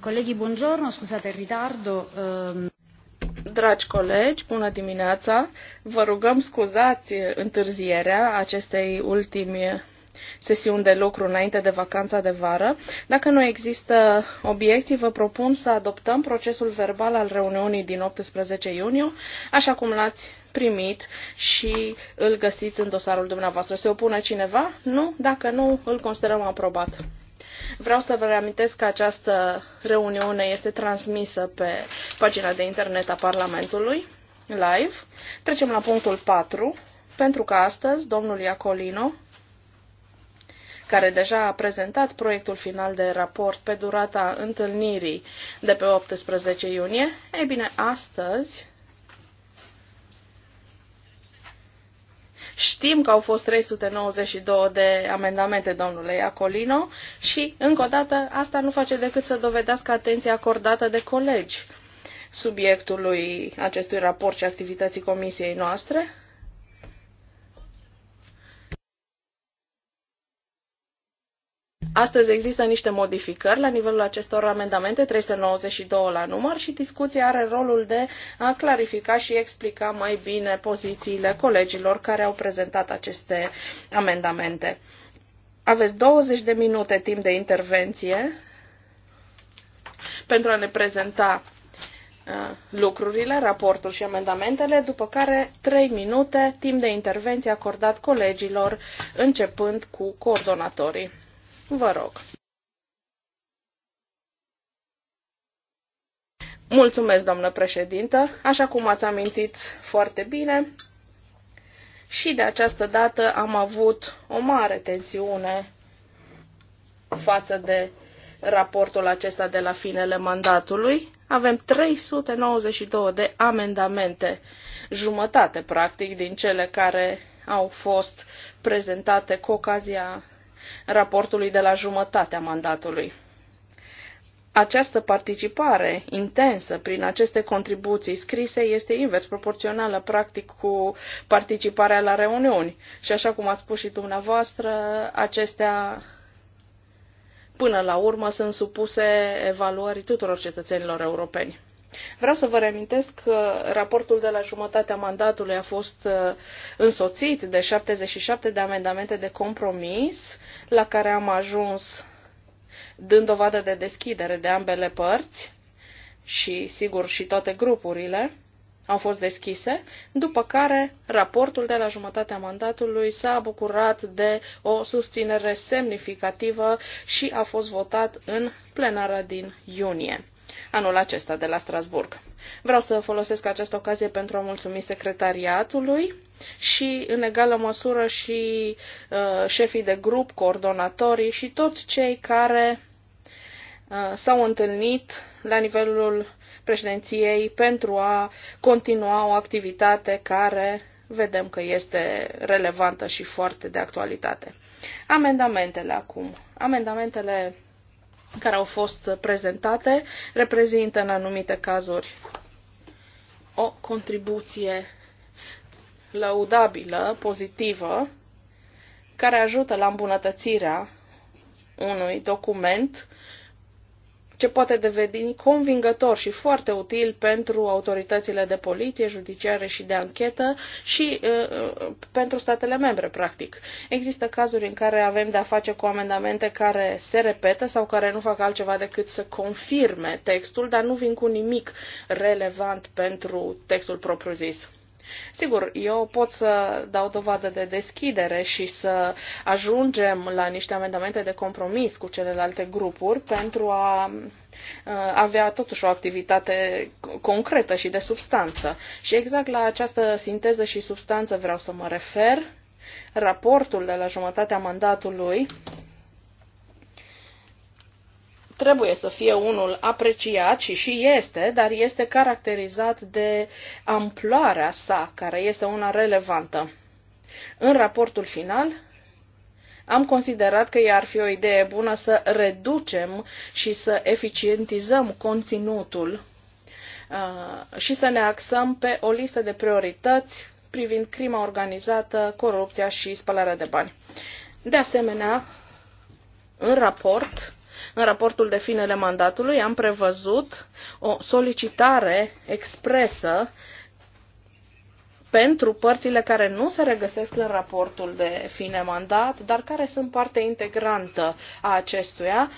Colegii, buongiorno, scuzate ritardo. Ehm. Dragi colegi, bună dimineața! Vă rugăm scuzați întârzierea acestei ultime sesiuni de lucru înainte de vacanța de vară. Dacă nu există obiecții, vă propun să adoptăm procesul verbal al reuniunii din 18 iunie, așa cum l-ați primit și îl găsiți în dosarul dumneavoastră. Se opune cineva? Nu? Dacă nu, îl considerăm aprobat. Vreau să vă reamintesc că această reuniune este transmisă pe pagina de internet a Parlamentului, live. Trecem la punctul 4, pentru că astăzi domnul Iacolino, care deja a prezentat proiectul final de raport pe durata întâlnirii de pe 18 iunie, ei bine, astăzi Știm că au fost 392 de amendamente, domnule Iacolino, și, încă o dată, asta nu face decât să dovedească atenția acordată de colegi subiectului acestui raport și activității comisiei noastre. Astăzi există niște modificări la nivelul acestor amendamente, 392 la număr, și discuția are rolul de a clarifica și explica mai bine pozițiile colegilor care au prezentat aceste amendamente. Aveți 20 de minute timp de intervenție pentru a ne prezenta uh, lucrurile, raportul și amendamentele, după care 3 minute timp de intervenție acordat colegilor, începând cu coordonatorii. Vă rog. Mulțumesc, doamnă președintă. Așa cum ați amintit foarte bine, și de această dată am avut o mare tensiune față de raportul acesta de la finele mandatului. Avem 392 de amendamente, jumătate practic din cele care au fost prezentate cu ocazia raportului de la jumătatea mandatului. Această participare intensă prin aceste contribuții scrise este invers proporțională practic cu participarea la reuniuni și așa cum ați spus și dumneavoastră, acestea până la urmă sunt supuse evaluării tuturor cetățenilor europeni. Vreau să vă reamintesc că raportul de la jumătatea mandatului a fost uh, însoțit de 77 de amendamente de compromis la care am ajuns dând dovadă de deschidere de ambele părți și, sigur, și toate grupurile au fost deschise, după care raportul de la jumătatea mandatului s-a bucurat de o susținere semnificativă și a fost votat în plenara din iunie anul acesta de la Strasburg. Vreau să folosesc această ocazie pentru a mulțumi secretariatului și, în egală măsură, și uh, șefii de grup, coordonatorii și toți cei care uh, s-au întâlnit la nivelul președinției pentru a continua o activitate care vedem că este relevantă și foarte de actualitate. Amendamentele acum. Amendamentele care au fost prezentate reprezintă în anumite cazuri o contribuție lăudabilă, pozitivă, care ajută la îmbunătățirea unui document ce poate deveni convingător și foarte util pentru autoritățile de poliție, judiciare și de anchetă și uh, uh, pentru statele membre, practic. Există cazuri în care avem de-a face cu amendamente care se repetă sau care nu fac altceva decât să confirme textul, dar nu vin cu nimic relevant pentru textul propriu-zis. Sigur, eu pot să dau dovadă de deschidere și să ajungem la niște amendamente de compromis cu celelalte grupuri pentru a avea totuși o activitate concretă și de substanță. Și exact la această sinteză și substanță vreau să mă refer. Raportul de la jumătatea mandatului trebuie să fie unul apreciat și și este, dar este caracterizat de amploarea sa, care este una relevantă. În raportul final, am considerat că ar fi o idee bună să reducem și să eficientizăm conținutul uh, și să ne axăm pe o listă de priorități privind crima organizată, corupția și spălarea de bani. De asemenea, în raport în raportul de finele mandatului am prevăzut o solicitare expresă pentru părțile care nu se regăsesc în raportul de fine mandat, dar care sunt parte integrantă a acestuia,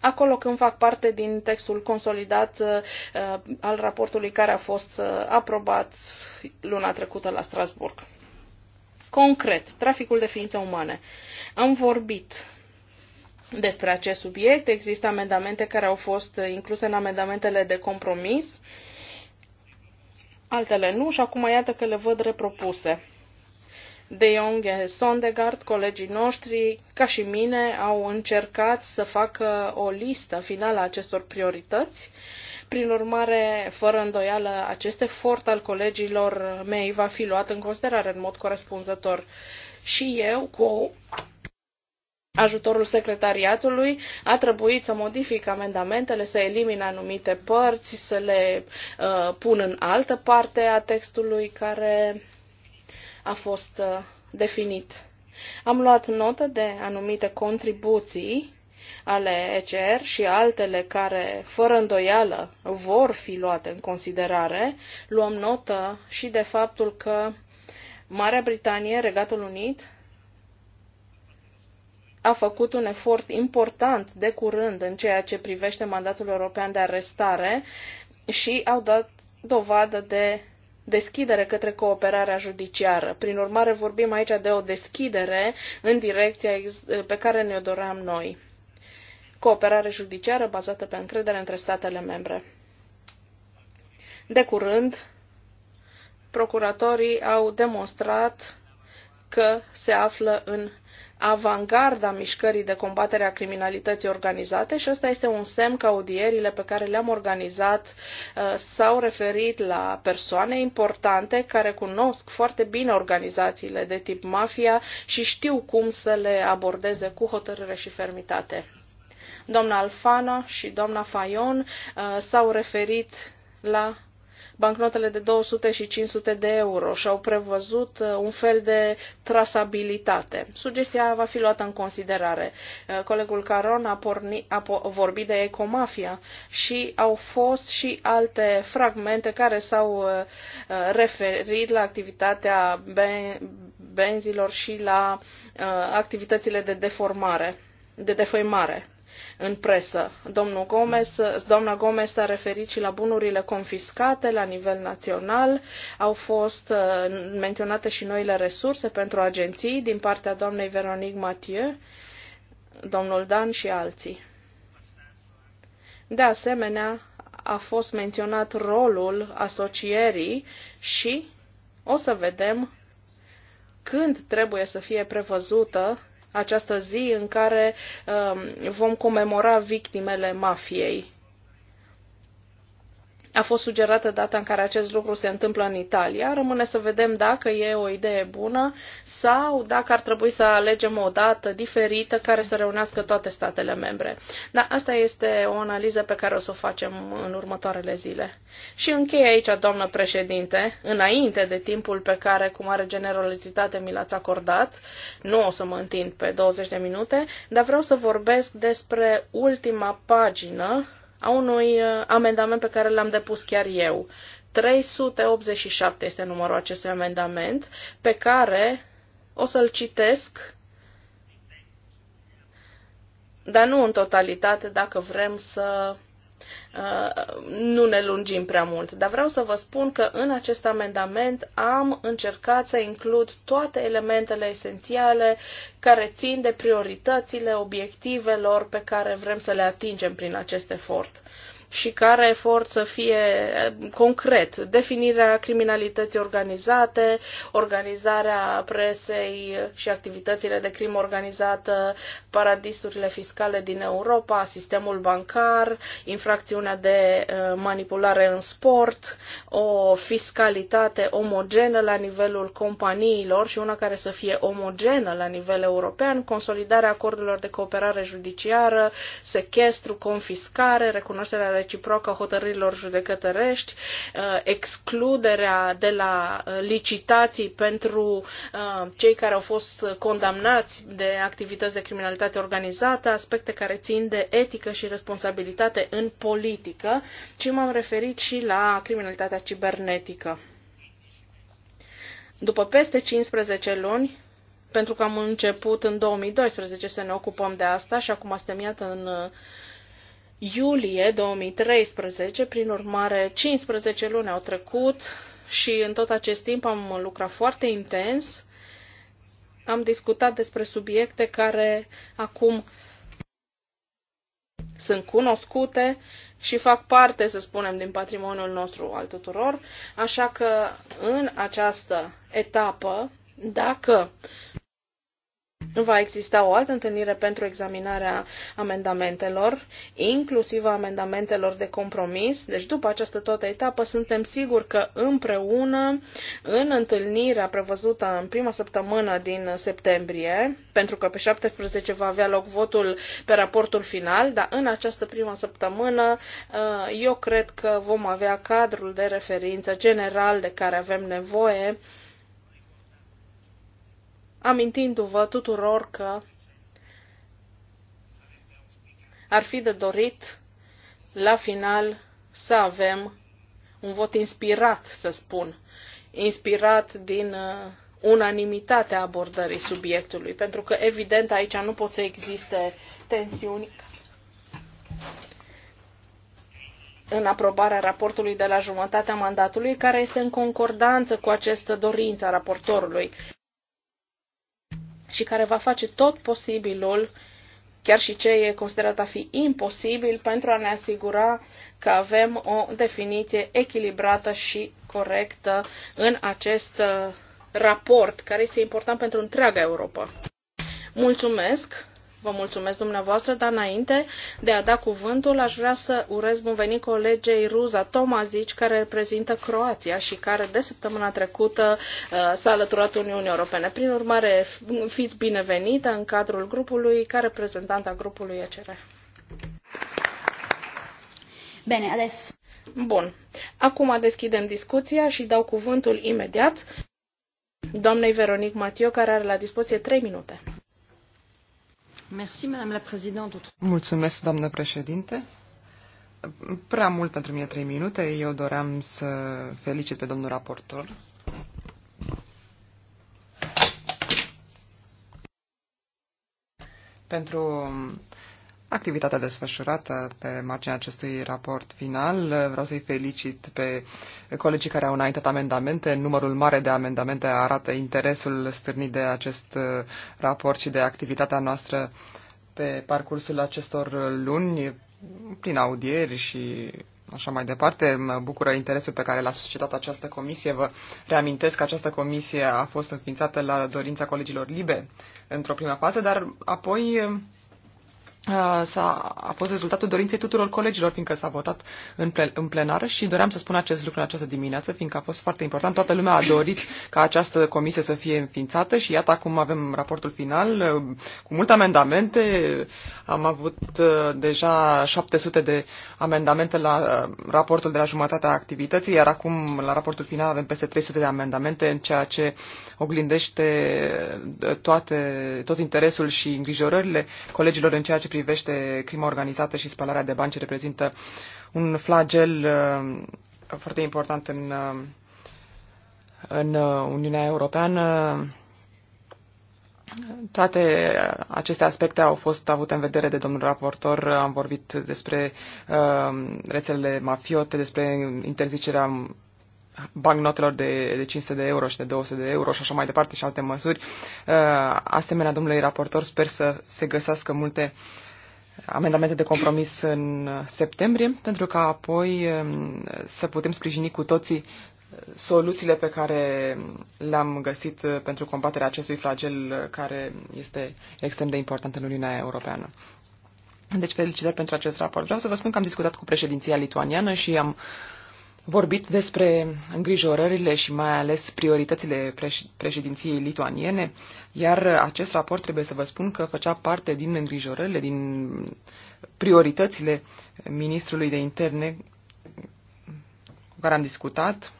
acolo când fac parte din textul consolidat uh, al raportului care a fost uh, aprobat luna trecută la Strasburg concret, traficul de ființe umane. Am vorbit despre acest subiect, există amendamente care au fost incluse în amendamentele de compromis, altele nu și acum iată că le văd repropuse. De Jong Sondegard, colegii noștri, ca și mine, au încercat să facă o listă finală a acestor priorități prin urmare, fără îndoială, acest efort al colegilor mei va fi luat în considerare în mod corespunzător. Și eu, cu ajutorul secretariatului, a trebuit să modific amendamentele, să elimin anumite părți, să le uh, pun în altă parte a textului care a fost uh, definit. Am luat notă de anumite contribuții ale ECR și altele care, fără îndoială, vor fi luate în considerare, luăm notă și de faptul că Marea Britanie, Regatul Unit, a făcut un efort important de curând în ceea ce privește mandatul european de arestare și au dat dovadă de deschidere către cooperarea judiciară. Prin urmare, vorbim aici de o deschidere în direcția pe care ne-o doream noi cooperare judiciară bazată pe încredere între statele membre. De curând, procuratorii au demonstrat că se află în avangarda mișcării de combatere a criminalității organizate și ăsta este un semn că audierile pe care le-am organizat uh, s-au referit la persoane importante care cunosc foarte bine organizațiile de tip mafia și știu cum să le abordeze cu hotărâre și fermitate. Doamna Alfana și doamna Fayon uh, s-au referit la bancnotele de 200 și 500 de euro și au prevăzut uh, un fel de trasabilitate. Sugestia va fi luată în considerare. Uh, colegul Caron a, porni, a vorbit de ecomafia și au fost și alte fragmente care s-au referit la activitatea benzilor și la activitățile de deformare, de defăimare în presă. Domnul Gomez, doamna Gomez s-a referit și la bunurile confiscate la nivel național. Au fost uh, menționate și noile resurse pentru agenții din partea doamnei Veronique Mathieu, domnul Dan și alții. De asemenea, a fost menționat rolul asocierii și o să vedem când trebuie să fie prevăzută această zi în care um, vom comemora victimele mafiei a fost sugerată data în care acest lucru se întâmplă în Italia. Rămâne să vedem dacă e o idee bună sau dacă ar trebui să alegem o dată diferită care să reunească toate statele membre. Dar asta este o analiză pe care o să o facem în următoarele zile. Și închei aici, doamnă președinte, înainte de timpul pe care, cu mare generozitate, mi l-ați acordat. Nu o să mă întind pe 20 de minute, dar vreau să vorbesc despre ultima pagină a unui uh, amendament pe care l-am depus chiar eu. 387 este numărul acestui amendament, pe care o să-l citesc, dar nu în totalitate, dacă vrem să nu ne lungim prea mult, dar vreau să vă spun că în acest amendament am încercat să includ toate elementele esențiale care țin de prioritățile obiectivelor pe care vrem să le atingem prin acest efort și care efort să fie concret. Definirea criminalității organizate, organizarea presei și activitățile de crimă organizată, paradisurile fiscale din Europa, sistemul bancar, infracțiunea de uh, manipulare în sport, o fiscalitate omogenă la nivelul companiilor și una care să fie omogenă la nivel european, consolidarea acordurilor de cooperare judiciară, sechestru, confiscare, recunoașterea reciprocă hotărârilor judecătărești, uh, excluderea de la uh, licitații pentru uh, cei care au fost condamnați de activități de criminalitate organizată, aspecte care țin de etică și responsabilitate în politică, ci m-am referit și la criminalitatea cibernetică. După peste 15 luni, pentru că am început în 2012 să ne ocupăm de asta și acum suntem iată în iulie 2013, prin urmare 15 luni au trecut și în tot acest timp am lucrat foarte intens. Am discutat despre subiecte care acum sunt cunoscute și fac parte, să spunem, din patrimoniul nostru al tuturor, așa că în această etapă, dacă Va exista o altă întâlnire pentru examinarea amendamentelor, inclusiv a amendamentelor de compromis. Deci după această toată etapă suntem siguri că împreună, în întâlnirea prevăzută în prima săptămână din septembrie, pentru că pe 17 va avea loc votul pe raportul final, dar în această prima săptămână uh, eu cred că vom avea cadrul de referință general de care avem nevoie amintindu-vă tuturor că ar fi de dorit la final să avem un vot inspirat, să spun, inspirat din uh, unanimitatea abordării subiectului, pentru că evident aici nu pot să existe tensiuni în aprobarea raportului de la jumătatea mandatului, care este în concordanță cu această dorință a raportorului și care va face tot posibilul, chiar și ce e considerat a fi imposibil, pentru a ne asigura că avem o definiție echilibrată și corectă în acest uh, raport, care este important pentru întreaga Europa. Mulțumesc! Vă mulțumesc dumneavoastră, dar înainte de a da cuvântul, aș vrea să urez bun venit colegei Ruza Tomazici, care reprezintă Croația și care de săptămâna trecută uh, s-a alăturat Uniunii Europene. Prin urmare, fiți binevenită în cadrul grupului ca reprezentant a grupului ECR. Bine, ales. Bun. Acum deschidem discuția și dau cuvântul imediat doamnei Veronic Matio, care are la dispoziție 3 minute. Mulțumesc, doamnă președinte. Prea mult pentru mine trei minute. Eu doream să felicit pe domnul raportor. Pentru activitatea desfășurată pe marginea acestui raport final. Vreau să-i felicit pe colegii care au înaintat amendamente. Numărul mare de amendamente arată interesul stârnit de acest uh, raport și de activitatea noastră pe parcursul acestor luni, prin audieri și așa mai departe. Mă bucură interesul pe care l-a suscitat această comisie. Vă reamintesc că această comisie a fost înființată la dorința colegilor libe într-o prima fază, dar apoi Uh, a a fost rezultatul dorinței tuturor colegilor, fiindcă s-a votat în, plen, în plenară și doream să spun acest lucru în această dimineață, fiindcă a fost foarte important. Toată lumea a dorit ca această comisie să fie înființată și iată acum avem raportul final uh, cu multe amendamente. Am avut uh, deja 700 de amendamente la raportul de la jumătatea activității, iar acum la raportul final avem peste 300 de amendamente, în ceea ce oglindește toate, tot interesul și îngrijorările colegilor în ceea ce privește crima organizată și spălarea de bani, ce reprezintă un flagel uh, foarte important în, uh, în uh, Uniunea Europeană. Toate aceste aspecte au fost avute în vedere de domnul raportor. Am vorbit despre uh, rețelele mafiote, despre interzicerea bancnotelor de, de 500 de euro și de 200 de euro și așa mai departe și alte măsuri. Uh, asemenea, domnului raportor, sper să se găsească multe uh, amendamente de compromis în septembrie, pentru ca apoi um, să putem sprijini cu toții uh, soluțiile pe care le-am găsit uh, pentru combaterea acestui flagel uh, care este extrem de important în Uniunea Europeană. Deci, felicitări pentru acest raport. Vreau să vă spun că am discutat cu președinția lituaniană și am uh, vorbit despre îngrijorările și mai ales prioritățile președinției lituaniene, iar acest raport trebuie să vă spun că făcea parte din îngrijorările, din prioritățile ministrului de interne cu care am discutat.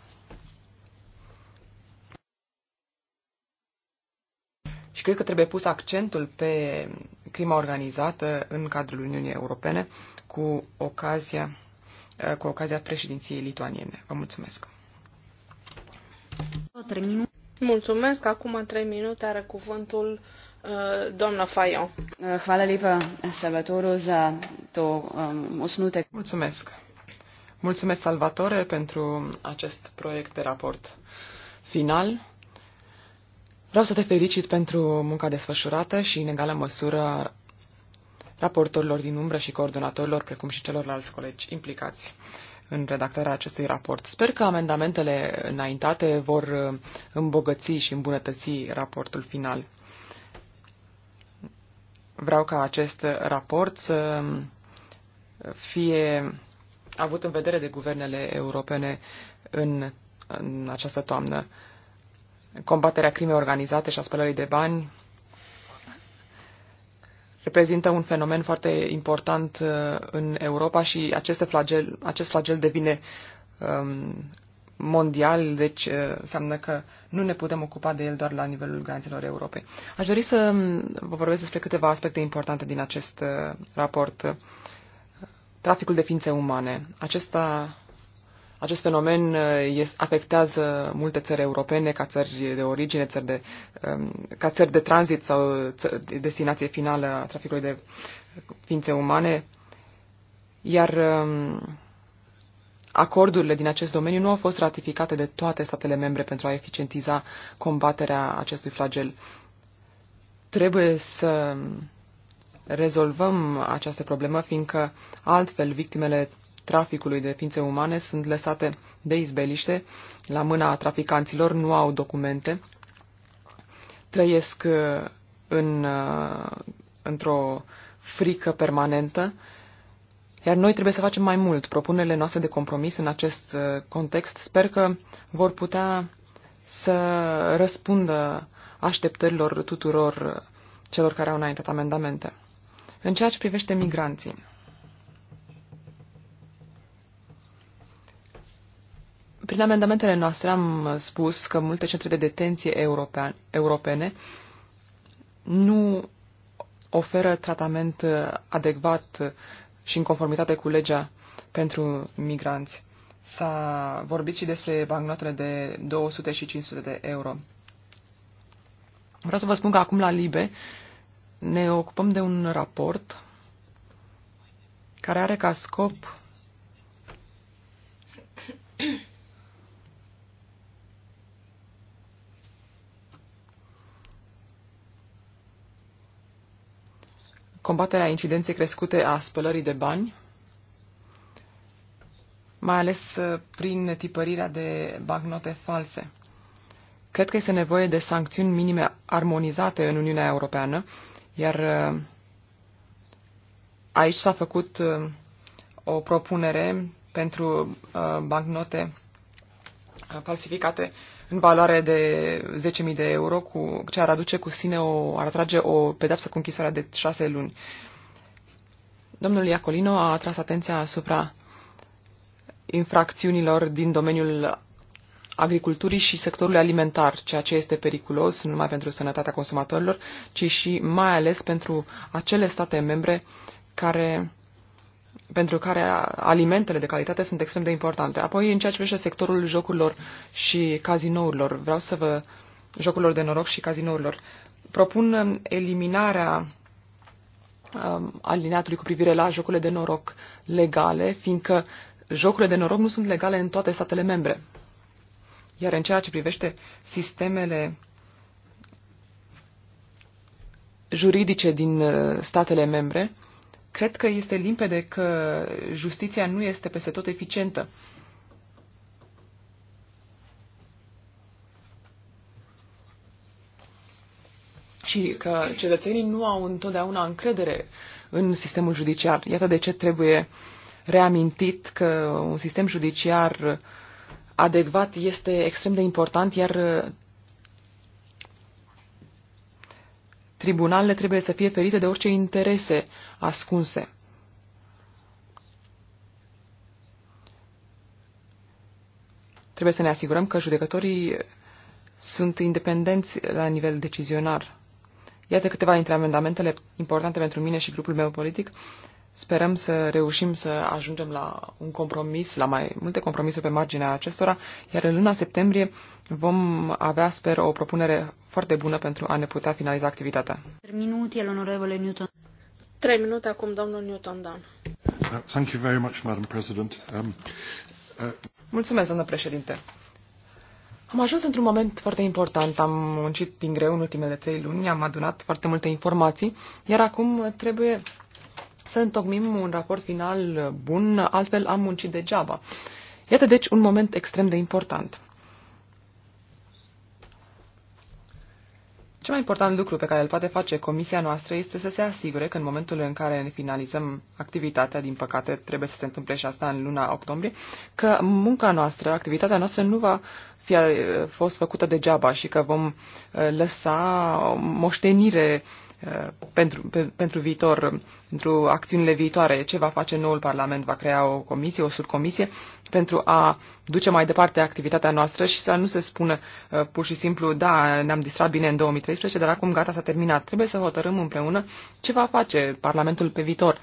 Și cred că trebuie pus accentul pe crima organizată în cadrul Uniunii Europene cu ocazia Uh, cu ocazia președinției lituaniene. Vă mulțumesc! Mulțumesc! Acum trei minute are cuvântul uh, doamna Faio. Uh, hvala lipa, Salvatoru, za to um, osnute. Mulțumesc! Mulțumesc, Salvatore, pentru acest proiect de raport final. Vreau să te felicit pentru munca desfășurată și, în egală măsură, raportorilor din umbră și coordonatorilor, precum și celorlalți colegi implicați în redactarea acestui raport. Sper că amendamentele înaintate vor uh, îmbogăți și îmbunătăți raportul final. Vreau ca acest raport să uh, fie avut în vedere de guvernele europene în, în această toamnă. Combaterea crimei organizate și a spălării de bani reprezintă un fenomen foarte important uh, în Europa și aceste flagel, acest flagel devine um, mondial, deci uh, înseamnă că nu ne putem ocupa de el doar la nivelul granițelor Europei. Aș dori să um, vă vorbesc despre câteva aspecte importante din acest uh, raport. Traficul de ființe umane. Acesta acest fenomen uh, afectează multe țări europene ca țări de origine, țări de, um, ca țări de tranzit sau țări, destinație finală a traficului de ființe umane, iar um, acordurile din acest domeniu nu au fost ratificate de toate statele membre pentru a eficientiza combaterea acestui flagel. Trebuie să rezolvăm această problemă, fiindcă altfel victimele traficului de ființe umane sunt lăsate de izbeliște la mâna traficanților, nu au documente, trăiesc uh, în, uh, într-o frică permanentă, iar noi trebuie să facem mai mult. Propunerile noastre de compromis în acest uh, context sper că vor putea să răspundă așteptărilor tuturor celor care au înaintat amendamente. În ceea ce privește migranții, Prin amendamentele noastre am uh, spus că multe centre de detenție european, europene nu oferă tratament uh, adecvat și în conformitate cu legea pentru migranți. S-a vorbit și despre bancnotele de 200 și 500 de euro. Vreau să vă spun că acum la Libe ne ocupăm de un raport care are ca scop combaterea incidenței crescute a spălării de bani, mai ales uh, prin tipărirea de bancnote false. Cred că este nevoie de sancțiuni minime armonizate în Uniunea Europeană, iar uh, aici s-a făcut uh, o propunere pentru bancnote falsificate în valoare de 10.000 de euro, cu, ce ar aduce cu sine, o, ar atrage o pedapsă cu închisoarea de șase luni. Domnul Iacolino a atras atenția asupra infracțiunilor din domeniul agriculturii și sectorului alimentar, ceea ce este periculos nu numai pentru sănătatea consumatorilor, ci și mai ales pentru acele state membre care pentru care alimentele de calitate sunt extrem de importante. Apoi, în ceea ce privește sectorul jocurilor și cazinourilor, vreau să vă jocurilor de noroc și cazinourilor. Propun um, eliminarea um, alineatului cu privire la jocurile de noroc legale, fiindcă jocurile de noroc nu sunt legale în toate statele membre. Iar în ceea ce privește sistemele juridice din uh, statele membre, Cred că este limpede că justiția nu este peste tot eficientă. Și că cetățenii nu au întotdeauna încredere în sistemul judiciar. Iată de ce trebuie reamintit că un sistem judiciar adecvat este extrem de important, iar tribunalele trebuie să fie ferite de orice interese ascunse. Trebuie să ne asigurăm că judecătorii sunt independenți la nivel decizionar. Iată câteva dintre amendamentele importante pentru mine și grupul meu politic Sperăm să reușim să ajungem la un compromis, la mai multe compromisuri pe marginea acestora, iar în luna septembrie vom avea, sper, o propunere foarte bună pentru a ne putea finaliza activitatea. onorevole Newton. Trei minute acum, domnul Newton da. Uh, thank you very much, Madam President. Um, uh... Mulțumesc, doamnă președinte. Am ajuns într-un moment foarte important. Am muncit din greu în ultimele trei luni, am adunat foarte multe informații, iar acum trebuie să întocmim un raport final bun, altfel am muncit degeaba. Iată deci un moment extrem de important. Cel mai important lucru pe care îl poate face comisia noastră este să se asigure că în momentul în care ne finalizăm activitatea, din păcate trebuie să se întâmple și asta în luna octombrie, că munca noastră, activitatea noastră nu va fi eh, fost făcută degeaba și că vom eh, lăsa moștenire uh, Eh, pentru, pe, pentru viitor, pentru acțiunile viitoare, ce va face noul Parlament? Va crea o comisie, o subcomisie pentru a duce mai departe activitatea noastră și să nu se spună eh, pur și simplu, da, ne-am distrat bine în 2013, dar acum gata, s-a terminat. Trebuie să hotărâm împreună ce va face Parlamentul pe viitor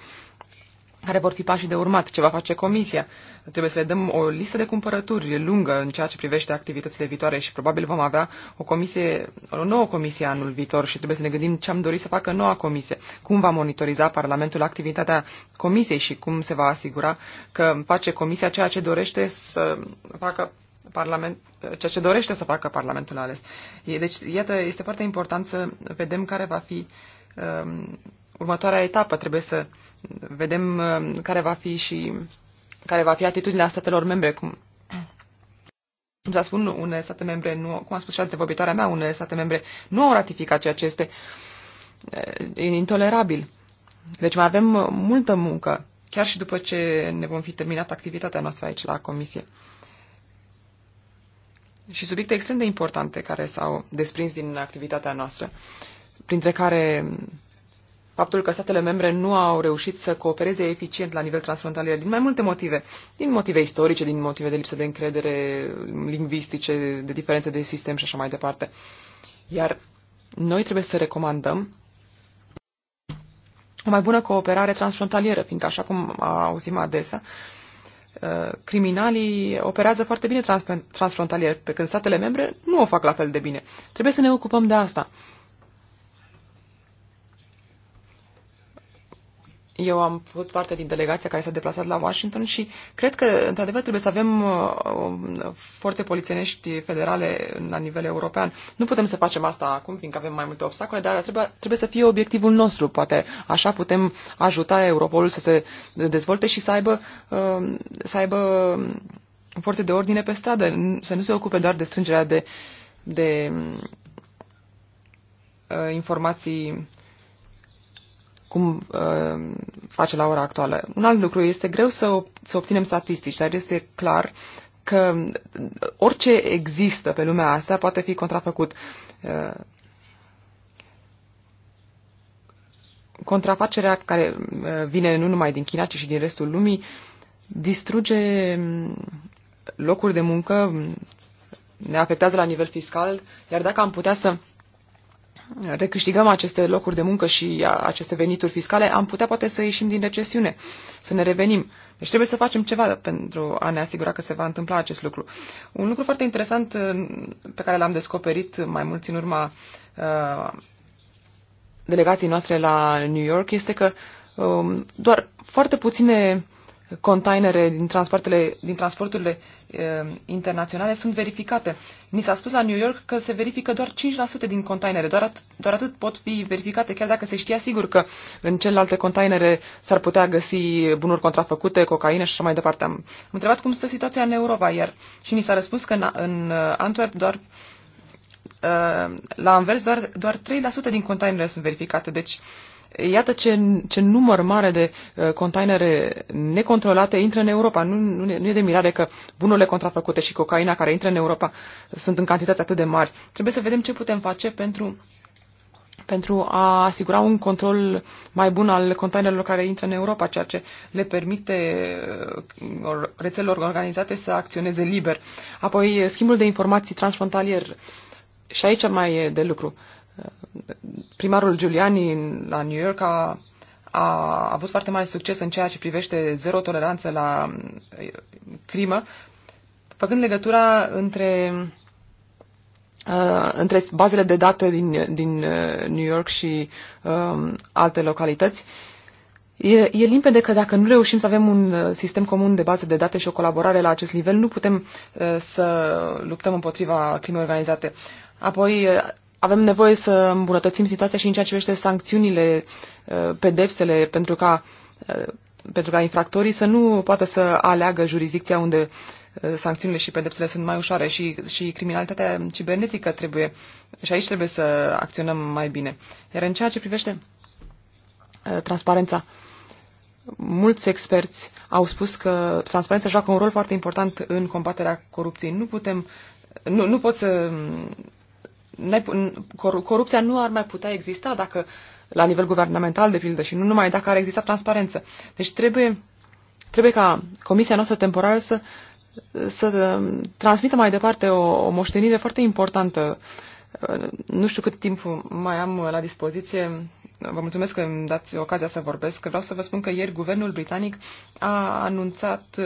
care vor fi pașii de urmat, ce va face comisia. Trebuie să le dăm o listă de cumpărături lungă în ceea ce privește activitățile viitoare și probabil vom avea o comisie, o nouă comisie anul viitor și trebuie să ne gândim ce am dorit să facă noua comisie, cum va monitoriza Parlamentul activitatea comisiei și cum se va asigura că face comisia ceea ce dorește să facă Parlament, ceea ce dorește să facă Parlamentul ales. Deci, iată, este foarte important să vedem care va fi um, următoarea etapă. Trebuie să vedem uh, care va fi și care va fi atitudinea statelor membre, cum cum să spun, unele state membre nu, cum a spus și vorbitoarea mea, unele state membre nu au ratificat ceea ce este uh, intolerabil. Deci mai avem uh, multă muncă, chiar și după ce ne vom fi terminat activitatea noastră aici la comisie. Și subiecte extrem de importante care s-au desprins din activitatea noastră, printre care faptul că statele membre nu au reușit să coopereze eficient la nivel transfrontalier din mai multe motive. Din motive istorice, din motive de lipsă de încredere lingvistice, de diferențe de sistem și așa mai departe. Iar noi trebuie să recomandăm o mai bună cooperare transfrontalieră, fiindcă, așa cum auzim adesea, uh, criminalii operează foarte bine transfrontalier, pe când statele membre nu o fac la fel de bine. Trebuie să ne ocupăm de asta. eu am fost parte din delegația care s-a deplasat la Washington și cred că, într-adevăr, trebuie să avem uh, um, forțe polițienești federale la nivel european. Nu putem să facem asta acum, fiindcă avem mai multe obstacole, dar trebuie, trebuie să fie obiectivul nostru. Poate așa putem ajuta Europolul să se dezvolte și să aibă, um, să aibă um, forțe de ordine pe stradă, să nu se ocupe doar de strângerea de, de uh, informații cum uh, face la ora actuală. Un alt lucru este greu să, să obținem statistici, dar este clar că orice există pe lumea asta poate fi contrafăcut. Uh, contrafacerea care uh, vine nu numai din China, ci și din restul lumii, distruge um, locuri de muncă, ne afectează la nivel fiscal, iar dacă am putea să recâștigăm aceste locuri de muncă și aceste venituri fiscale, am putea poate să ieșim din recesiune, să ne revenim. Deci trebuie să facem ceva pentru a ne asigura că se va întâmpla acest lucru. Un lucru foarte interesant uh, pe care l-am descoperit mai mulți în urma uh, delegației noastre la New York este că um, doar foarte puține containere din, transportele, din transporturile uh, internaționale sunt verificate. Mi s-a spus la New York că se verifică doar 5% din containere, doar, at- doar atât pot fi verificate, chiar dacă se știa sigur că în celelalte containere s-ar putea găsi bunuri contrafăcute, cocaină și așa mai departe. Am întrebat cum stă situația în Europa iar și mi s-a răspuns că în, în Antwerp doar uh, la Anvers doar, doar 3% din containere sunt verificate, deci uh, Iată ce, ce număr mare de uh, containere necontrolate intră în Europa. Nu, nu, nu e de mirare că bunurile contrafăcute și cocaina care intră în Europa sunt în cantități atât de mari. Trebuie să vedem ce putem face pentru pentru a asigura un control mai bun al containerelor care intră în Europa, ceea ce le permite uh, rețelelor organizate să acționeze liber. Apoi, schimbul de informații transfrontalier. Și aici mai e de lucru primarul Giuliani la New York a, a avut foarte mare succes în ceea ce privește zero toleranță la crimă, făcând legătura între, uh, între bazele de date din, din New York și uh, alte localități. E, e limpede că dacă nu reușim să avem un sistem comun de baze de date și o colaborare la acest nivel, nu putem uh, să luptăm împotriva crimei organizate. Apoi, avem nevoie să îmbunătățim situația și în ceea ce privește sancțiunile, uh, pedepsele, pentru ca, uh, pentru ca infractorii să nu poată să aleagă jurisdicția unde uh, sancțiunile și pedepsele sunt mai ușoare și, și criminalitatea cibernetică trebuie, și aici trebuie să acționăm mai bine. Iar în ceea ce privește transparența, mulți experți au spus că transparența joacă un rol foarte important în combaterea corupției. Nu putem, nu, nu pot să corupția nu ar mai putea exista dacă la nivel guvernamental, de pildă, și nu numai dacă ar exista transparență. Deci trebuie, trebuie ca comisia noastră temporară să, să uh, transmită mai departe o, o moștenire foarte importantă. Uh, nu știu cât timp mai am la dispoziție. Vă mulțumesc că îmi dați ocazia să vorbesc. Vreau să vă spun că ieri guvernul britanic a anunțat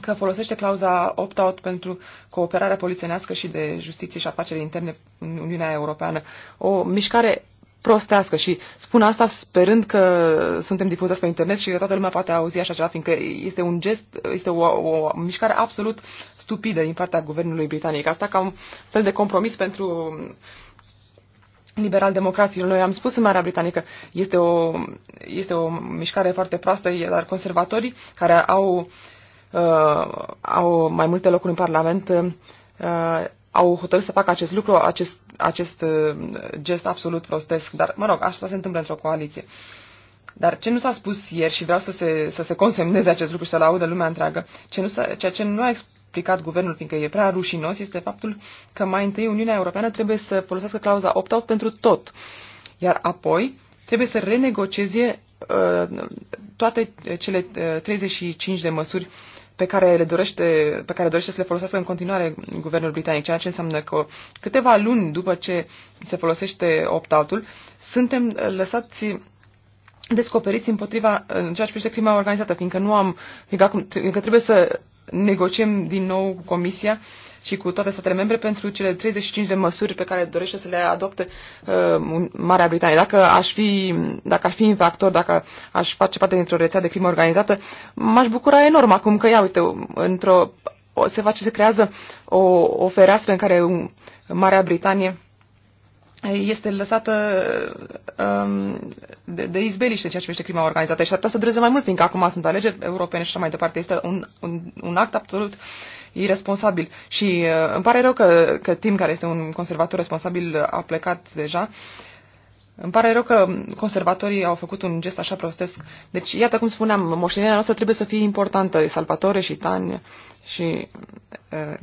că folosește clauza opt-out pentru cooperarea polițienească și de justiție și afaceri interne în Uniunea Europeană. O mișcare prostească și spun asta sperând că suntem difuzați pe internet și că toată lumea poate auzi așa ceva, fiindcă este un gest, este o, o mișcare absolut stupidă din partea guvernului britanic. Asta ca un fel de compromis pentru liberal democrații Noi am spus în Marea Britanică, este o, este o mișcare foarte proastă, dar conservatorii care au uh, uh, au mai multe locuri în Parlament uh, au hotărât să facă acest lucru, acest, acest uh, gest absolut prostesc. Dar, mă rog, asta se întâmplă într-o coaliție. Dar ce nu s-a spus ieri și vreau să se, să se consemneze acest lucru și să-l audă lumea întreagă, ce nu ceea ce nu a explicat guvernul, fiindcă e prea rușinos, este faptul că mai întâi Uniunea Europeană trebuie să folosească clauza opt-out pentru tot. Iar apoi trebuie să renegocieze uh, toate cele 35 uh, de măsuri uh, pe care, le dorește, pe care dorește să le folosească în continuare guvernul britanic, ceea ce înseamnă că câteva luni după ce se folosește opt-out-ul, suntem lăsați descoperiți împotriva în ceea ce privește crima organizată, fiindcă nu am, fiindcă, acum, fiindcă trebuie să negociem din nou cu Comisia și cu toate statele membre pentru cele 35 de măsuri pe care dorește să le adopte uh, Marea Britanie. Dacă aș fi, dacă aș fi infractor, dacă aș face parte dintr-o rețea de crimă organizată, m-aș bucura enorm acum că, ia uite, într-o, se face, se creează o, o fereastră în care Marea Britanie este lăsată um, de, de izbeliște ceea ce privește crima organizată și ar putea să dureze mai mult, fiindcă acum sunt alegeri europene și așa mai departe. Este un, un, un act absolut irresponsabil. Și uh, îmi pare rău că, că Tim, care este un conservator responsabil, a plecat deja. Îmi pare rău că conservatorii au făcut un gest așa prostesc. Deci, iată cum spuneam, moștenirea noastră trebuie să fie importantă. Salvatore și Tania și... Uh,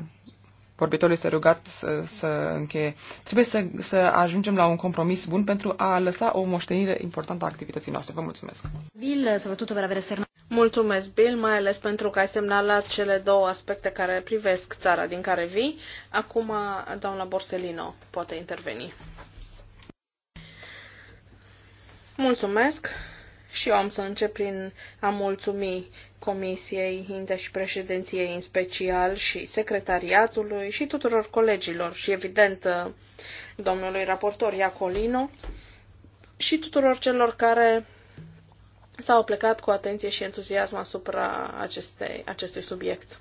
vorbitorul este rugat să, să încheie. Trebuie să, să ajungem la un compromis bun pentru a lăsa o moștenire importantă a activității noastre. Vă mulțumesc! Bill, soprattutto per aver Mulțumesc, Bill, mai ales pentru că ai semnalat cele două aspecte care privesc țara din care vii. Acum, doamna Borsellino poate interveni. Mulțumesc! Și eu am să încep prin a mulțumi Comisiei Inte și președinției în special și secretariatului și tuturor colegilor și evident domnului raportor Iacolino și tuturor celor care s-au plecat cu atenție și entuziasm asupra acestei, acestui subiect.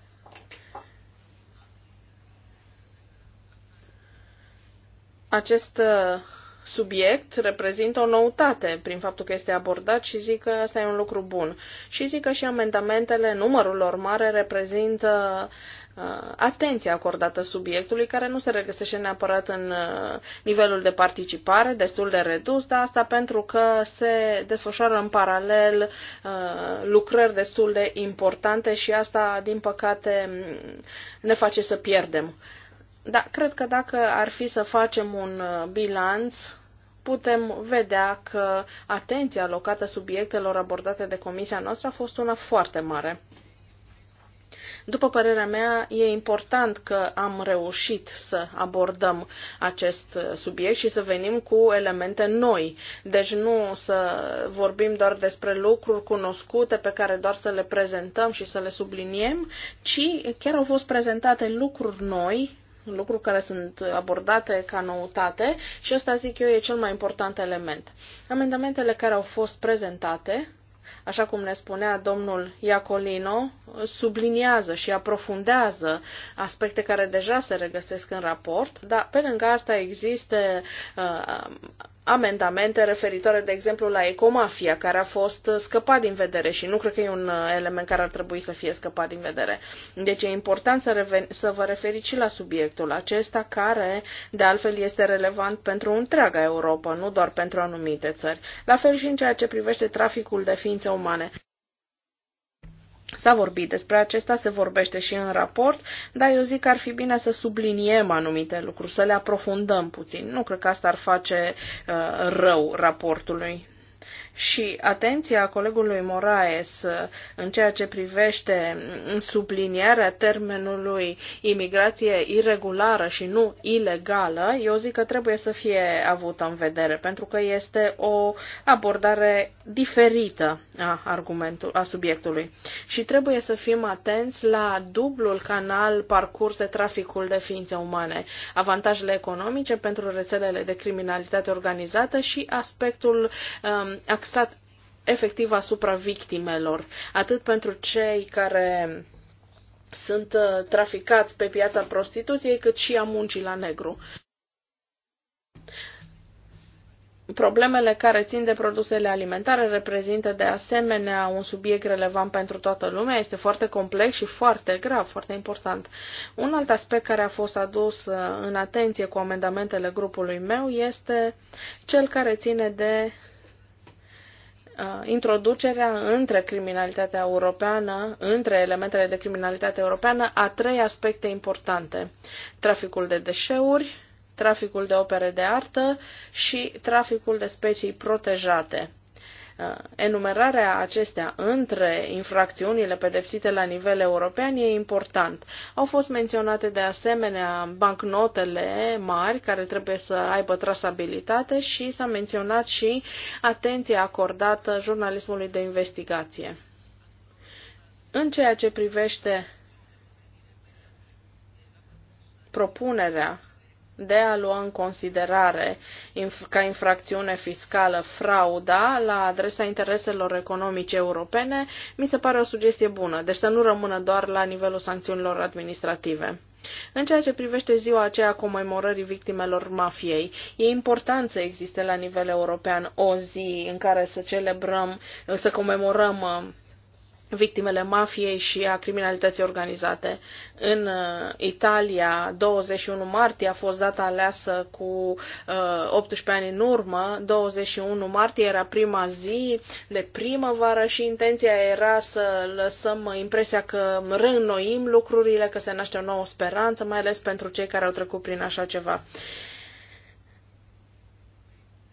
Acest subiect reprezintă o noutate prin faptul că este abordat și zic că asta e un lucru bun. Și zic că și amendamentele, numărul lor mare, reprezintă uh, atenția acordată subiectului, care nu se regăsește neapărat în uh, nivelul de participare, destul de redus, dar asta pentru că se desfășoară în paralel uh, lucrări destul de importante și asta, din păcate, ne face să pierdem. Uh, da, cred că dacă ar fi să facem un uh, bilanț, putem vedea că atenția alocată subiectelor abordate de comisia noastră a fost una foarte mare. După părerea mea, e important că am reușit să abordăm acest uh, subiect și să venim cu elemente noi. Deci nu să vorbim doar despre lucruri cunoscute pe care doar să le prezentăm și să le subliniem, ci chiar au fost prezentate lucruri noi lucruri care sunt abordate ca noutate și ăsta, zic eu, e cel mai important element. Amendamentele care au fost prezentate, așa cum ne spunea domnul Iacolino, subliniază și aprofundează aspecte care deja se regăsesc în raport, dar pe lângă asta există uh, amendamente referitoare, de exemplu, la ecomafia, care a fost scăpat din vedere și nu cred că e un uh, element care ar trebui să fie scăpat din vedere. Deci e important să, reven- să vă referiți și la subiectul acesta, care, de altfel, este relevant pentru întreaga Europa, nu doar pentru anumite țări. La fel și în ceea ce privește traficul de ființe umane. S-a vorbit despre acesta, se vorbește și în raport, dar eu zic că ar fi bine să subliniem anumite lucruri, să le aprofundăm puțin. Nu cred că asta ar face uh, rău raportului și atenția colegului Moraes uh, în ceea ce privește mm, sublinierea termenului imigrație irregulară și nu ilegală, eu zic că trebuie să fie avută în vedere, pentru că este o abordare diferită a, argumentul, a subiectului. Și trebuie să fim atenți la dublul canal parcurs de traficul de ființe umane, avantajele economice pentru rețelele de criminalitate organizată și aspectul um, axat efectiv asupra victimelor, atât pentru cei care sunt uh, traficați pe piața prostituției, cât și a muncii la negru. Problemele care țin de produsele alimentare reprezintă de asemenea un subiect relevant pentru toată lumea, este foarte complex și foarte grav, foarte important. Un alt aspect care a fost adus uh, în atenție cu amendamentele grupului meu este cel care ține de Uh, introducerea între criminalitatea europeană, între elementele de criminalitate europeană, a trei aspecte importante. Traficul de deșeuri, traficul de opere de artă și traficul de specii protejate. Uh, enumerarea acestea între infracțiunile pedepsite la nivel european e important. Au fost menționate de asemenea bancnotele mari care trebuie să aibă trasabilitate și s-a menționat și atenția acordată jurnalismului de investigație. În ceea ce privește propunerea de a lua în considerare ca infracțiune fiscală frauda la adresa intereselor economice europene, mi se pare o sugestie bună, deci să nu rămână doar la nivelul sancțiunilor administrative. În ceea ce privește ziua aceea a comemorării victimelor mafiei, e important să existe la nivel european o zi în care să celebrăm, să comemorăm victimele mafiei și a criminalității organizate. În uh, Italia, 21 martie a fost data aleasă cu uh, 18 ani în urmă. 21 martie era prima zi de primăvară și intenția era să lăsăm impresia că reînnoim lucrurile, că se naște o nouă speranță, mai ales pentru cei care au trecut prin așa ceva. Uh,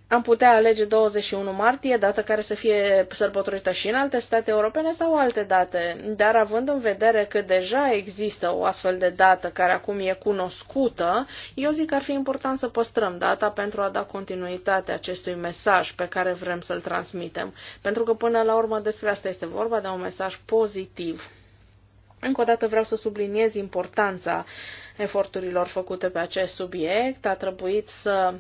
am putea alege 21 martie, dată care să fie sărbătorită și în alte state europene sau alte date, dar având în vedere că deja există o astfel de dată care acum e cunoscută, eu zic că ar fi important să păstrăm data pentru a da continuitate acestui mesaj pe care vrem să-l transmitem, pentru că până la urmă despre asta este vorba, de un mesaj pozitiv. Încă o dată vreau să subliniez importanța eforturilor făcute pe acest subiect. A trebuit să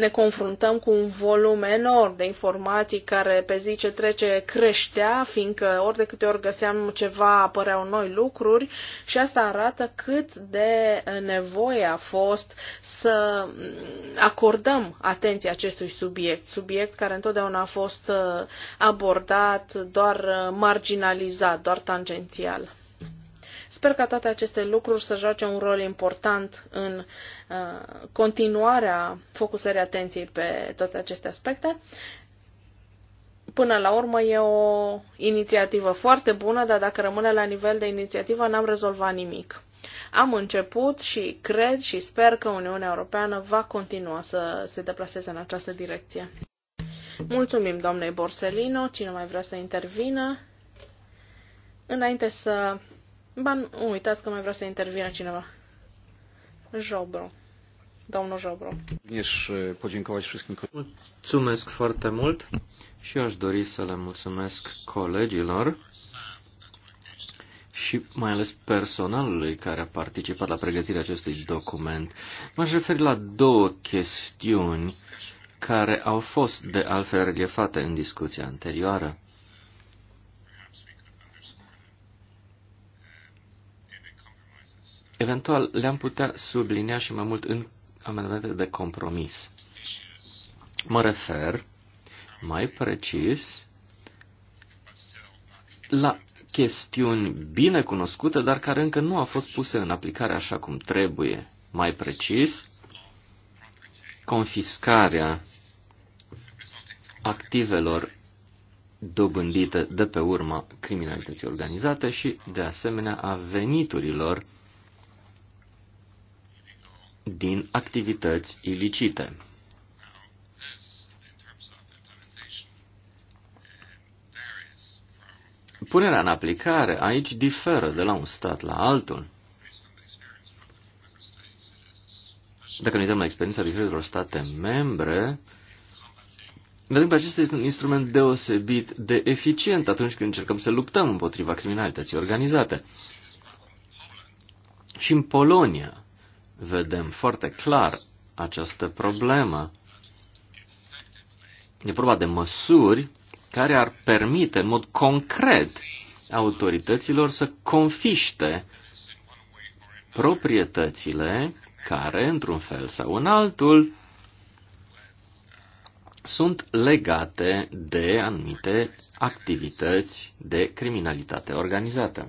ne confruntăm cu un volum enorm de informații care pe zi ce trece creștea, fiindcă ori de câte ori găseam ceva apăreau noi lucruri și asta arată cât de nevoie a fost să acordăm atenție acestui subiect, subiect care întotdeauna a fost uh, abordat doar uh, marginalizat, doar tangențial. Sper ca toate aceste lucruri să joace un rol important în uh, continuarea focusării atenției pe toate aceste aspecte. Până la urmă e o inițiativă foarte bună, dar dacă rămâne la nivel de inițiativă n-am rezolvat nimic. Am început și cred și sper că Uniunea Europeană va continua să se deplaseze în această direcție. Mulțumim doamnei Borsellino, cine mai vrea să intervină. Înainte să Ba nu, uitați că mai vrea să intervină cineva. Jobro. Domnul Jobro. Mulțumesc foarte mult și aș dori să le mulțumesc colegilor și mai ales personalului care a participat la pregătirea acestui document. M-aș referi la două chestiuni care au fost de altfel reliefate în discuția anterioară. Eventual le-am putea sublinia și mai mult în amendamente de compromis. Mă refer mai precis la chestiuni bine cunoscute, dar care încă nu au fost puse în aplicare așa cum trebuie. Mai precis, confiscarea activelor dobândite de pe urma criminalității organizate și, de asemenea, a veniturilor din activități ilicite. Punerea în aplicare aici diferă de la un stat la altul. Dacă ne uităm la experiența diferitelor state membre, vedem că acesta este un instrument deosebit de eficient atunci când încercăm să luptăm împotriva criminalității organizate. Și în Polonia, vedem foarte clar această problemă. E vorba de măsuri care ar permite în mod concret autorităților să confiște proprietățile care, într-un fel sau în altul, sunt legate de anumite activități de criminalitate organizată.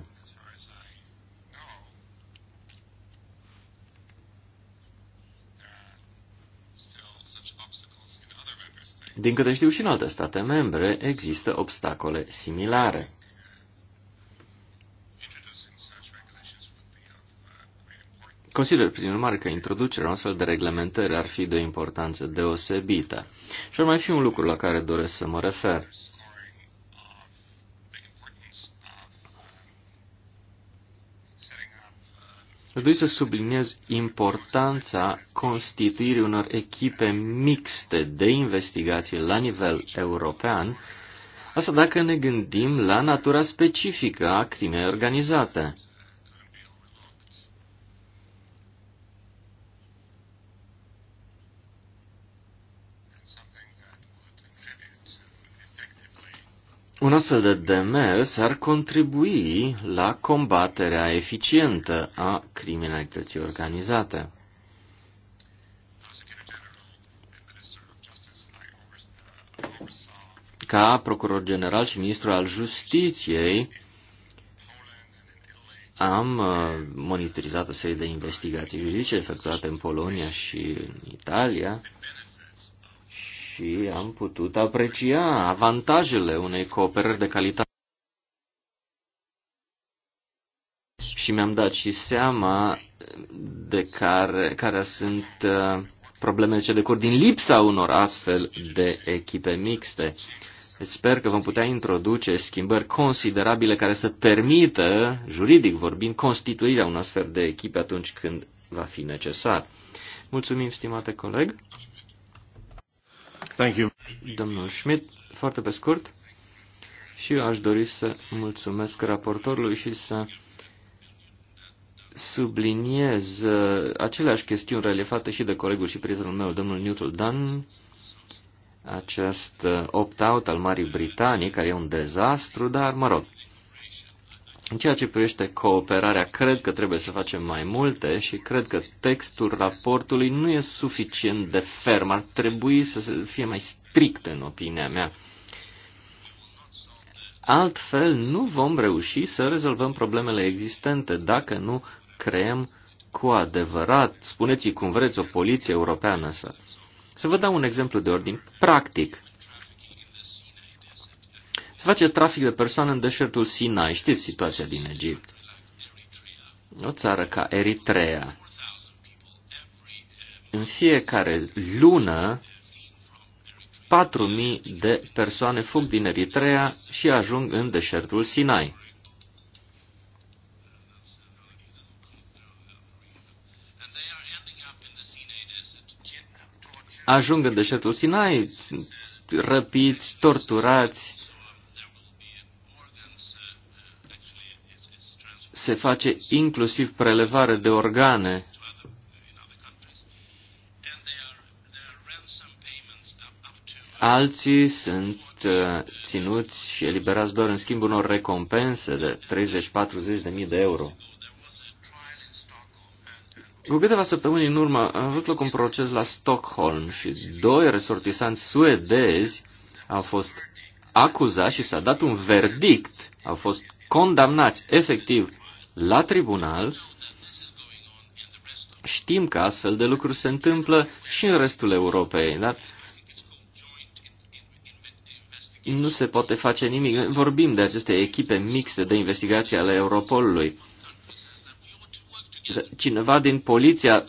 Din câte știu și în alte state membre există obstacole similare. Consider, prin urmare, că introducerea astfel de reglementări ar fi de importanță deosebită. Și ar mai fi un lucru la care doresc să mă refer. Aș dori să subliniez importanța constituirii unor echipe mixte de investigație la nivel european, asta dacă ne gândim la natura specifică a crimei organizate. Un astfel de demers ar contribui la combaterea eficientă a criminalității organizate. Ca procuror general și ministru al justiției, am uh, monitorizat o serie de investigații juridice efectuate în Polonia și în Italia și am putut aprecia avantajele unei cooperări de calitate. Și mi-am dat și seama de care, care sunt uh, problemele ce decur din lipsa unor astfel de echipe mixte. sper că vom putea introduce schimbări considerabile care să permită, juridic vorbind, constituirea unor astfel de echipe atunci când va fi necesar. Mulțumim, stimate coleg. Thank you. Domnul Schmidt, foarte pe scurt, și eu aș dori să mulțumesc raportorului și să subliniez uh, aceleași chestiuni relevate și de colegul și prietenul meu, domnul Newton Dunn, acest uh, opt-out al Marii Britanii, care e un dezastru, dar mă rog, în ceea ce privește cooperarea, cred că trebuie să facem mai multe și cred că textul raportului nu e suficient de ferm. Ar trebui să fie mai strict, în opinia mea. Altfel, nu vom reuși să rezolvăm problemele existente dacă nu creăm cu adevărat, spuneți cum vreți, o poliție europeană. Să, să vă dau un exemplu de ordin practic. Se face trafic de persoane în deșertul Sinai. Știți situația din Egipt. O țară ca Eritrea. În fiecare lună, 4.000 de persoane fug din Eritrea și ajung în deșertul Sinai. Ajung în deșertul Sinai, răpiți, torturați, se face inclusiv prelevare de organe. Alții sunt uh, ținuți și eliberați doar în schimbul unor recompense de 30-40 de mii de euro. Cu câteva săptămâni în urmă a avut loc un proces la Stockholm și doi resortisanți suedezi au fost acuzați și s-a dat un verdict, au fost condamnați efectiv la tribunal, știm că astfel de lucruri se întâmplă și în restul Europei, dar nu se poate face nimic. Vorbim de aceste echipe mixte de investigație ale Europolului. Cineva din poliția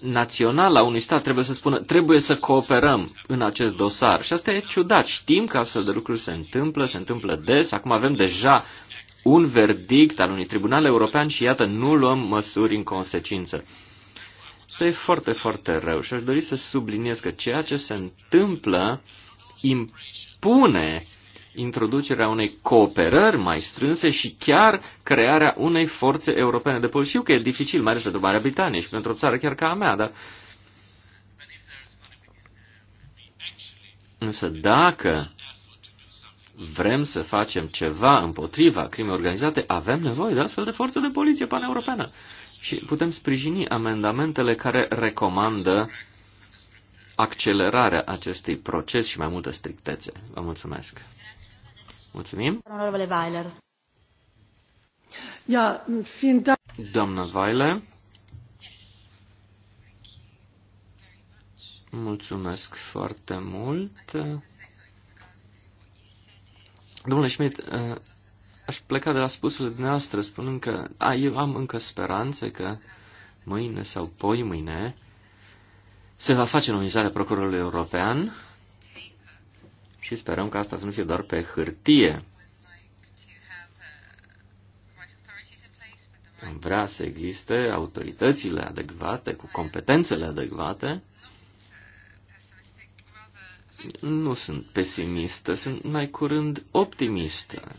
națională a unui stat trebuie să spună, trebuie să cooperăm în acest dosar. Și asta e ciudat. Știm că astfel de lucruri se întâmplă, se întâmplă des. Acum avem deja un verdict al unui tribunal european și iată, nu luăm măsuri în consecință. Asta e foarte, foarte rău și aș dori să subliniez că ceea ce se întâmplă impune introducerea unei cooperări mai strânse și chiar crearea unei forțe europene de poliție. Știu că e dificil, mai ales pentru Marea Britanie și pentru o țară chiar ca a mea, dar... Însă dacă vrem să facem ceva împotriva crimei organizate, avem nevoie de astfel de forță de poliție paneuropeană. Și putem sprijini amendamentele care recomandă accelerarea acestui proces și mai multă strictețe. Vă mulțumesc. Mulțumim. Onorevole Weiler. Ja, vielen Dank. Doamna Weiler. Mulțumesc foarte mult. Domnule Schmidt, uh, aș pleca de la spusul dumneavoastră, spunând că a, eu am încă speranțe că mâine sau poi mâine se va face nominalizarea procurorului european și sperăm că asta să nu fie doar pe hârtie. Am vrea să existe autoritățile adecvate, cu competențele adecvate, nu sunt pesimistă, sunt mai curând optimistă.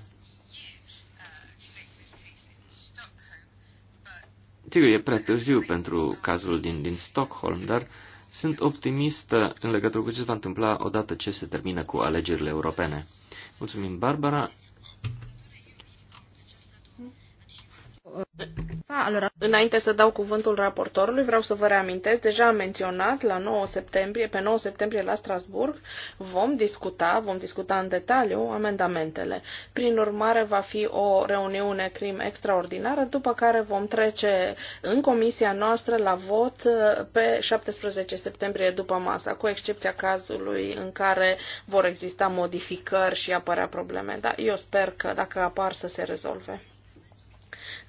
Sigur, e prea târziu pentru cazul din, din Stockholm, dar sunt optimistă în legătură cu ce se va întâmpla odată ce se termină cu alegerile europene. Mulțumim, Barbara. Înainte să dau cuvântul raportorului, vreau să vă reamintesc, deja am menționat, la 9 septembrie, pe 9 septembrie la Strasburg, vom discuta, vom discuta în detaliu amendamentele. Prin urmare, va fi o reuniune crim extraordinară, după care vom trece în comisia noastră la vot uh, pe 17 septembrie după masa, cu excepția cazului în care vor exista modificări și apărea probleme. Dar eu sper că dacă apar să se rezolve.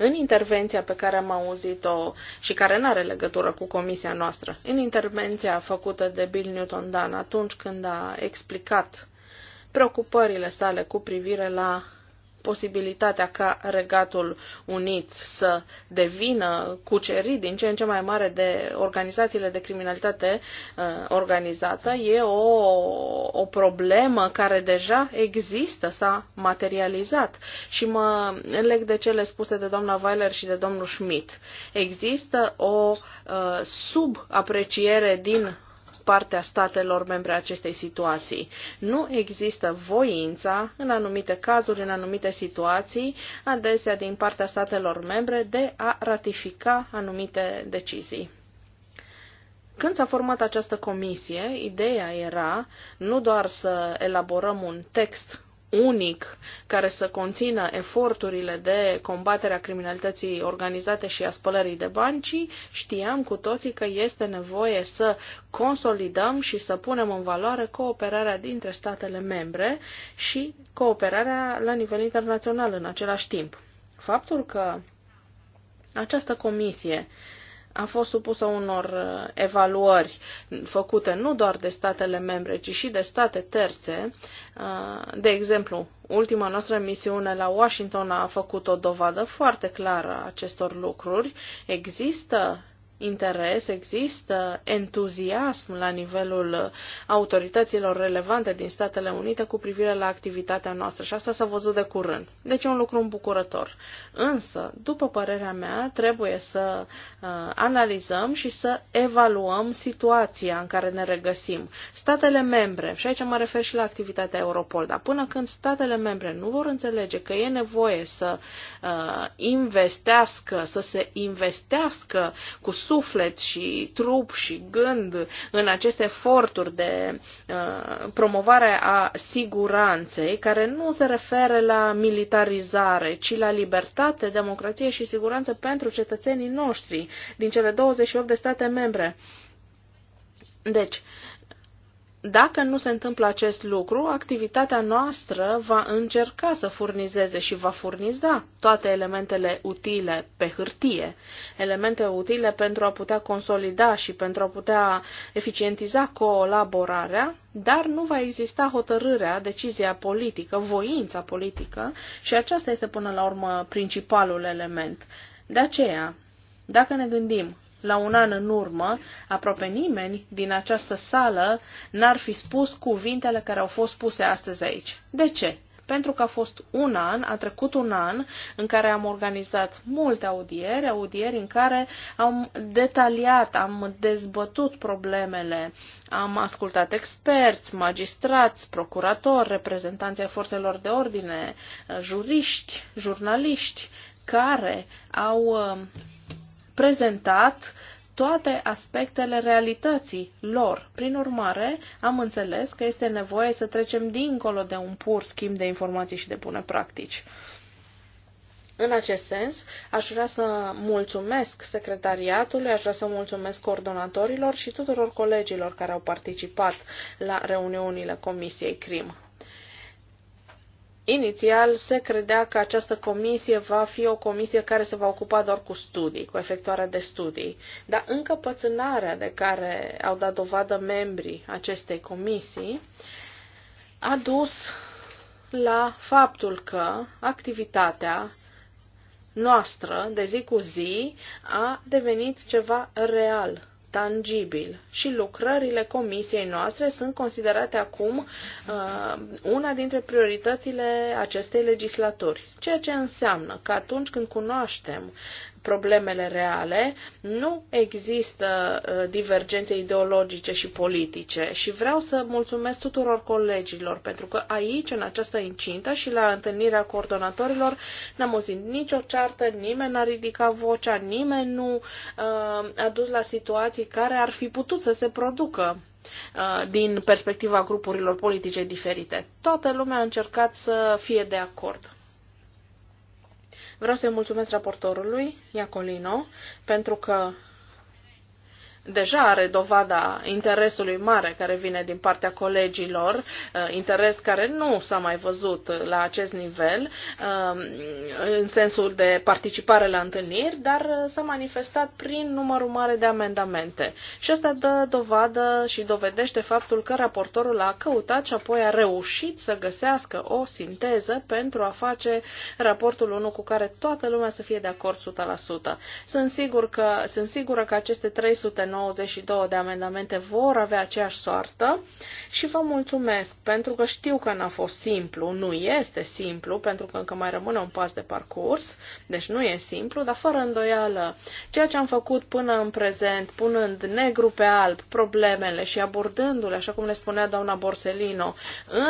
În intervenția pe care am auzit-o și care nu are legătură cu comisia noastră, în intervenția făcută de Bill Newton Dan atunci când a explicat preocupările sale cu privire la posibilitatea ca Regatul Unit să devină cucerit din ce în ce mai mare de organizațiile de criminalitate uh, organizată e o, o problemă care deja există, s-a materializat. Și mă leg de cele spuse de doamna Weiler și de domnul Schmidt. Există o uh, subapreciere din partea statelor membre acestei situații. Nu există voința, în anumite cazuri, în anumite situații, adesea din partea statelor membre, de a ratifica anumite decizii. Când s-a format această comisie, ideea era nu doar să elaborăm un text unic care să conțină eforturile de combatere a criminalității organizate și a spălării de bani, ci știam cu toții că este nevoie să consolidăm și să punem în valoare cooperarea dintre statele membre și cooperarea la nivel internațional în același timp. Faptul că această comisie a fost supusă unor uh, evaluări făcute nu doar de statele membre, ci și de state terțe. Uh, de exemplu, ultima noastră misiune la Washington a făcut o dovadă foarte clară a acestor lucruri. Există interes, există entuziasm la nivelul autorităților relevante din Statele Unite cu privire la activitatea noastră și asta s-a văzut de curând. Deci e un lucru îmbucurător. Însă, după părerea mea, trebuie să uh, analizăm și să evaluăm situația în care ne regăsim. Statele membre, și aici mă refer și la activitatea Europol, dar până când statele membre nu vor înțelege că e nevoie să uh, investească, să se investească cu suflet și trup și gând în aceste eforturi de uh, promovare a siguranței, care nu se referă la militarizare, ci la libertate, democrație și siguranță pentru cetățenii noștri din cele 28 de state membre. Deci, dacă nu se întâmplă acest lucru, activitatea noastră va încerca să furnizeze și va furniza toate elementele utile pe hârtie, elemente utile pentru a putea consolida și pentru a putea eficientiza colaborarea, dar nu va exista hotărârea, decizia politică, voința politică și aceasta este până la urmă principalul element. De aceea, dacă ne gândim la un an în urmă, aproape nimeni din această sală n-ar fi spus cuvintele care au fost puse astăzi aici. De ce? Pentru că a fost un an, a trecut un an în care am organizat multe audieri, audieri în care am detaliat, am dezbătut problemele, am ascultat experți, magistrați, procuratori, reprezentanții ai forțelor de ordine, juriști, jurnaliști, care au prezentat toate aspectele realității lor. Prin urmare, am înțeles că este nevoie să trecem dincolo de un pur schimb de informații și de bune practici. În acest sens, aș vrea să mulțumesc secretariatului, aș vrea să mulțumesc coordonatorilor și tuturor colegilor care au participat la reuniunile Comisiei CRIM. Inițial se credea că această comisie va fi o comisie care se va ocupa doar cu studii, cu efectuarea de studii, dar încăpățânarea de care au dat dovadă membrii acestei comisii a dus la faptul că activitatea noastră de zi cu zi a devenit ceva real tangibil și lucrările comisiei noastre sunt considerate acum uh, una dintre prioritățile acestei legislaturi, ceea ce înseamnă că atunci când cunoaștem problemele reale, nu există uh, divergențe ideologice și politice și vreau să mulțumesc tuturor colegilor pentru că aici, în această incintă și la întâlnirea coordonatorilor, n-am auzit nicio ceartă, nimeni n-a ridicat vocea, nimeni nu uh, a dus la situații care ar fi putut să se producă uh, din perspectiva grupurilor politice diferite. Toată lumea a încercat să fie de acord. Vreau să-i mulțumesc raportorului Iacolino pentru că deja are dovada interesului mare care vine din partea colegilor, uh, interes care nu s-a mai văzut la acest nivel, um, în sensul de participare la întâlniri, dar uh, s-a manifestat prin numărul mare de amendamente. Și asta dă dovadă și dovedește faptul că raportorul a căutat și apoi a reușit să găsească o sinteză pentru a face raportul unul cu care toată lumea să fie de acord 100%. Sunt, sigur că, sunt sigură că aceste 300 92 de amendamente vor avea aceeași soartă și vă mulțumesc pentru că știu că n-a fost simplu, nu este simplu, pentru că încă mai rămâne un pas de parcurs, deci nu e simplu, dar fără îndoială, ceea ce am făcut până în prezent, punând negru pe alb problemele și abordându-le, așa cum le spunea doamna Borsellino,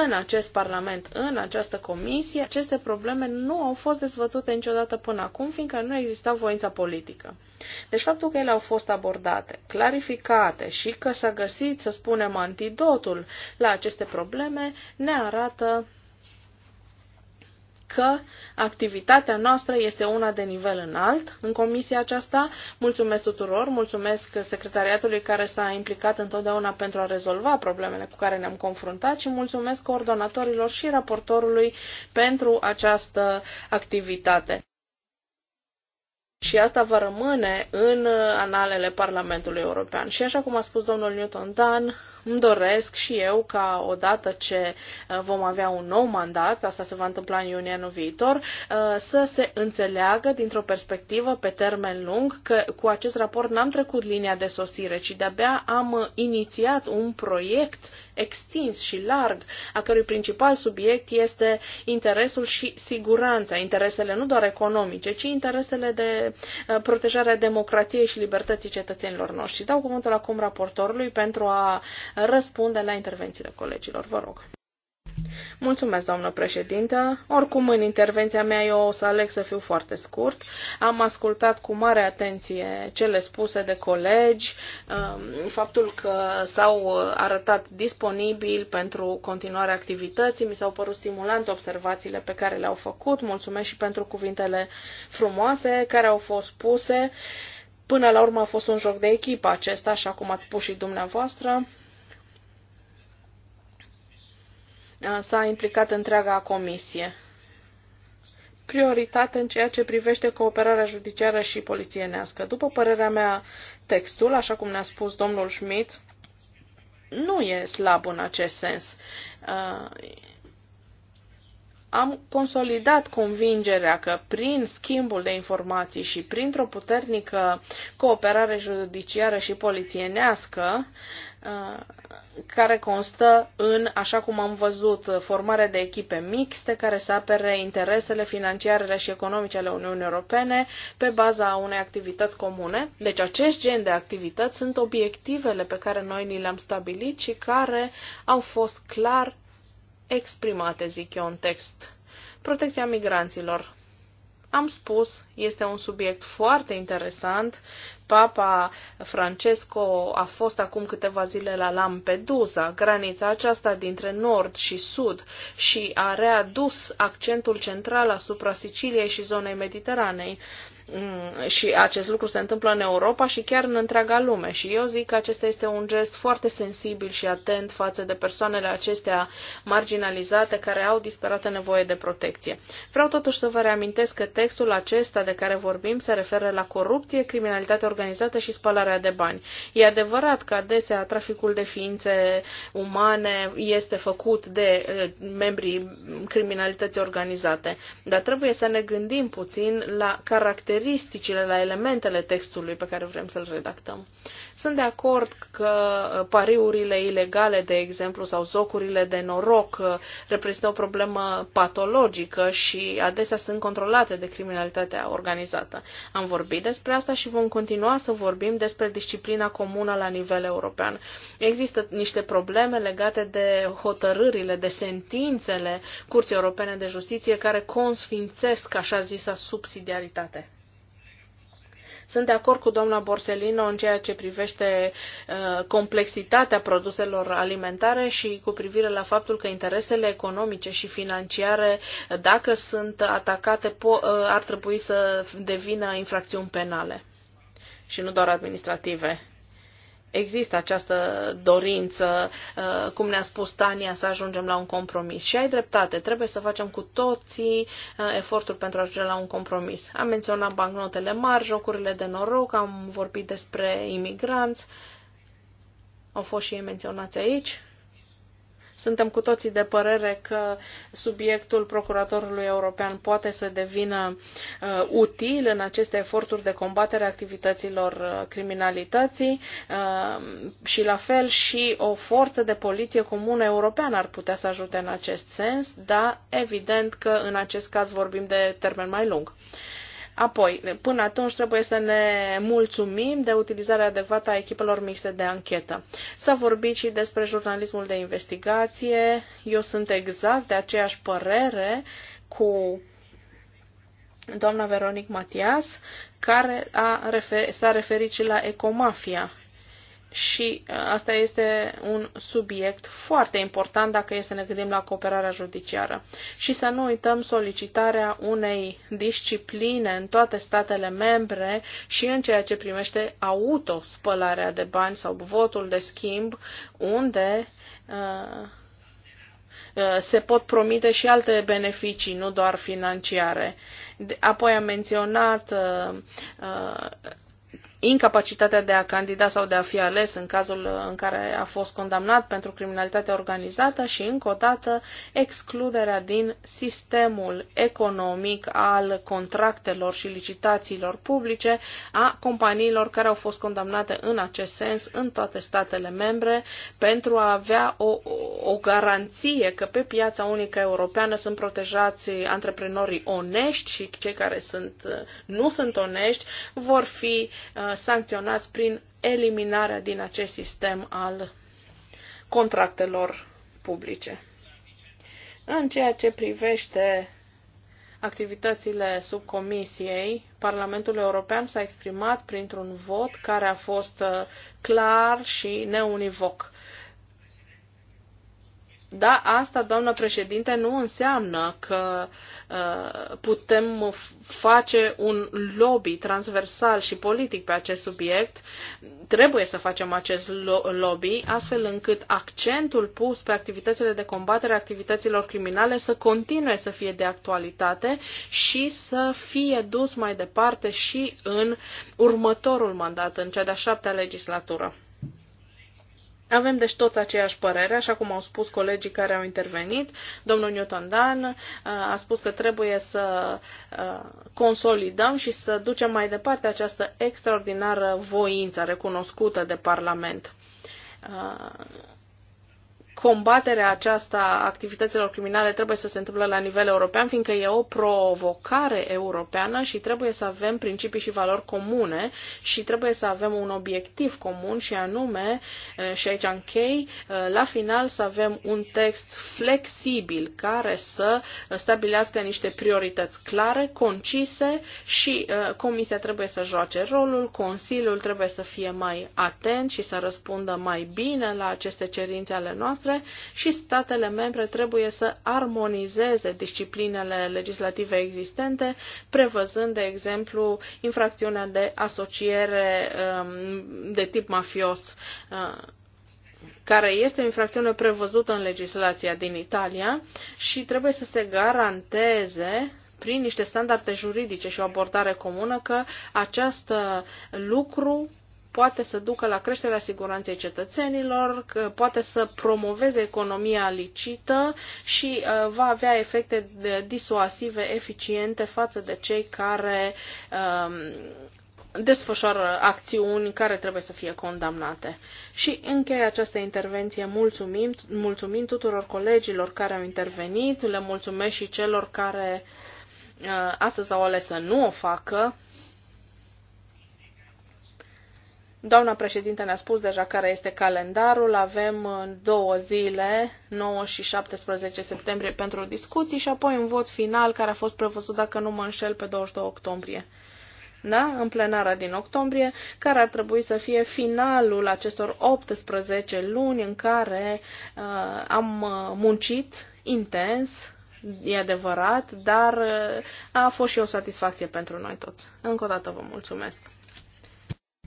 în acest Parlament, în această comisie, aceste probleme nu au fost dezvătute niciodată până acum, fiindcă nu exista voința politică. Deci faptul că ele au fost abordate, clarificate și că s-a găsit, să spunem, antidotul la aceste probleme, ne arată că activitatea noastră este una de nivel înalt în comisia aceasta. Mulțumesc tuturor, mulțumesc secretariatului care s-a implicat întotdeauna pentru a rezolva problemele cu care ne-am confruntat și mulțumesc coordonatorilor și raportorului pentru această activitate și asta va rămâne în uh, analele Parlamentului European. Și așa cum a spus domnul Newton Dan, îmi doresc și eu ca odată ce uh, vom avea un nou mandat, asta se va întâmpla în iunie anul viitor, uh, să se înțeleagă dintr-o perspectivă pe termen lung că cu acest raport n-am trecut linia de sosire, ci de-abia am uh, inițiat un proiect extins și larg, a cărui principal subiect este interesul și siguranța, interesele nu doar economice, ci interesele de protejare democrației și libertății cetățenilor noștri. Dau cuvântul acum raportorului pentru a răspunde la intervențiile colegilor. Vă rog. Mulțumesc, doamnă președintă. Oricum, în intervenția mea eu o să aleg să fiu foarte scurt. Am ascultat cu mare atenție cele spuse de colegi, um, faptul că s-au arătat disponibili pentru continuarea activității, mi s-au părut stimulante observațiile pe care le-au făcut. Mulțumesc și pentru cuvintele frumoase care au fost spuse. Până la urmă a fost un joc de echipă acesta, așa cum ați spus și dumneavoastră. s-a implicat întreaga comisie. Prioritate în ceea ce privește cooperarea judiciară și polițienească. După părerea mea, textul, așa cum ne-a spus domnul Schmidt, nu e slab în acest sens. Uh, am consolidat convingerea că prin schimbul de informații și printr-o puternică cooperare judiciară și polițienească, uh, care constă în, așa cum am văzut, formarea de echipe mixte care să apere interesele financiare și economice ale Uniunii Europene pe baza unei activități comune. Deci acest gen de activități sunt obiectivele pe care noi ni le-am stabilit și care au fost clar exprimate, zic eu, în text. Protecția migranților. Am spus, este un subiect foarte interesant. Papa Francesco a fost acum câteva zile la Lampedusa, granița aceasta dintre nord și sud, și a readus accentul central asupra Siciliei și zonei Mediteranei. Uh, Mm, și acest lucru se întâmplă în Europa și chiar în întreaga lume. Și eu zic că acesta este un gest foarte sensibil și atent față de persoanele acestea marginalizate care au disperată nevoie de protecție. Vreau totuși să vă reamintesc că textul acesta de care vorbim se referă la corupție, criminalitate organizată și spălarea de bani. E adevărat că adesea traficul de ființe umane este făcut de eh, membrii criminalității organizate, dar trebuie să ne gândim puțin la caracteristicile caracteristicile, la elementele textului pe care vrem să-l redactăm. Sunt de acord că pariurile ilegale, de exemplu, sau zocurile de noroc uh, reprezintă o problemă patologică și adesea sunt controlate de criminalitatea organizată. Am vorbit despre asta și vom continua să vorbim despre disciplina comună la nivel european. Există niște probleme legate de hotărârile, de sentințele Curții Europene de Justiție care consfințesc, așa zisa, subsidiaritate. Sunt de acord cu doamna Borsellino în ceea ce privește uh, complexitatea produselor alimentare și cu privire la faptul că interesele economice și financiare, dacă sunt atacate, uh, ar trebui să devină infracțiuni penale și nu doar administrative există această dorință, uh, cum ne-a spus Tania, să ajungem la un compromis. Și ai dreptate, trebuie să facem cu toții uh, eforturi pentru a ajunge la un compromis. Am menționat bancnotele mari, jocurile de noroc, am vorbit despre imigranți, au fost și ei menționați aici. Suntem cu toții de părere că subiectul procuratorului european poate să devină uh, util în aceste eforturi de combatere a activităților uh, criminalității uh, și la fel și o forță de poliție comună europeană ar putea să ajute în acest sens, dar evident că în acest caz vorbim de termen mai lung. Uh, Apoi, până atunci trebuie să ne mulțumim de utilizarea adecvată a echipelor mixte de anchetă. S-a vorbit și despre jurnalismul de investigație. Eu sunt exact de aceeași părere cu doamna Veronic Matias, care a refer- s-a referit și la ecomafia și uh, asta este un subiect foarte important dacă e să ne gândim la cooperarea judiciară. Și să nu uităm solicitarea unei discipline în toate statele membre și în ceea ce primește autospălarea de bani sau votul de schimb, unde uh, uh se pot promite și alte beneficii, nu doar financiare. Apoi am menționat uh, uh, incapacitatea de a candida sau de a fi ales în cazul în care a fost condamnat pentru criminalitatea organizată și, încă o dată, excluderea din sistemul economic al contractelor și licitațiilor publice a companiilor care au fost condamnate în acest sens în toate statele membre pentru a avea o, o garanție că pe piața unică europeană sunt protejați antreprenorii onești și cei care sunt, nu sunt onești vor fi uh, sancționați prin eliminarea din acest sistem al contractelor publice. În ceea ce privește activitățile subcomisiei, Parlamentul European s-a exprimat printr-un vot care a fost uh, clar și neunivoc. Da, asta, doamnă președinte, nu înseamnă că uh, putem face un lobby transversal și politic pe acest subiect. Trebuie să facem acest lo- lobby astfel încât accentul pus pe activitățile de combatere a activităților criminale să continue să fie de actualitate și să fie dus mai departe și în următorul mandat, în cea de-a șaptea legislatură. Avem deci toți aceeași părere, așa cum au spus colegii care au intervenit. Domnul Newton Dan uh, a spus că trebuie să uh, consolidăm și să ducem mai departe această extraordinară voință recunoscută de Parlament uh, combaterea aceasta activităților criminale trebuie să se întâmple la nivel european, fiindcă e o provocare europeană și trebuie să avem principii și valori comune și trebuie să avem un obiectiv comun și anume, și aici închei, la final să avem un text flexibil care să stabilească niște priorități clare, concise și Comisia trebuie să joace rolul, Consiliul trebuie să fie mai atent și să răspundă mai bine la aceste cerințe ale noastre noastre și statele membre trebuie să armonizeze disciplinele legislative existente, prevăzând, de exemplu, infracțiunea de asociere um, de tip mafios uh, care este o infracțiune prevăzută în legislația din Italia și trebuie să se garanteze prin niște standarde juridice și o abordare comună că acest lucru poate să ducă la creșterea siguranței cetățenilor, că poate să promoveze economia licită și uh, va avea efecte de disuasive eficiente față de cei care uh, desfășoară acțiuni care trebuie să fie condamnate. Și închei această intervenție mulțumim, mulțumim tuturor colegilor care au intervenit, le mulțumesc și celor care uh, astăzi au ales să nu o facă. Doamna președinte ne-a spus deja care este calendarul. Avem uh, două zile, 9 și 17 septembrie, pentru discuții și apoi un vot final care a fost prevăzut, dacă nu mă înșel, pe 22 octombrie. Da? În plenara din octombrie, care ar trebui să fie finalul acestor 18 luni în care uh, am uh, muncit intens, e adevărat, dar uh, a fost și o satisfacție pentru noi toți. Încă o dată vă mulțumesc!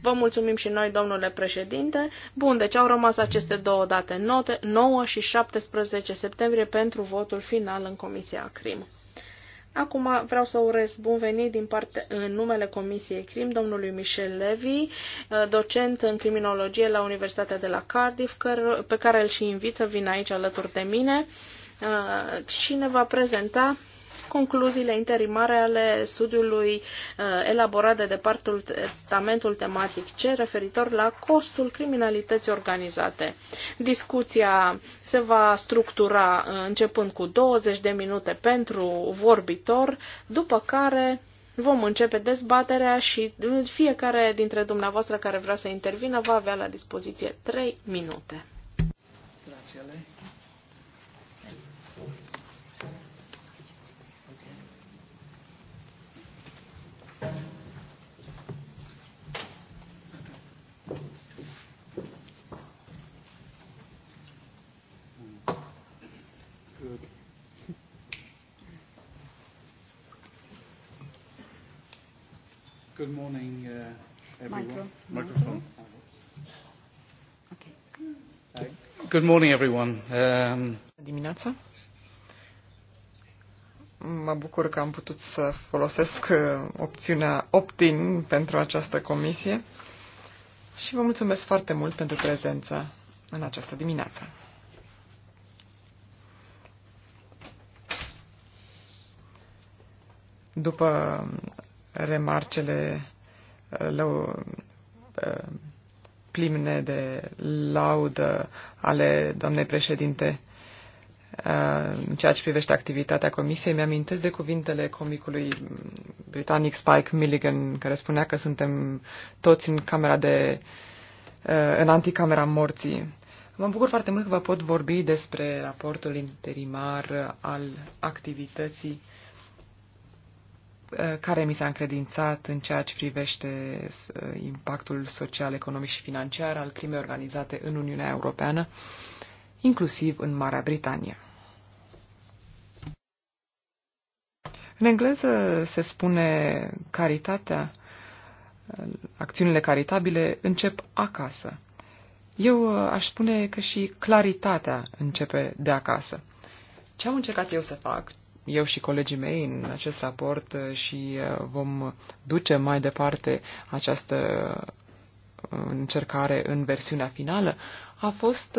Vă mulțumim și noi, domnule președinte. Bun, deci au rămas aceste două date, 9 și 17 septembrie, pentru votul final în Comisia CRIM. Acum vreau să urez bun venit din parte, în numele Comisiei CRIM domnului Michel Levy, uh, docent în criminologie la Universitatea de la Cardiff, pe care îl și invit să vină aici alături de mine uh, și ne va prezenta concluziile interimare ale studiului uh, elaborat de departamentul tematic C referitor la costul criminalității organizate. Discuția se va structura uh, începând cu 20 de minute pentru vorbitor, după care Vom începe dezbaterea și uh, fiecare dintre dumneavoastră care vrea să intervină va avea la dispoziție 3 minute. Grazie Good morning, uh, everyone. Micro. Microphone. Okay. Good morning, everyone. Um, Dimineața. Mă bucur că am putut să folosesc uh, opțiunea opt-in pentru această comisie și vă mulțumesc foarte mult pentru prezența în această dimineață. După remarcele uh, lău, uh, plimne de laudă ale doamnei președinte uh, în ceea ce privește activitatea comisiei. Mi-amintesc de cuvintele comicului britanic Spike Milligan, care spunea că suntem toți în camera de în anticamera morții. Mă bucur foarte mult că vă pot vorbi despre raportul interimar al activității Eh, care mi s-a încredințat în ceea ce privește eh, impactul social, economic și financiar al crimei organizate în Uniunea Europeană, inclusiv în Marea Britanie. În engleză se spune caritatea, eh, acțiunile caritabile încep acasă. Eu aș spune că și claritatea începe de acasă. Ce am încercat eu să fac, eu și colegii mei în acest raport uh, și uh, vom duce mai departe această uh, încercare în versiunea finală, a fost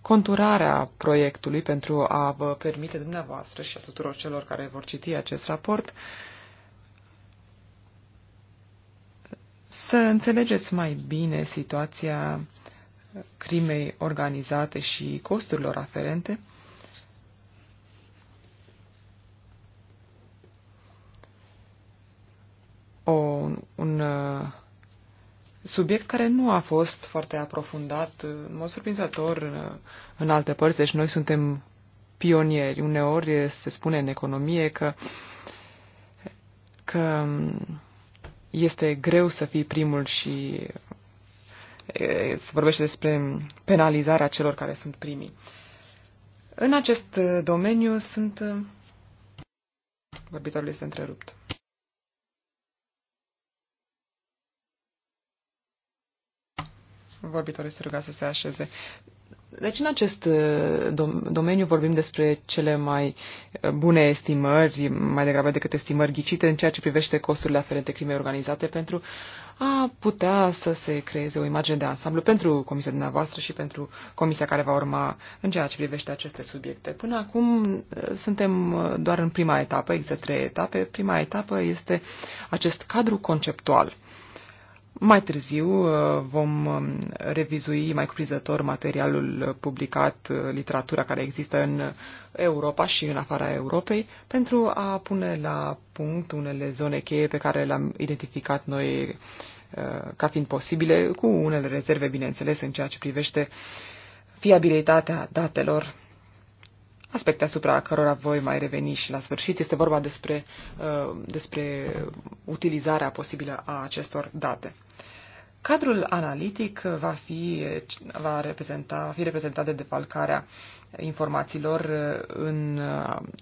conturarea proiectului pentru a vă permite dumneavoastră și a tuturor celor care vor citi acest raport să înțelegeți mai bine situația crimei organizate și costurilor aferente, o, un uh, subiect care nu a fost foarte aprofundat, uh, în mod surprinzător, uh, în alte părți. Deci noi suntem pionieri. Uneori se spune în economie că, că um, este greu să fii primul și se vorbește despre penalizarea celor care sunt primii. În acest uh, domeniu sunt... Uh, vorbitorul este întrerupt. Vorbitorul este rugat să se așeze. Deci în acest uh, domeniu vorbim despre cele mai uh, bune estimări, mai degrabă decât estimări ghicite în ceea ce privește costurile aferente crimei organizate pentru a putea să se creeze o imagine de ansamblu pentru comisia dumneavoastră și pentru comisia care va urma în ceea ce privește aceste subiecte. Până acum uh, suntem doar în prima etapă, există trei etape. Prima etapă este acest cadru conceptual mai târziu uh, vom um, revizui mai cuprinzător materialul publicat, uh, literatura care există în Europa și în afara Europei, pentru a pune la punct unele zone cheie pe care le-am identificat noi uh, ca fiind posibile, cu unele rezerve, bineînțeles, în ceea ce privește fiabilitatea datelor, aspecte asupra cărora voi mai reveni și la sfârșit. Este vorba despre, despre utilizarea posibilă a acestor date. Cadrul analitic va fi, va, reprezenta, va fi reprezentat de defalcarea informațiilor în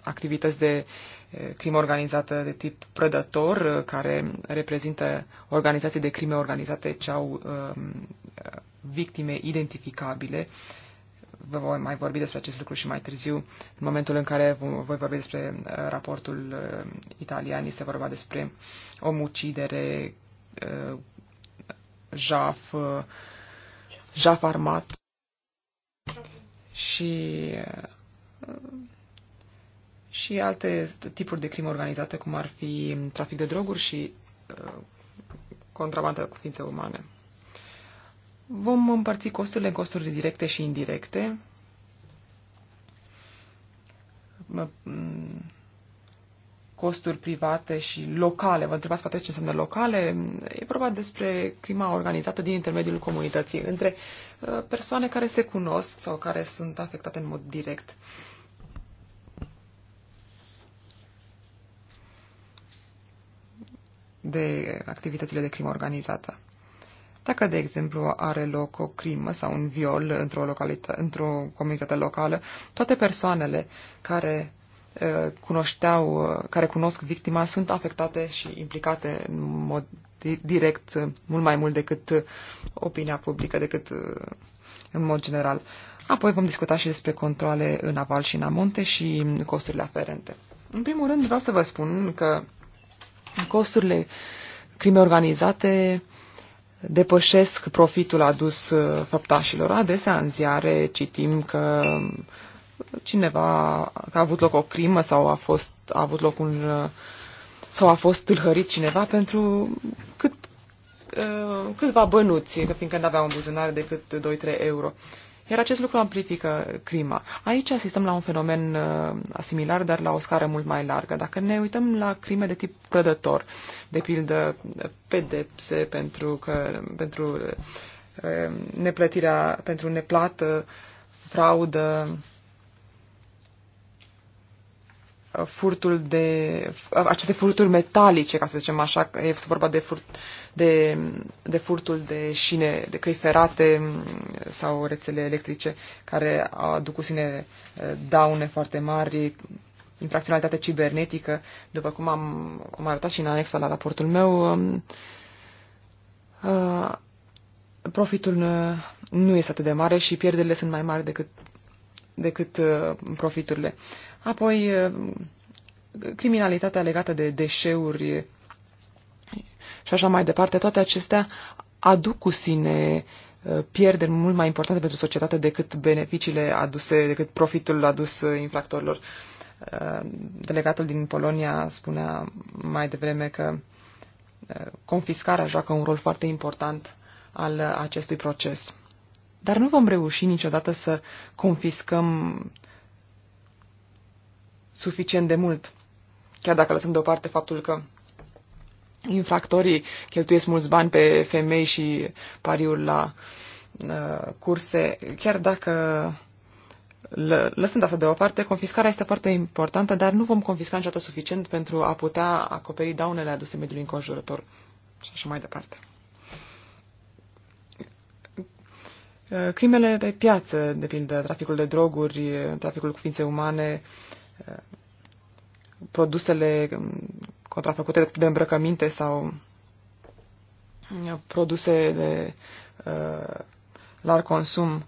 activități de eh, crimă organizată de tip prădător, eh, care reprezintă organizații de crime organizate ce au ehm, eh, victime identificabile. Vă voi mai vorbi despre acest lucru și mai târziu, în momentul în care voi vorbi despre raportul italian, este vorba despre omucidere, jaf, jaf armat și, și alte tipuri de crimă organizată, cum ar fi trafic de droguri și contrabandă cu ființe umane. Vom împărți costurile în costuri directe și indirecte costuri private și locale. Vă întrebați poate ce înseamnă locale. E vorba despre crima organizată din intermediul comunității, între uh, persoane care se cunosc sau care sunt afectate în mod direct. de activitățile de crimă organizată. Dacă, de exemplu, are loc o crimă sau un viol într-o, într, într comunitate locală, toate persoanele care Uh, cunoșteau, uh, care cunosc victima, sunt afectate și implicate în mod direct uh, mult mai mult decât opinia publică, decât în mod general. Apoi vom discuta și despre controle în aval și în amonte și costurile aferente. În primul rând vreau să vă spun că costurile crime organizate depășesc profitul adus făptașilor. Adesea în ziare citim că cineva, că a avut loc o crimă sau a, fost, a avut loc un sau a fost tâlhărit cineva pentru cât, uh, câțiva bănuți, fiindcă nu avea un buzunar decât 2-3 euro. Iar acest lucru amplifică crima. Aici asistăm la un fenomen uh, similar, dar la o scară mult mai largă. Dacă ne uităm la crime de tip prădător, de pildă pedepse pentru, că, pentru uh, neplătirea, pentru neplată, fraudă, furtul de, aceste furturi metalice, ca să zicem așa, e vorba de, furt, de, de furtul de șine, de căi ferate sau rețele electrice care aduc cu sine eh, daune foarte mari, infracționalitate cibernetică, după cum am, am arătat și în anexa la raportul meu, eh, eh, profitul nu este atât de mare și pierderile sunt mai mari decât, decât profiturile. Apoi, eh, criminalitatea legată de deșeuri și așa mai departe, toate acestea aduc cu sine eh, pierderi mult mai importante pentru societate decât beneficiile aduse, decât profitul adus eh, infractorilor. Delegatul din Polonia spunea mai devreme că confiscarea joacă un rol foarte important al acestui proces. Dar nu vom reuși niciodată să confiscăm suficient de mult. Chiar dacă lăsăm deoparte faptul că infractorii cheltuiesc mulți bani pe femei și pariuri la uh, curse, chiar dacă lăsând asta deoparte, confiscarea este foarte importantă, dar nu vom confisca niciodată suficient pentru a putea acoperi daunele aduse mediului înconjurător și așa mai departe. Uh, crimele pe piață, de pildă, traficul de droguri, uh, traficul cu ființe umane, produsele um, contrafăcute de îmbrăcăminte sau uh, produse de uh, larg consum,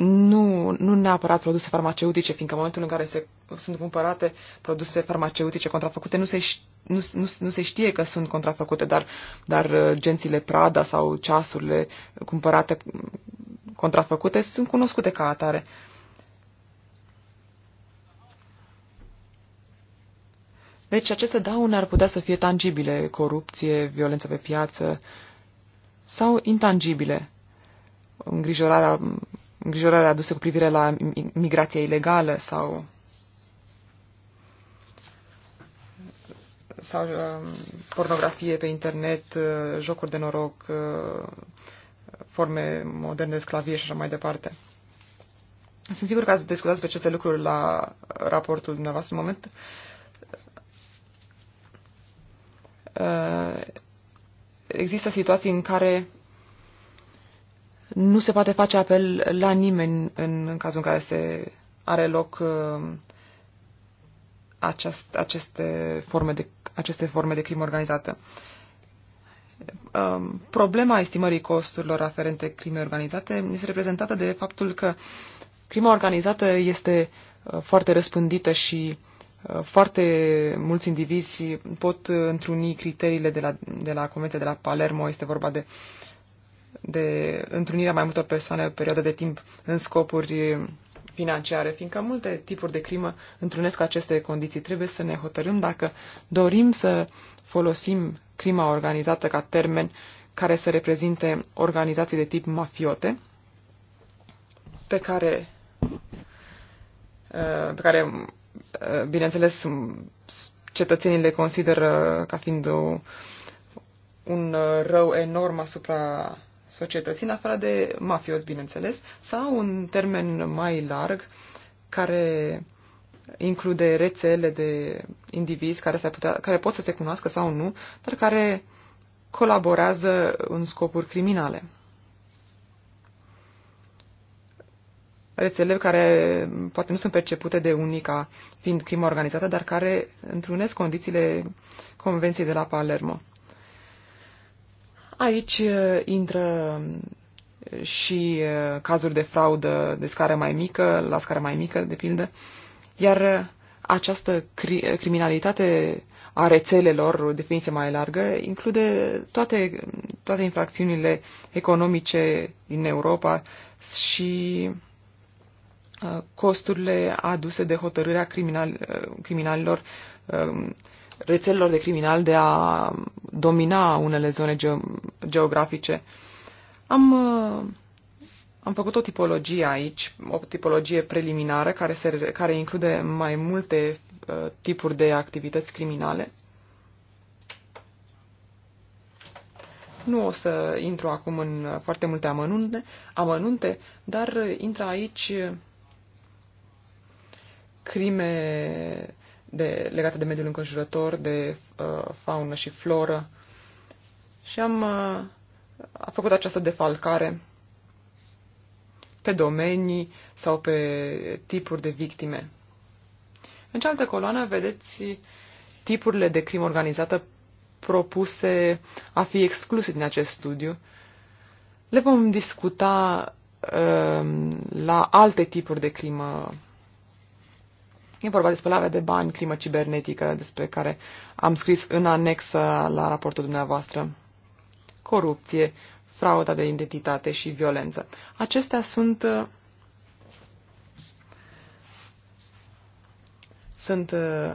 nu, nu neapărat produse farmaceutice, fiindcă în momentul în care se, sunt cumpărate produse farmaceutice contrafăcute, nu se, nu, nu, nu se știe că sunt contrafăcute, dar, dar uh, gențile Prada sau ceasurile cumpărate mm, contrafăcute sunt cunoscute ca atare. Uh, Deci aceste daune ar putea să fie tangibile, corupție, violență pe piață, sau intangibile, îngrijorarea, îngrijorarea adusă cu privire la migrația ilegală sau sau uh, pornografie pe internet, uh, jocuri de noroc, uh, forme moderne de sclavie și așa mai departe. Sunt sigur că ați discutat despre aceste lucruri la raportul dumneavoastră în moment. Uh, există situații în care nu se poate face apel la nimeni în, în cazul în care se are loc uh, aceast, aceste, forme de, aceste forme de crimă organizată. Um, problema estimării costurilor aferente crimei organizate este reprezentată de faptul că crima organizată este uh, foarte răspândită și uh, Uh, foarte mulți indivizi pot întruni criteriile de la, de la Convenția de la Palermo. Este vorba de, de întrunirea mai multor persoane pe o perioadă de timp în scopuri financiare, fiindcă multe tipuri de crimă întrunesc aceste condiții. Trebuie să ne hotărâm dacă dorim să folosim crima organizată ca termen care să reprezinte organizații de tip mafiote, pe care, uh, pe care bineînțeles, cetățenii le consideră ca fiind o, un rău enorm asupra societății, în afară de mafiot, bineînțeles, sau un termen mai larg care include rețele de indivizi care, ar putea, care pot să se cunoască sau nu, dar care colaborează în scopuri criminale. rețele care poate nu sunt percepute de unii ca fiind crimă organizată, dar care întrunesc condițiile Convenției de la Palermo. Aici uh, intră uh, și uh, cazuri de fraudă de scară mai mică, la scară mai mică, de pildă, iar această cri- criminalitate a rețelelor, o definiție mai largă, include toate, toate infracțiunile economice din Europa și costurile aduse de hotărârea criminal, uh, criminalilor, um, rețelelor de criminal de a domina unele zone geografice. Am, uh, am făcut o tipologie aici, o tipologie preliminară care, se, care include mai multe uh, tipuri de activități criminale. Nu o să intru acum în foarte multe amănunte, amănunte dar intră aici crime de, legate de mediul înconjurător, de uh, faună și floră. Și am uh, a făcut această defalcare pe domenii sau pe tipuri de victime. În cealaltă coloană vedeți tipurile de crimă organizată propuse a fi excluse din acest studiu. Le vom discuta uh, la alte tipuri de crimă E vorba de spălare de bani, crimă cibernetică, despre care am scris în anexă la raportul dumneavoastră. Corupție, frauda de identitate și violență. Acestea sunt, uh, sunt uh,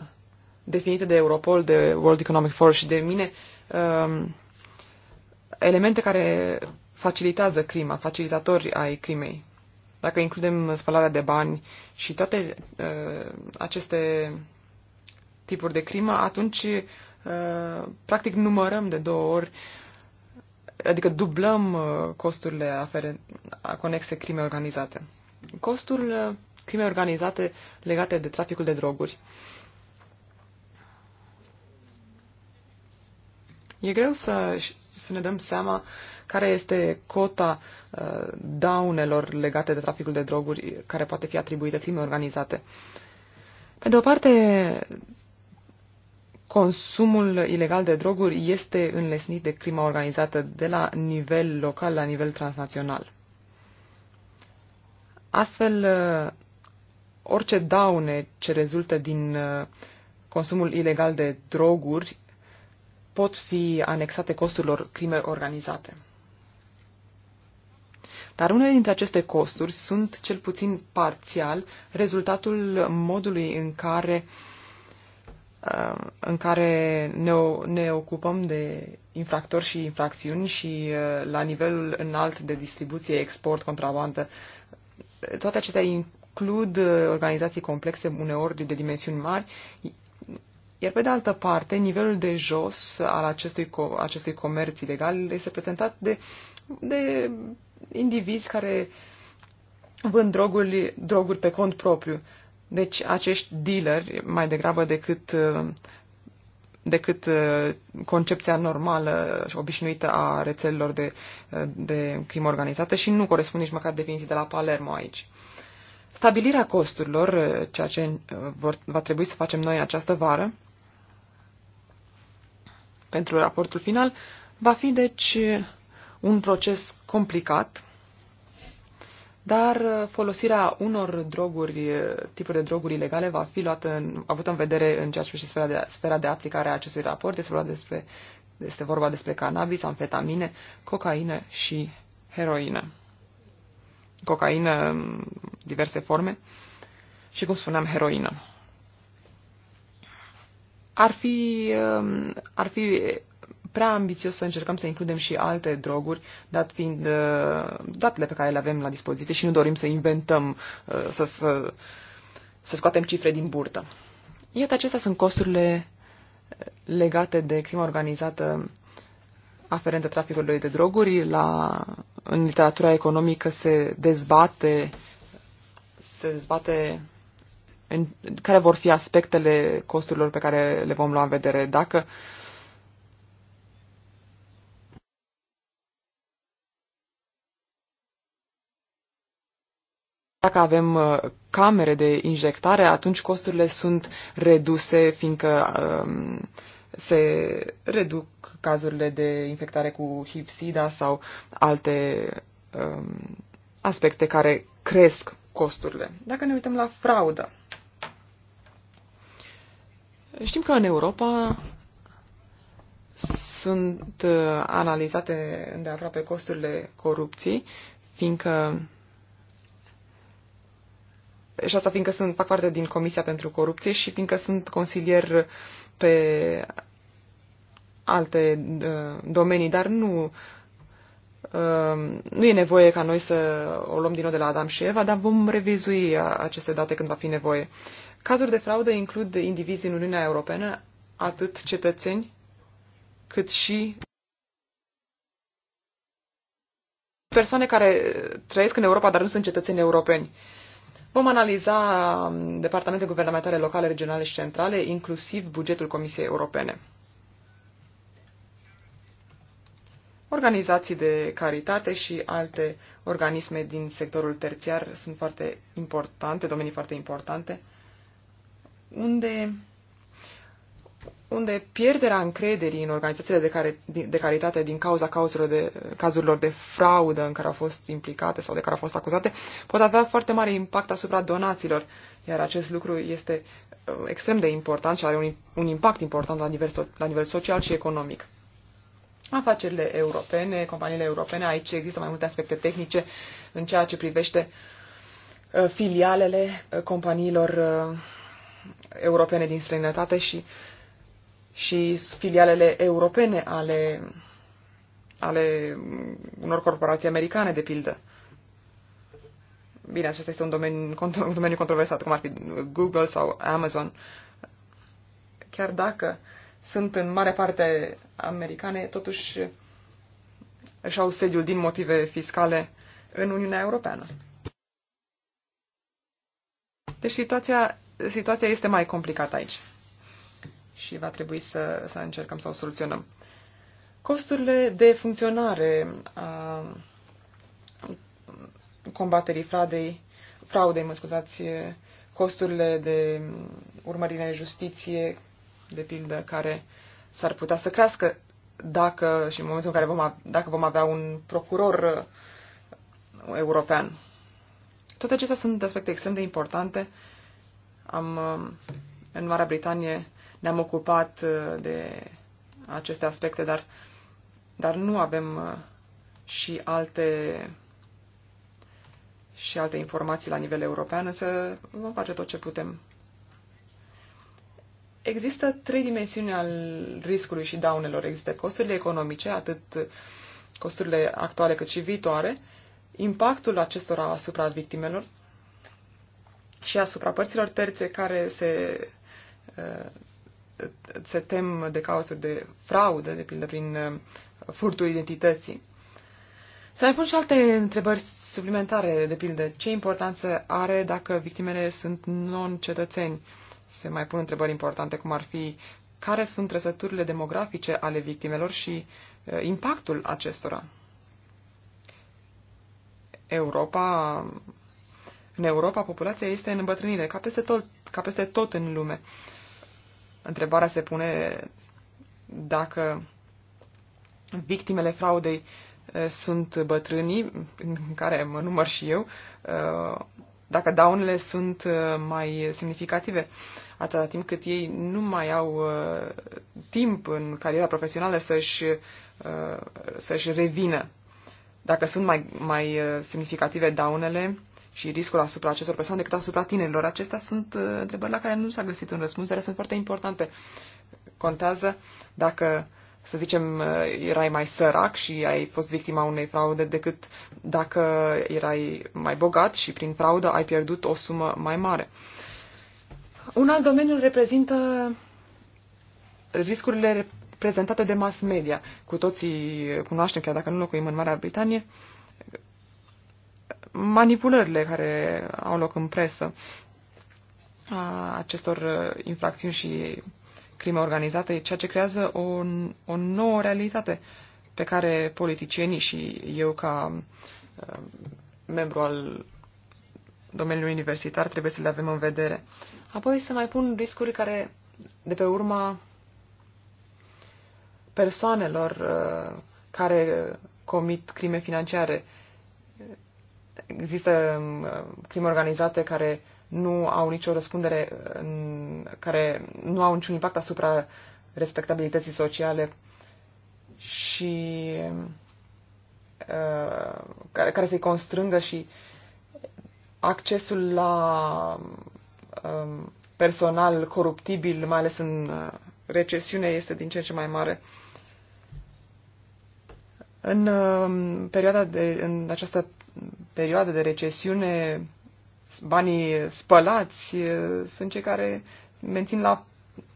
definite de Europol, de World Economic Forum și de mine, um, elemente care facilitează crima, facilitatori ai crimei dacă includem spălarea de bani și toate uh, aceste tipuri de crimă, atunci uh, practic numărăm de două ori, adică dublăm uh, costurile aferen, conexe crime organizate. Costul uh, crime organizate legate de traficul de droguri. E greu să, să ne dăm seama care este cota uh, daunelor legate de traficul de droguri care poate fi atribuită crime organizate. Pe de o parte, consumul ilegal de droguri este înlesnit de crima organizată de la nivel local la nivel transnațional. Astfel, uh, orice daune ce rezultă din uh, consumul ilegal de droguri pot fi anexate costurilor crime organizate. Dar unele dintre aceste costuri sunt, cel puțin parțial, rezultatul modului în care, uh, în care ne, ne ocupăm de infractori și infracțiuni și uh, la nivelul înalt de distribuție, export, contrabandă. Toate acestea includ uh, organizații complexe, uneori de dimensiuni mari, iar pe de altă parte, nivelul de jos al acestui, acestui comerț ilegal este prezentat de, de indivizi care vând droguri, droguri pe cont propriu. Deci acești dealeri, mai degrabă decât, uh, decât uh, concepția normală și obișnuită a rețelelor de, uh, de crimă organizată și nu corespund nici măcar definiții de la Palermo aici. Stabilirea costurilor, ceea ce vor, va trebui să facem noi această vară, pentru raportul final, va fi deci un proces complicat, dar folosirea unor droguri, tipuri de droguri ilegale va fi luată în, avută în vedere în ceea ce privește sfera de, sfera de aplicare a acestui raport. Este vorba despre, este vorba despre cannabis, amfetamine, cocaină și heroină. Cocaină în diverse forme și, cum spuneam, heroină. Ar fi, um, ar fi prea ambițios să încercăm să includem și alte droguri, dat fiind uh, datele pe care le avem la dispoziție și nu dorim să inventăm, uh, să, să, să scoatem cifre din burtă. Iată, acestea sunt costurile uh, legate de crima organizată aferentă traficului de droguri. La, în literatura economică se dezbate, se dezbate în, care vor fi aspectele costurilor pe care le vom lua în vedere. Dacă uh, Dacă avem uh, camere de injectare, atunci costurile sunt reduse, fiindcă um, se reduc cazurile de infectare cu HIV-SIDA sau alte um, aspecte care cresc costurile. Dacă ne uităm la fraudă, știm că în Europa sunt uh, analizate îndeaproape costurile corupției, fiindcă și asta fiindcă sunt, fac parte din Comisia pentru Corupție și fiindcă sunt consilier pe alte uh, domenii, dar nu, uh, nu e nevoie ca noi să o luăm din nou de la Adam și Eva, dar vom revizui uh, aceste date când va fi nevoie. Cazuri de fraudă includ indivizi în Uniunea Europeană, atât cetățeni cât și persoane care trăiesc în Europa, dar nu sunt cetățeni europeni. Uh, Vom analiza um, departamente guvernamentale locale, regionale și centrale, inclusiv bugetul Comisiei Europene. Organizații de caritate și alte organisme din sectorul terțiar sunt foarte importante, domenii foarte importante, unde unde pierderea încrederii în organizațiile de, care, de caritate din cauza cauzelor de, cazurilor de fraudă în care au fost implicate sau de care au fost acuzate pot avea foarte mare impact asupra donațiilor, iar acest lucru este uh, extrem de important și are un, un impact important la nivel, la nivel social și economic. Afacerile europene, companiile europene, aici există mai multe aspecte tehnice în ceea ce privește uh, filialele uh, companiilor europene din străinătate și uh, și filialele europene ale, ale unor corporații americane, de pildă. Bine, acesta este un domeniu, un domeniu controversat, cum ar fi Google sau Amazon. Chiar dacă sunt în mare parte americane, totuși își au sediul din motive fiscale în Uniunea Europeană. Deci situația, situația este mai complicată aici și va trebui să, să încercăm să o soluționăm. Costurile de funcționare a combaterii fraudei, fraudei mă scuzați, costurile de urmărire în justiție, de pildă, care s-ar putea să crească dacă și în momentul în care vom, dacă vom avea un procuror uh, european. Toate acestea sunt aspecte extrem de importante. Am, uh, în Marea Britanie ne-am ocupat uh, de aceste aspecte, dar, dar nu avem uh, și alte și alte informații la nivel european, însă vom face tot ce putem. Există trei dimensiuni al riscului și daunelor. Există costurile economice, atât costurile actuale cât și viitoare, impactul acestora asupra victimelor și asupra părților terțe care se uh, se tem de cauzuri de fraudă, de pildă prin uh, furtul identității. Să mai pun și alte întrebări suplimentare, de pildă, ce importanță are dacă victimele sunt non-cetățeni? Se mai pun întrebări importante, cum ar fi care sunt trăsăturile demografice ale victimelor și uh, impactul acestora. Europa, în Europa, populația este în îmbătrânire, ca peste tot, ca peste tot în lume. Uh, întrebarea se pune dacă victimele fraudei eh, sunt bătrânii, în care mă număr și eu, eh, dacă daunele sunt eh, mai semnificative, atâta timp cât ei nu mai au timp în cariera profesională să-și, să-și revină. Dacă sunt mai, mai semnificative daunele, și riscul asupra acestor persoane decât asupra tinerilor. Acestea sunt uh, întrebări la care nu s-a găsit un răspuns, dar sunt foarte importante. Contează dacă să zicem, uh, erai mai sărac și ai fost victima unei fraude decât dacă erai mai bogat și prin fraudă ai pierdut o sumă mai mare. Un alt domeniu reprezintă riscurile prezentate de mass media. Cu toții cunoaștem, chiar dacă nu locuim în Marea Britanie, manipulările care au loc în presă a acestor uh, infracțiuni și crime organizate, ceea ce creează o, o nouă realitate pe care politicienii și eu ca uh, membru al domeniului universitar trebuie să le avem în vedere. Apoi să mai pun riscuri care de pe urma persoanelor uh, care comit crime financiare există um, crime organizate care nu au nicio răspundere, care nu au niciun impact asupra respectabilității sociale și um, uh, care, care să-i constrângă și accesul la um, personal coruptibil, mai ales în uh, recesiune, este din ce în ce mai mare. În perioada de, în această perioadă de recesiune, banii spălați sunt cei care mențin la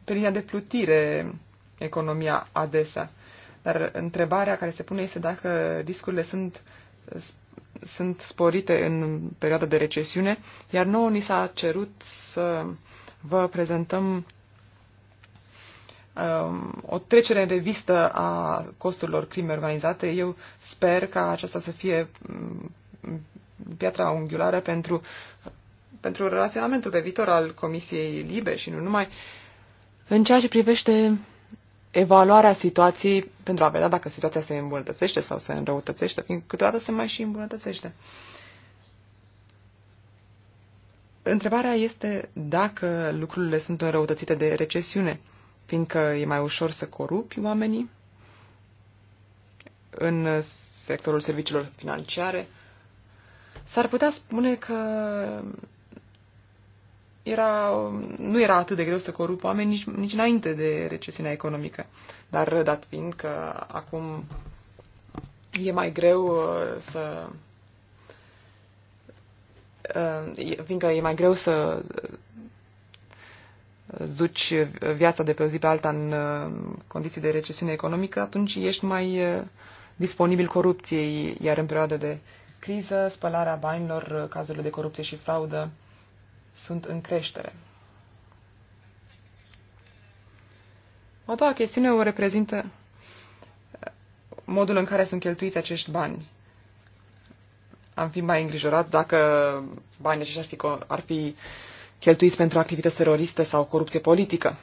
pe linia de plutire economia adesea. Dar întrebarea care se pune este dacă riscurile sunt, sunt sporite în perioada de recesiune, iar nouă ni s-a cerut să vă prezentăm um, o trecere în revistă a costurilor crime organizate. Eu sper ca aceasta să fie piatra unghiulară pentru, pentru relaționamentul pe viitor al Comisiei Libe și nu numai. În ceea ce privește evaluarea situației pentru a vedea dacă situația se îmbunătățește sau se înrăutățește, fiindcă câteodată se mai și îmbunătățește. Întrebarea este dacă lucrurile sunt înrăutățite de recesiune, fiindcă e mai ușor să corupi oamenii în sectorul serviciilor financiare, S-ar putea spune că era, nu era atât de greu să corup oameni nici, nici înainte de recesiunea economică. Dar dat fiind că acum e mai greu uh, să uh, fiindcă e mai greu să uh, duci viața de pe o zi pe alta în condiții de recesiune economică, atunci ești mai disponibil corupției, iar în perioada de criză, spălarea banilor, cazurile de corupție și fraudă sunt în creștere. O doua chestiune o reprezintă uh, modul în care sunt cheltuiți acești bani. Am fi mai îngrijorat dacă banii aceștia ar fi, ar fi cheltuiți pentru activități teroriste sau corupție politică,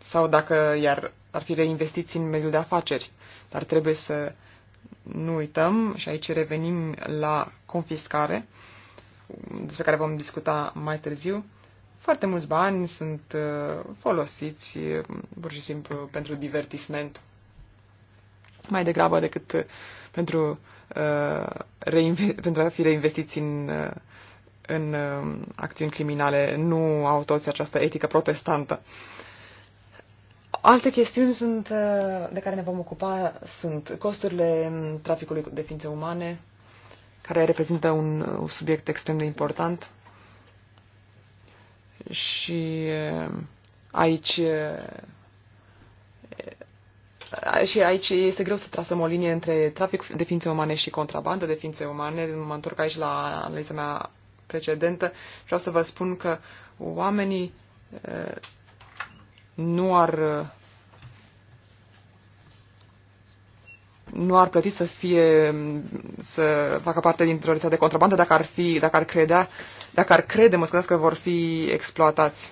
sau dacă iar ar fi reinvestiți în mediul de afaceri. Dar trebuie să nu uităm, și aici revenim la confiscare, despre care vom discuta mai târziu, foarte mulți bani sunt uh, folosiți uh, pur și simplu pentru divertisment, mai degrabă decât uh, pentru, pentru a fi reinvestiți în, în acțiuni criminale. Nu au toți această etică protestantă. Uh, Alte chestiuni sunt, uh, de care ne vom ocupa sunt costurile traficului de ființe umane, care reprezintă un, un subiect extrem de important. Și uh, aici uh, și aici este greu să trasăm o linie între trafic de ființe umane și contrabandă de ființe umane. Mă întorc aici la analiza mea precedentă. Vreau să vă spun că oamenii nu ar nu ar plăti să fie să facă parte dintr-o rețea de contrabandă dacă ar fi, dacă ar credea, dacă ar crede, mă scuzați, că vor fi exploatați.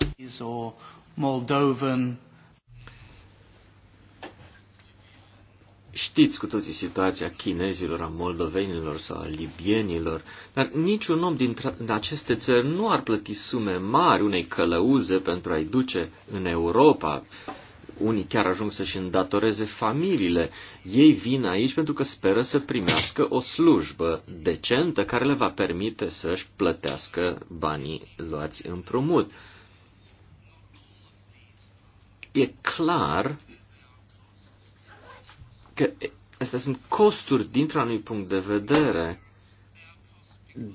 Moldovan Știți cu toții situația chinezilor, a moldovenilor sau a libienilor, dar niciun om din aceste țări nu ar plăti sume mari unei călăuze pentru a-i duce în Europa. Unii chiar ajung să-și îndatoreze familiile. Ei vin aici pentru că speră să primească o slujbă decentă care le va permite să-și plătească banii luați împrumut. E clar că astea sunt costuri dintr-un anumit punct de vedere,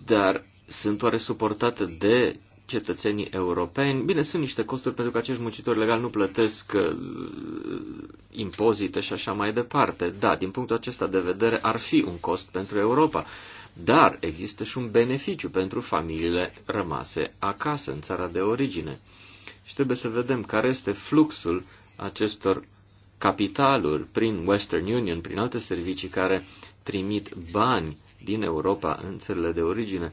dar sunt oare suportate de cetățenii europeni. Bine, sunt niște costuri pentru că acești muncitori legali nu plătesc uh, impozite și așa mai departe. Da, din punctul acesta de vedere ar fi un cost pentru Europa, dar există și un beneficiu pentru familiile rămase acasă, în țara de origine. Și trebuie să vedem care este fluxul acestor capitaluri prin Western Union, prin alte servicii care trimit bani din Europa în țările de origine.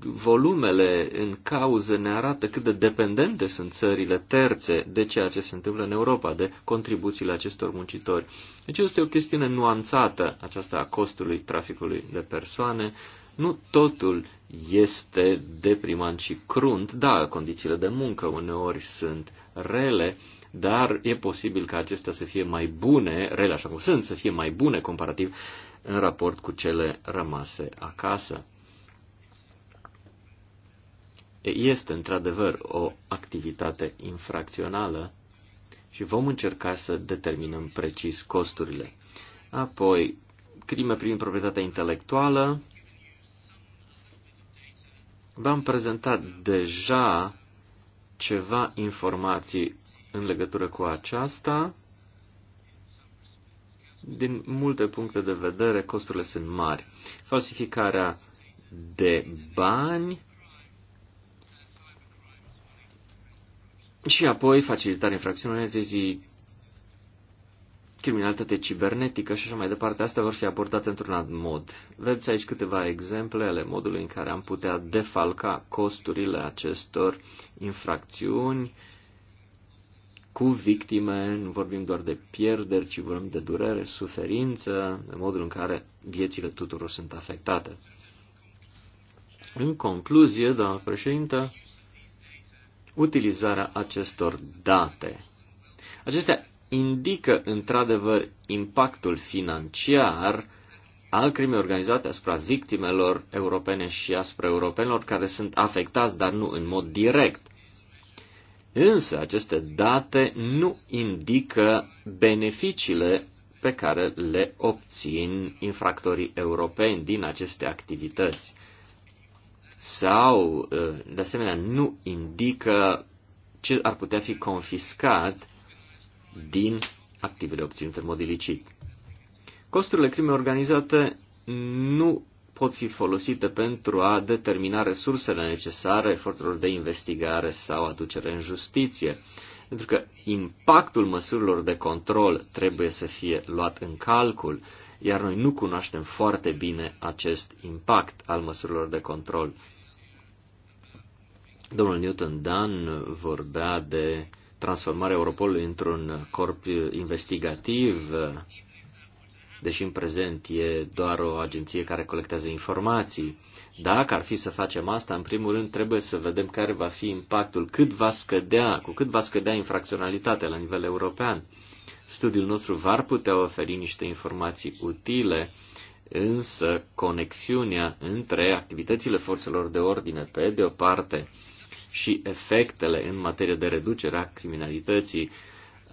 Volumele în cauză ne arată cât de dependente sunt țările terțe de ceea ce se întâmplă în Europa, de contribuțiile acestor muncitori. Deci este o chestiune nuanțată aceasta a costului traficului de persoane. Nu totul este deprimant și crunt. Da, condițiile de muncă uneori sunt rele, dar e posibil ca acestea să fie mai bune, rele așa cum sunt, să fie mai bune comparativ în raport cu cele rămase acasă. Este într-adevăr o activitate infracțională și vom încerca să determinăm precis costurile. Apoi, crime prin proprietatea intelectuală. V-am prezentat deja ceva informații în legătură cu aceasta. Din multe puncte de vedere, costurile sunt mari. Falsificarea de bani și apoi facilitarea infracțiunilor zi criminalitate cibernetică și așa mai departe, astea vor fi abordate într-un alt mod. Vedeți aici câteva exemple ale modului în care am putea defalca costurile acestor infracțiuni cu victime, nu vorbim doar de pierderi, ci vorbim de durere, suferință, de modul în care viețile tuturor sunt afectate. În concluzie, doamnă președintă, utilizarea acestor date. Acestea indică într-adevăr impactul financiar al crimei organizate asupra victimelor europene și asupra europenilor care sunt afectați, dar nu în mod direct. Însă aceste date nu indică beneficiile pe care le obțin infractorii europeni din aceste activități. Sau, ă, de asemenea, nu indică ce ar putea fi confiscat din activele obținute în mod ilicit. Costurile crimei organizate nu pot fi folosite pentru a determina resursele necesare eforturilor de investigare sau aducere în justiție. Pentru că impactul măsurilor de control trebuie să fie luat în calcul, iar noi nu cunoaștem foarte bine acest impact al măsurilor de control. Domnul Newton Dan vorbea de transformarea Europolului într-un corp investigativ deși în prezent e doar o agenție care colectează informații. Dacă ar fi să facem asta, în primul rând trebuie să vedem care va fi impactul, cât va scădea, cu cât va scădea infracționalitatea la nivel european. Studiul nostru va putea oferi niște informații utile, însă conexiunea între activitățile forțelor de ordine pe de o parte și efectele în materie de reducere a criminalității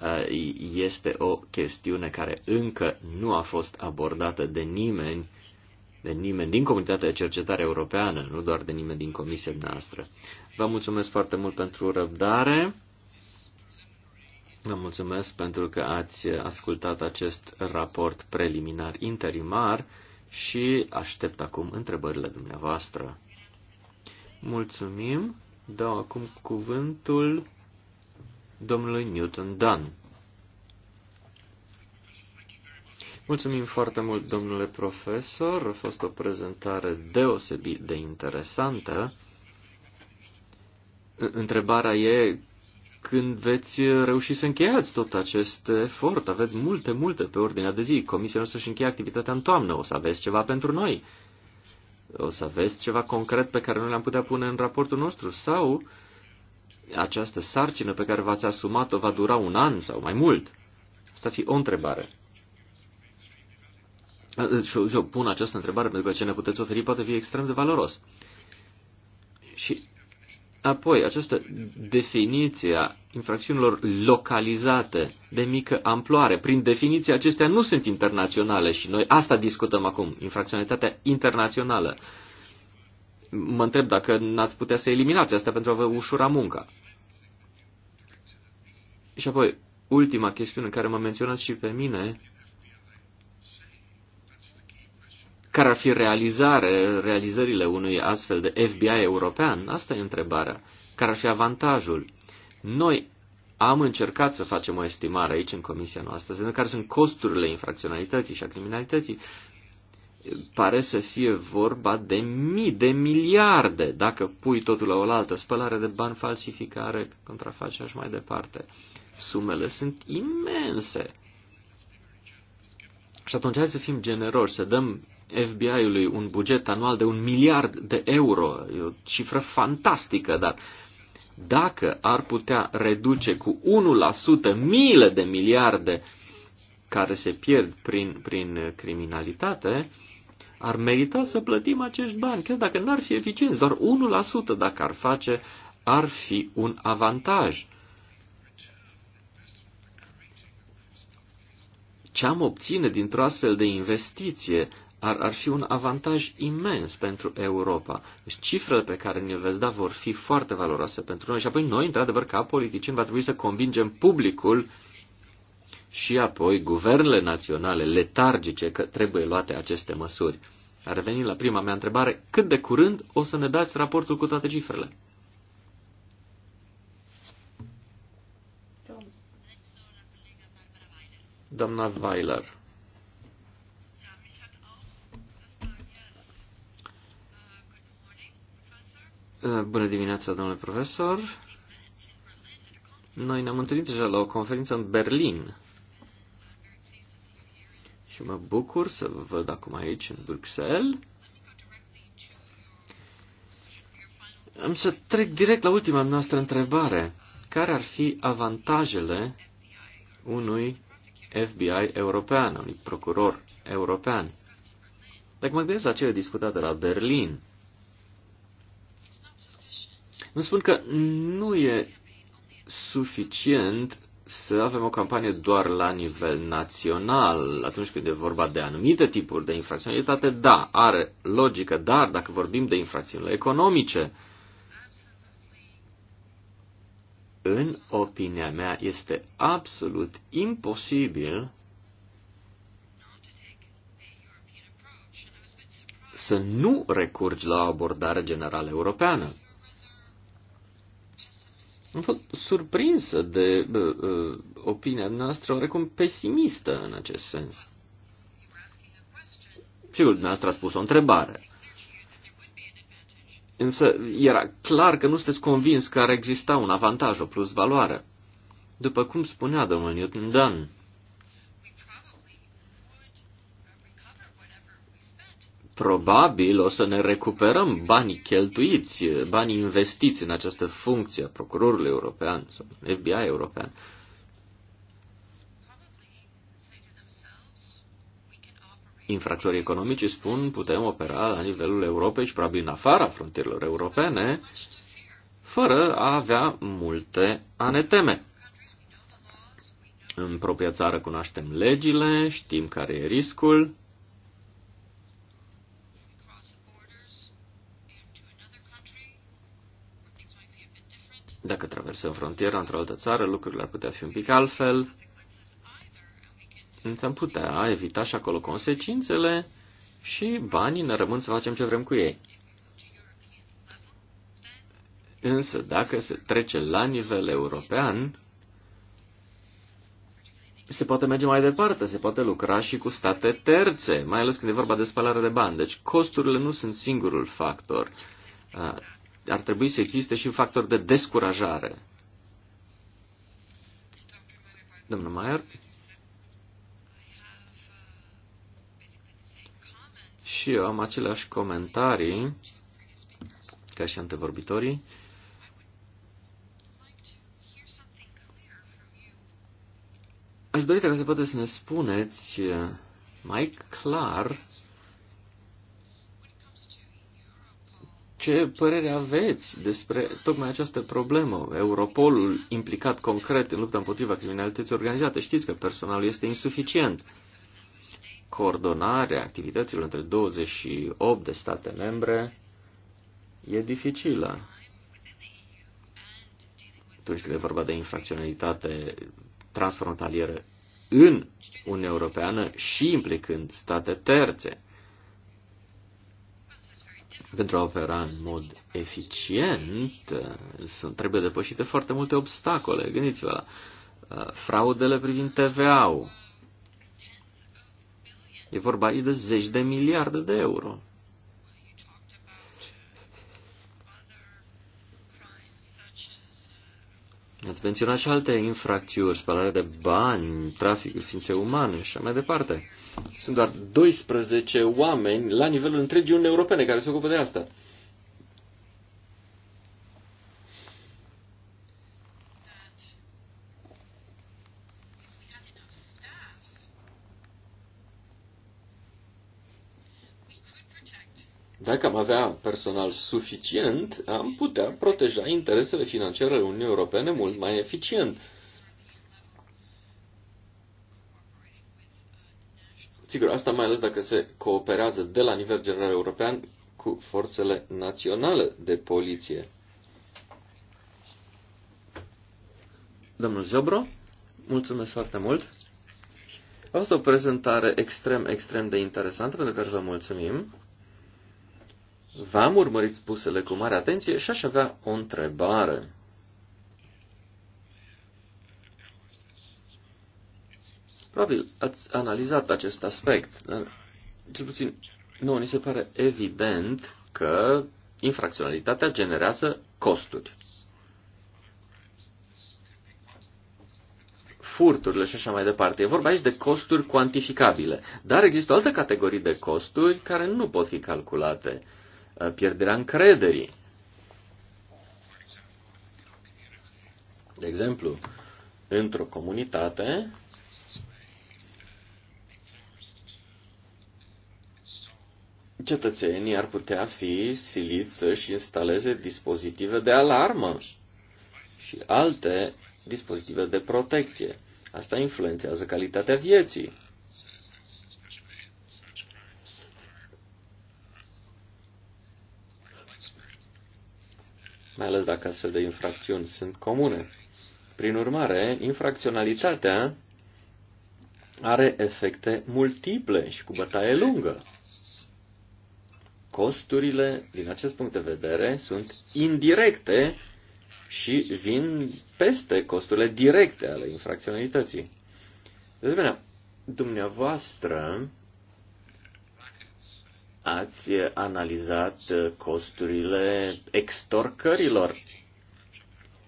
Uh, este o chestiune care încă nu a fost abordată de nimeni, de nimeni din comunitatea de cercetare europeană, nu doar de nimeni din comisia noastră. Vă mulțumesc foarte mult pentru răbdare. Vă mulțumesc pentru că ați ascultat acest raport preliminar interimar și aștept acum întrebările dumneavoastră. Mulțumim. Dau acum cuvântul domnului Newton Dunn. Mulțumim foarte mult, domnule profesor. A fost o prezentare deosebit de interesantă. Întrebarea e când veți reuși să încheiați tot acest efort. Aveți multe, multe pe ordinea de zi. Comisia noastră își încheie activitatea în toamnă. O să aveți ceva pentru noi. O să aveți ceva concret pe care noi l-am putea pune în raportul nostru. Sau această sarcină pe care v-ați asumat-o va dura un an sau mai mult? Asta fi o întrebare. Și eu, pun această întrebare pentru că ce ne puteți oferi poate fi extrem de valoros. Și apoi, această definiție a infracțiunilor localizate de mică amploare, prin definiție acestea nu sunt internaționale și noi asta discutăm acum, infracționalitatea internațională mă întreb dacă n-ați putea să eliminați asta pentru a vă ușura munca. Și apoi, ultima chestiune care mă menționat și pe mine, care ar fi realizare, realizările unui astfel de FBI european? Asta e întrebarea. Care ar fi avantajul? Noi am încercat să facem o estimare aici în comisia noastră, care sunt costurile infracționalității și a criminalității pare să fie vorba de mii, de miliarde, dacă pui totul la oaltă, spălare de bani, falsificare, contrafacere și mai departe. Sumele sunt imense. Și atunci hai să fim generoși, să dăm FBI-ului un buget anual de un miliard de euro, e o cifră fantastică, dar dacă ar putea reduce cu 1% miile de miliarde care se pierd prin, prin criminalitate, uh, ar merita să plătim acești bani, chiar dacă n-ar fi eficienți, doar 1% dacă ar face, ar fi un avantaj. Ce am obține dintr-o astfel de investiție ar, ar fi un avantaj imens pentru Europa. Deci cifrele pe care ne veți da vor fi foarte valoroase pentru noi și apoi noi, într-adevăr, ca politicieni, va trebui să convingem publicul uh, și apoi guvernele naționale letargice că trebuie luate aceste măsuri. Ar veni la prima mea întrebare, cât de curând o să ne dați raportul cu toate cifrele? Doamna Weiler. Uh, bună dimineața, domnule profesor. Noi ne-am întâlnit deja la o conferință în Berlin mă bucur să vă văd acum aici, în Bruxelles. Am să trec direct la ultima noastră întrebare. Care ar fi avantajele unui FBI european, unui procuror european? Dacă mă gândesc la cele discutate la Berlin, îmi spun că nu e suficient să avem o campanie doar la nivel național, atunci când e vorba de anumite tipuri de infracționalitate, da, are logică, dar dacă vorbim de infracțiunile economice, în opinia mea este absolut imposibil să nu recurgi la o abordare generală europeană. Am fost surprinsă de uh, uh, opinia noastră oarecum pesimistă în acest sens. Sigur, dumneavoastră a spus o întrebare. Însă era clar că nu sunteți convins că ar exista un avantaj, o plus valoare. După cum spunea domnul Newton Dunn, probabil o să ne recuperăm banii cheltuiți, banii investiți în această funcție a procurorului european sau FBI european. Infractorii economici spun putem opera la nivelul Europei și probabil în afara frontierelor europene fără a avea multe aneteme. În propria țară cunoaștem legile, știm care e riscul, Dacă traversăm frontiera într-o altă țară, lucrurile ar putea fi un pic altfel. Însă am putea evita și acolo consecințele și banii ne rămân să facem ce vrem cu ei. Însă, dacă se trece la nivel european, se poate merge mai departe, se poate lucra și cu state terțe, mai ales când e vorba de spălare de bani. Deci costurile nu sunt singurul factor ar trebui să existe și un factor de descurajare. Domnul Maier? Și eu am aceleași comentarii ca și antevorbitorii. Aș dori ca să poate să ne spuneți mai clar Ce părere aveți despre tocmai această problemă? Europolul implicat concret în lupta împotriva criminalității organizate. Știți că personalul este insuficient. Coordonarea activităților între 28 de state membre e dificilă. Atunci când e vorba de infracționalitate transfrontalieră în Uniunea Europeană și implicând state terțe pentru a opera în mod eficient, sunt, trebuie depășite foarte multe obstacole. Gândiți-vă la uh, fraudele privind TVA-ul. E vorba de zeci de miliarde de euro. Ați menționat și alte infracțiuni, spălare de bani, trafic de ființe umane și mai departe. Sunt doar 12 oameni la nivelul întregii Uniunii Europene care se ocupă de asta. Dacă am avea personal suficient, am putea proteja interesele financiare ale Uniunii Europene mult mai eficient. Sigur, asta mai ales dacă se cooperează de la nivel general european cu forțele naționale de poliție. Domnul Zobro, mulțumesc foarte mult. A fost o prezentare extrem, extrem de interesantă pentru care vă mulțumim. V-am urmărit spusele cu mare atenție și aș avea o întrebare. Probabil ați analizat acest aspect, dar cel puțin nouă ni se pare evident că infracționalitatea generează costuri. furturile și așa mai departe. E vorba aici de costuri cuantificabile. Dar există o altă categorie de costuri care nu pot fi calculate. Uh, pierderea încrederii. De exemplu, într-o comunitate cetățenii ar putea fi siliți să-și instaleze dispozitive de alarmă și alte dispozitive de protecție. Asta influențează calitatea vieții. mai ales dacă astfel de infracțiuni sunt comune. Prin urmare, infracționalitatea are efecte multiple și cu bătaie lungă. Costurile, din acest punct de vedere, sunt indirecte și vin peste costurile directe ale infracționalității. De deci, asemenea, dumneavoastră ați analizat uh, costurile extorcărilor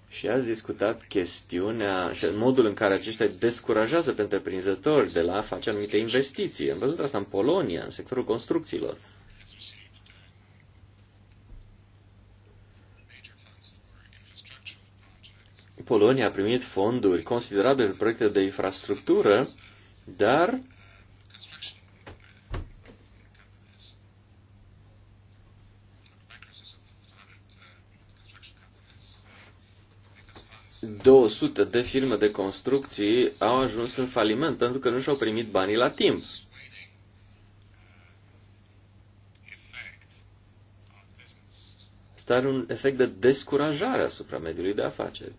și ați discutat chestiunea și modul în care aceștia descurajează pe întreprinzători de la a face anumite investiții. Am văzut asta în Polonia, în sectorul construcțiilor. Polonia a primit fonduri considerabile pentru proiecte de infrastructură, dar 200 de firme de construcții au ajuns în faliment pentru că nu și-au primit banii la timp. Asta are un efect de descurajare asupra mediului de afaceri.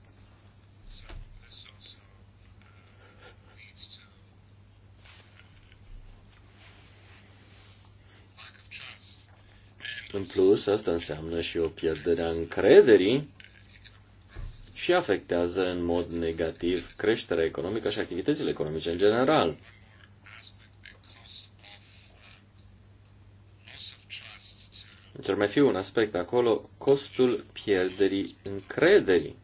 În plus, asta înseamnă și o pierdere a încrederii și afectează în mod negativ creșterea economică și activitățile economice în general. Deci ar mai fi un aspect acolo, costul pierderii încrederii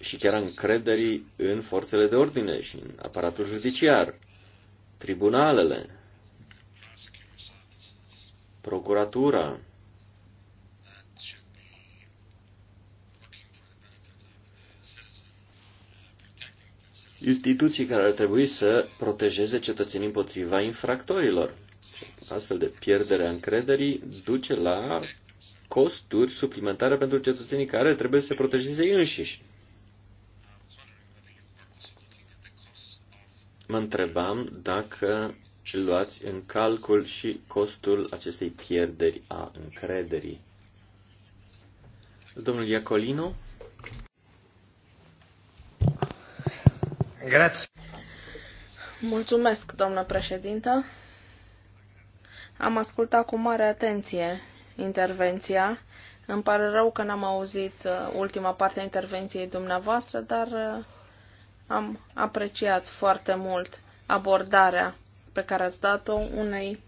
și chiar încrederii în forțele de ordine și în aparatul judiciar, tribunalele, procuratura, instituții care ar trebui să protejeze cetățenii împotriva infractorilor. Astfel de pierderea încrederii duce la costuri suplimentare pentru cetățenii care trebuie să se protejeze ei înșiși. Mă întrebam dacă luați în calcul și costul acestei pierderi a încrederii. Domnul Iacolino? Grazie. Mulțumesc, doamnă președintă. Am ascultat cu mare atenție intervenția. Îmi pare rău că n-am auzit uh, ultima parte a intervenției dumneavoastră, dar uh, am apreciat foarte mult abordarea pe care ați dat-o unei,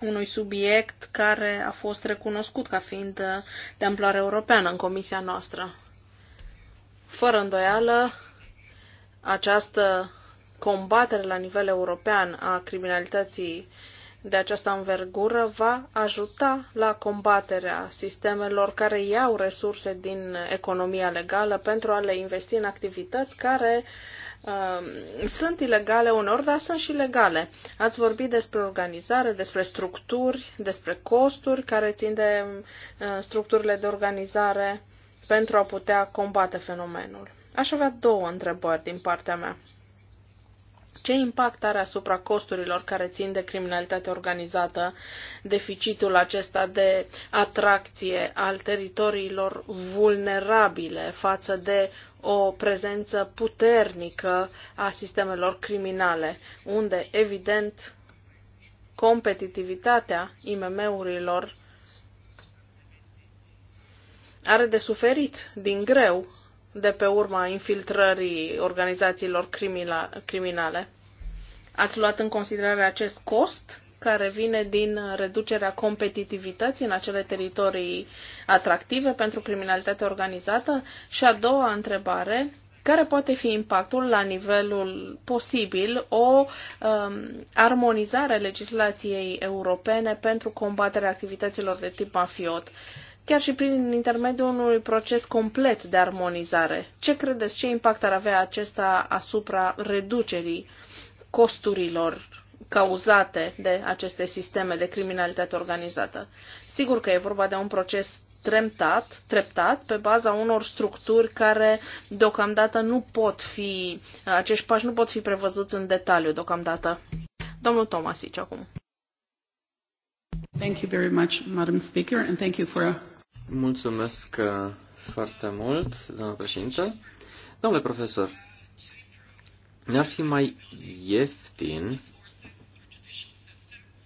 unui subiect care a fost recunoscut ca fiind uh, de amploare europeană în comisia noastră. Fără îndoială, această combatere la nivel european a criminalității de această învergură va ajuta la combaterea sistemelor care iau resurse din economia legală pentru a le investi în activități care uh, sunt ilegale unor, dar sunt și legale. Ați vorbit despre organizare, despre structuri, despre costuri care țin de uh, structurile de organizare pentru a putea combate fenomenul. Aș avea două întrebări din partea mea. Ce impact are asupra costurilor care țin de criminalitate organizată deficitul acesta de atracție al teritoriilor vulnerabile față de o prezență puternică a sistemelor criminale, unde, evident, competitivitatea IMM-urilor are de suferit din greu de pe urma infiltrării organizațiilor criminale. Ați luat în considerare acest cost care vine din reducerea competitivității în acele teritorii atractive pentru criminalitatea organizată? Și a doua întrebare, care poate fi impactul la nivelul posibil o um, armonizare legislației europene pentru combaterea activităților de tip mafiot? Uh, chiar și prin intermediul unui proces complet de armonizare. Ce credeți, ce impact ar avea acesta asupra reducerii costurilor cauzate de aceste sisteme de criminalitate organizată? Sigur că e vorba de un proces treptat, treptat pe baza unor structuri care deocamdată nu pot fi, acești pași nu pot fi prevăzuți în detaliu deocamdată. Domnul Tomasic acum. Thank you very much, Madam Speaker, and thank you for a Mulțumesc uh, foarte mult, doamnă președinte. Domnule profesor, ne-ar fi mai ieftin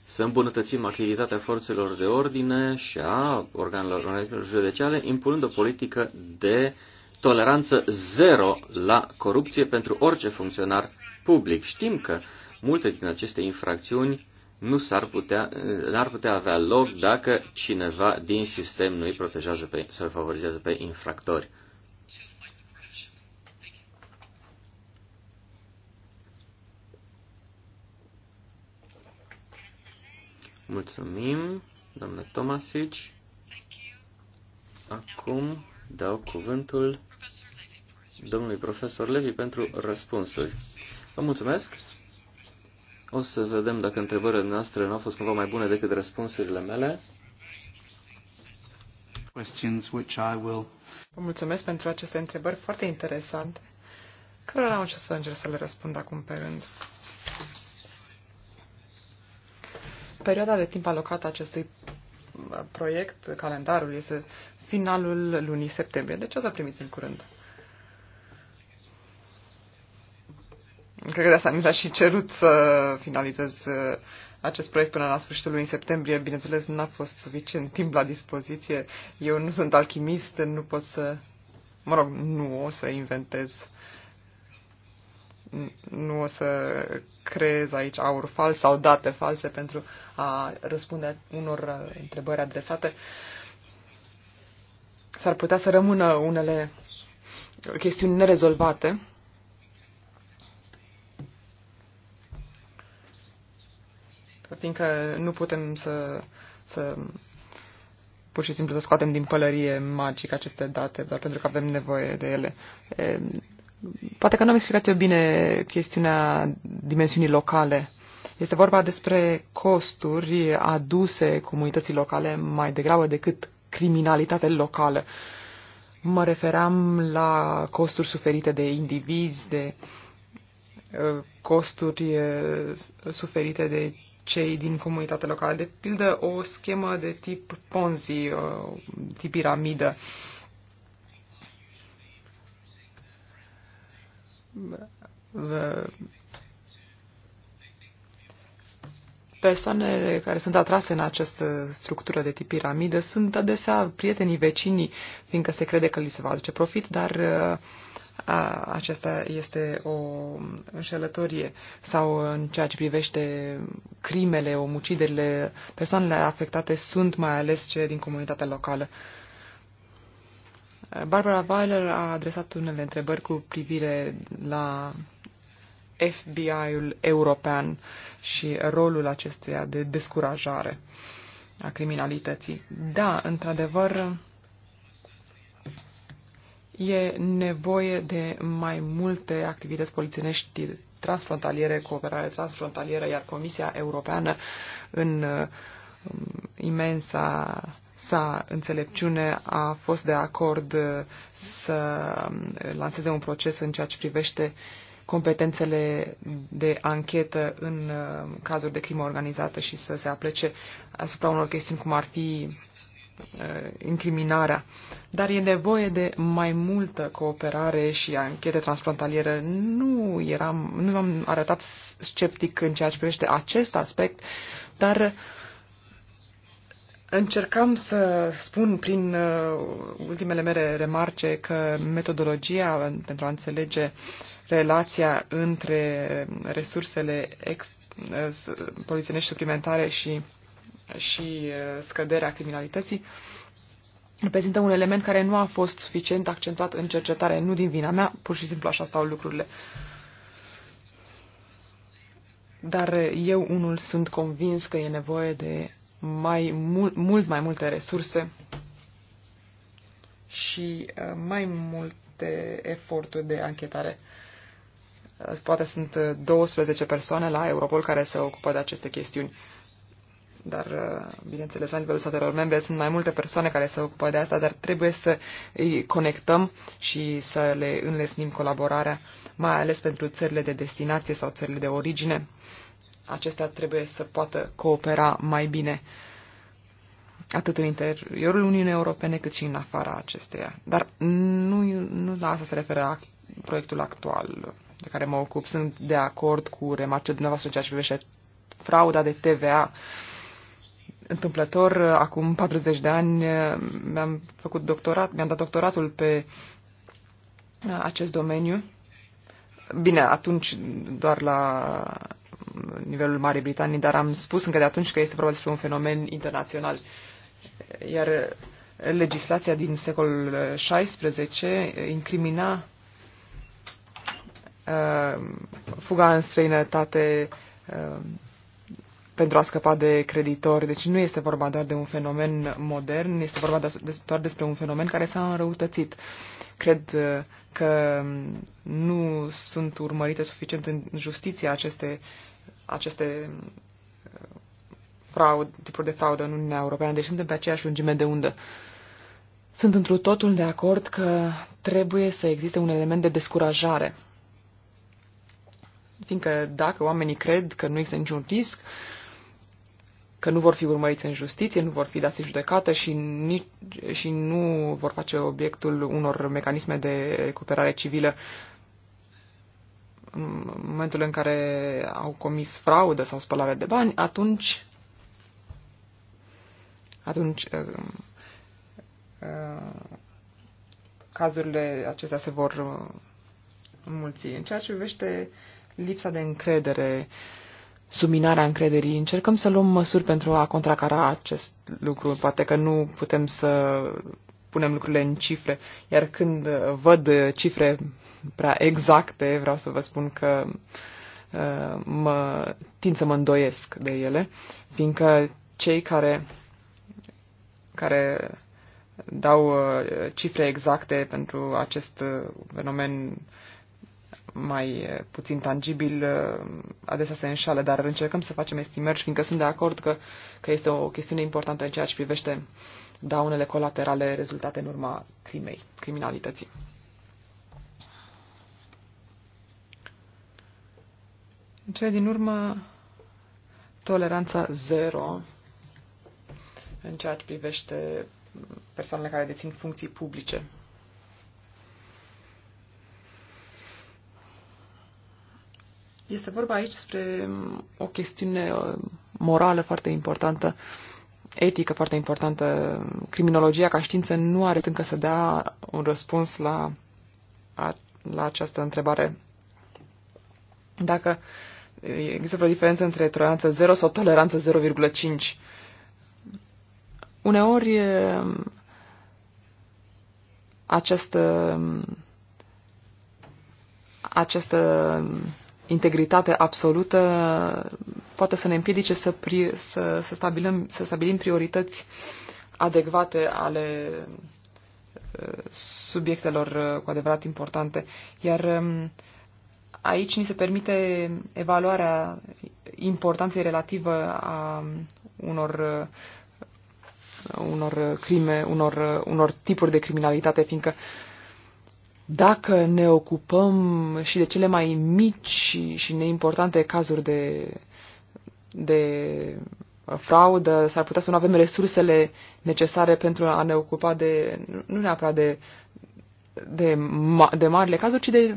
să îmbunătățim activitatea forțelor de ordine și a organelor organismelor judeciale, impunând o politică de toleranță zero la corupție pentru orice funcționar public. Știm că multe din aceste infracțiuni nu s-ar putea, n-ar putea avea loc dacă cineva din sistem nu îi protejează pe, sau îi favorizează pe infractori. Mulțumim, domnule Tomasic. Acum dau cuvântul domnului profesor Levi pentru răspunsuri. Vă mulțumesc! O să vedem dacă întrebările noastre nu au fost cumva mai bune decât răspunsurile mele. Vă mulțumesc pentru aceste întrebări foarte interesante, care am să încerc să le răspund acum pe rând. Perioada de timp alocată acestui proiect, calendarul, este finalul lunii septembrie, deci o să primiți în curând. Cred că de asta mi s-a și cerut să finalizez uh, acest proiect până la sfârșitul lui în septembrie. Bineînțeles, n-a fost suficient timp la dispoziție. Eu nu sunt alchimist, nu pot să... Mă rog, nu o să inventez nu o să creez aici aur fals sau date false pentru a răspunde unor uh, întrebări adresate. S-ar putea să rămână unele chestiuni nerezolvate fiindcă nu putem să, să pur și simplu să scoatem din pălărie magic aceste date, doar pentru că avem nevoie de ele. E, poate că nu am explicat eu bine chestiunea dimensiunii locale. Este vorba despre costuri aduse comunității locale mai degrabă decât criminalitate locală. Mă referam la costuri suferite de indivizi, de costuri suferite de cei din comunitatea locală. De pildă, o schemă de tip Ponzi, uh, tip piramidă. Persoanele care sunt atrase în această structură de tip piramidă sunt adesea prietenii, vecinii, fiindcă se crede că li se va aduce profit, dar uh, a, aceasta este o înșelătorie sau în ceea ce privește crimele, omuciderile, persoanele afectate sunt mai ales cele din comunitatea locală. Barbara Weiler a adresat unele întrebări cu privire la FBI-ul european și rolul acestuia de descurajare a criminalității. Da, într-adevăr, e nevoie de mai multe activități polițienești transfrontaliere, cooperare transfrontalieră, iar Comisia Europeană în um, imensa sa înțelepciune a fost de acord uh, să um, lanseze un proces în ceea ce privește competențele de anchetă în uh, cazuri de crimă organizată și să se aplece asupra unor chestiuni cum ar fi Eh, incriminarea. Dar e nevoie de mai multă cooperare și anchete transfrontalieră. Nu, eram, nu am arătat sceptic în ceea ce privește acest aspect, dar încercam să spun prin eh, ultimele mele remarce că metodologia pentru a înțelege relația între resursele ex, eh, polițienești suplimentare și și uh, scăderea criminalității reprezintă un element care nu a fost suficient accentuat în cercetare, nu din vina mea, pur și simplu așa stau lucrurile. Dar eu unul sunt convins că e nevoie de mai mul- mult mai multe resurse și uh, mai multe eforturi de anchetare. Poate sunt 12 uh, persoane la Europol care se ocupă de aceste chestiuni dar, uh, bineînțeles, la nivelul statelor membre sunt mai multe persoane care se ocupă de asta, dar trebuie să îi conectăm și să le înlesnim colaborarea, mai ales pentru țările de destinație sau țările de origine. Acestea trebuie să poată coopera mai bine atât în interiorul Uniunii Europene cât și în afara acesteia. Dar nu, nu la asta se referă proiectul actual de care mă ocup. Sunt de acord cu remarcele dumneavoastră în ceea ce privește frauda de TVA. Uh, Întâmplător, acum 40 de ani eh, mi-am făcut doctorat, mi-am dat doctoratul pe eh, acest domeniu. Bine, atunci doar la nivelul Marii Britanii, dar am spus încă de atunci că este vorba despre un fenomen internațional. Iar eh, legislația din secolul XVI incrimina fuga în străinătate, pentru a scăpa de creditori. Deci nu este vorba doar de un fenomen modern, este vorba doar despre un fenomen care s-a înrăutățit. Cred uh, că um, nu sunt urmărite suficient în justiție aceste, aceste uh, fraud, tipuri de fraudă în Uniunea Europeană, deci suntem pe aceeași lungime de undă. Sunt întru totul de acord că trebuie să existe un element de descurajare. Fiindcă dacă oamenii cred că nu există niciun risc, uh, că nu vor fi urmăriți în justiție, nu vor fi dați judecată și, nici, și nu vor face obiectul unor mecanisme de recuperare civilă în momentul în care au comis fraudă sau spălare de bani, atunci atunci uh, uh, cazurile acestea se vor uh, mulți. În ceea ce privește lipsa de încredere uh, subminarea încrederii. Încercăm să luăm măsuri pentru a contracara acest lucru. Poate că nu putem să punem lucrurile în cifre, iar când văd cifre prea exacte, vreau să vă spun că uh, mă tind să mă îndoiesc de ele, fiindcă cei care, care dau uh, cifre exacte pentru acest uh, fenomen mai eh, puțin tangibil, eh, adesea se înșală, dar încercăm să facem estimări, fiindcă sunt de acord că, că este o chestiune importantă în ceea ce privește daunele colaterale rezultate în urma crimei, criminalității. În cele din urmă, toleranța zero în ceea ce privește persoanele care dețin funcții publice. Este vorba aici despre o chestiune uh, morală foarte importantă, etică foarte importantă. Criminologia ca știință nu are încă să dea un răspuns la, la această întrebare. Dacă există vreo diferență între toleranță 0 sau toleranță 0,5. Uneori uh, această această integritate absolută poate să ne împiedice să, pri, să, să, stabilim, să stabilim priorități adecvate ale uh, subiectelor uh, cu adevărat importante. Iar um, aici ni se permite evaluarea importanței relativă a um, unor uh, unor crime, unor, unor tipuri de criminalitate, fiindcă uh, dacă ne ocupăm și de cele mai mici și neimportante cazuri de, de uh, fraudă, s-ar putea să nu avem resursele necesare pentru a ne ocupa de, nu neapărat de de, ma, de marile cazuri, ci de,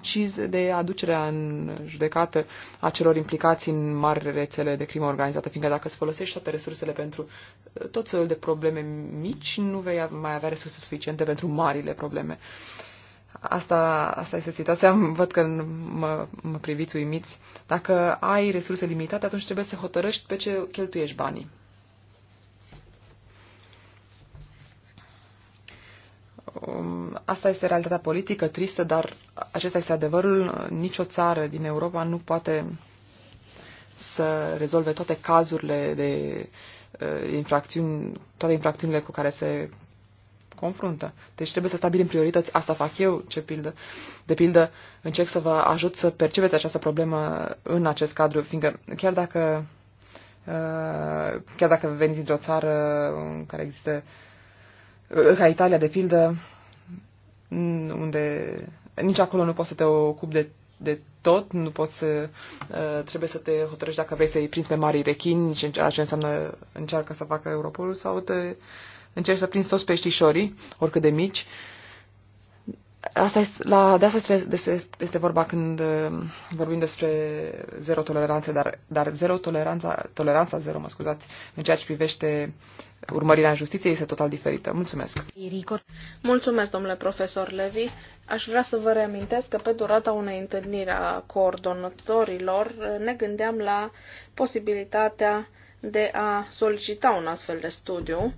ci de aducerea în judecată a celor implicați în mari rețele de crimă organizată, fiindcă dacă îți folosești toate resursele pentru uh, tot felul de probleme mici, nu vei mai avea resurse suficiente pentru marile probleme. Asta, asta este situația. Văd că mă, mă priviți uimiți. Dacă ai resurse limitate, atunci trebuie să hotărăști pe ce cheltuiești banii. Um, asta este realitatea politică, tristă, dar acesta este adevărul. Nicio țară din Europa nu poate să rezolve toate cazurile de uh, infracțiuni, toate infracțiunile cu care se confruntă. Deci trebuie să stabilim priorități. Asta fac eu, ce pildă. De pildă, încerc să vă ajut să percepeți această problemă în acest cadru, fiindcă chiar dacă uh, chiar dacă veniți dintr-o țară în care există ca Italia, de pildă, unde nici acolo nu poți să te ocupi de, de tot, nu poți să, uh, trebuie să te hotărăști dacă vrei să-i prinzi pe marii rechini, ceea ce înseamnă încearcă să facă Europolul, sau te încerci să prinzi toți peștișorii, oricât de mici, Asta este, la, de asta este, este, este vorba când uh, vorbim despre zero toleranță, dar, dar zero toleranța, toleranța zero, mă scuzați, în ceea ce privește urmărirea în justiție este total diferită. Mulțumesc! Mulțumesc, domnule profesor Levi. Aș vrea să vă reamintesc că pe durata unei întâlniri a coordonatorilor uh, ne gândeam la posibilitatea de a solicita un astfel de studiu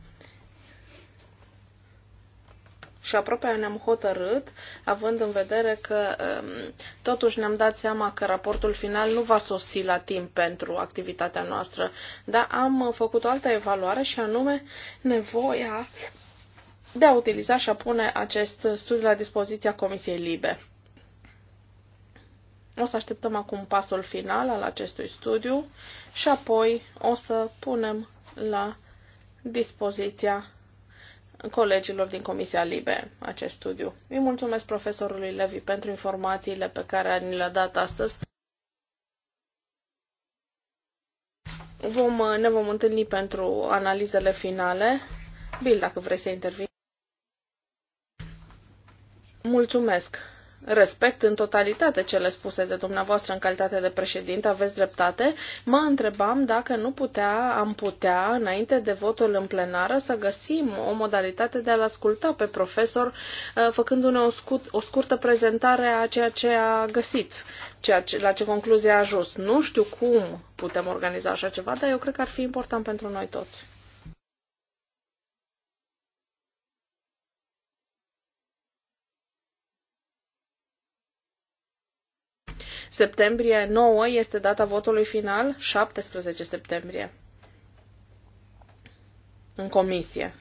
și aproape ne-am hotărât, având în vedere că um, totuși ne-am dat seama că raportul final nu va sosi la timp pentru activitatea noastră, dar am uh, făcut o altă evaluare și anume nevoia de a utiliza și a pune acest studiu la dispoziția Comisiei Libe. O să așteptăm acum pasul final al acestui studiu și apoi o să punem la dispoziția colegilor din Comisia Libe acest studiu. Îi mulțumesc profesorului Levi pentru informațiile pe care ni le-a dat astăzi. Vom, ne vom întâlni pentru analizele finale. Bill, dacă vrei să intervii. Mulțumesc! respect în totalitate cele spuse de dumneavoastră în calitate de președinte, aveți dreptate, mă întrebam dacă nu putea, am putea, înainte de votul în plenară, să găsim o modalitate de a-l asculta pe profesor, uh, făcându-ne o, scurt, o scurtă prezentare a ceea ce a găsit, ceea ce, la ce concluzie a ajuns. Nu știu cum putem organiza așa ceva, dar eu cred că ar fi important pentru noi toți. Septembrie 9 este data votului final, 17 septembrie. În comisie.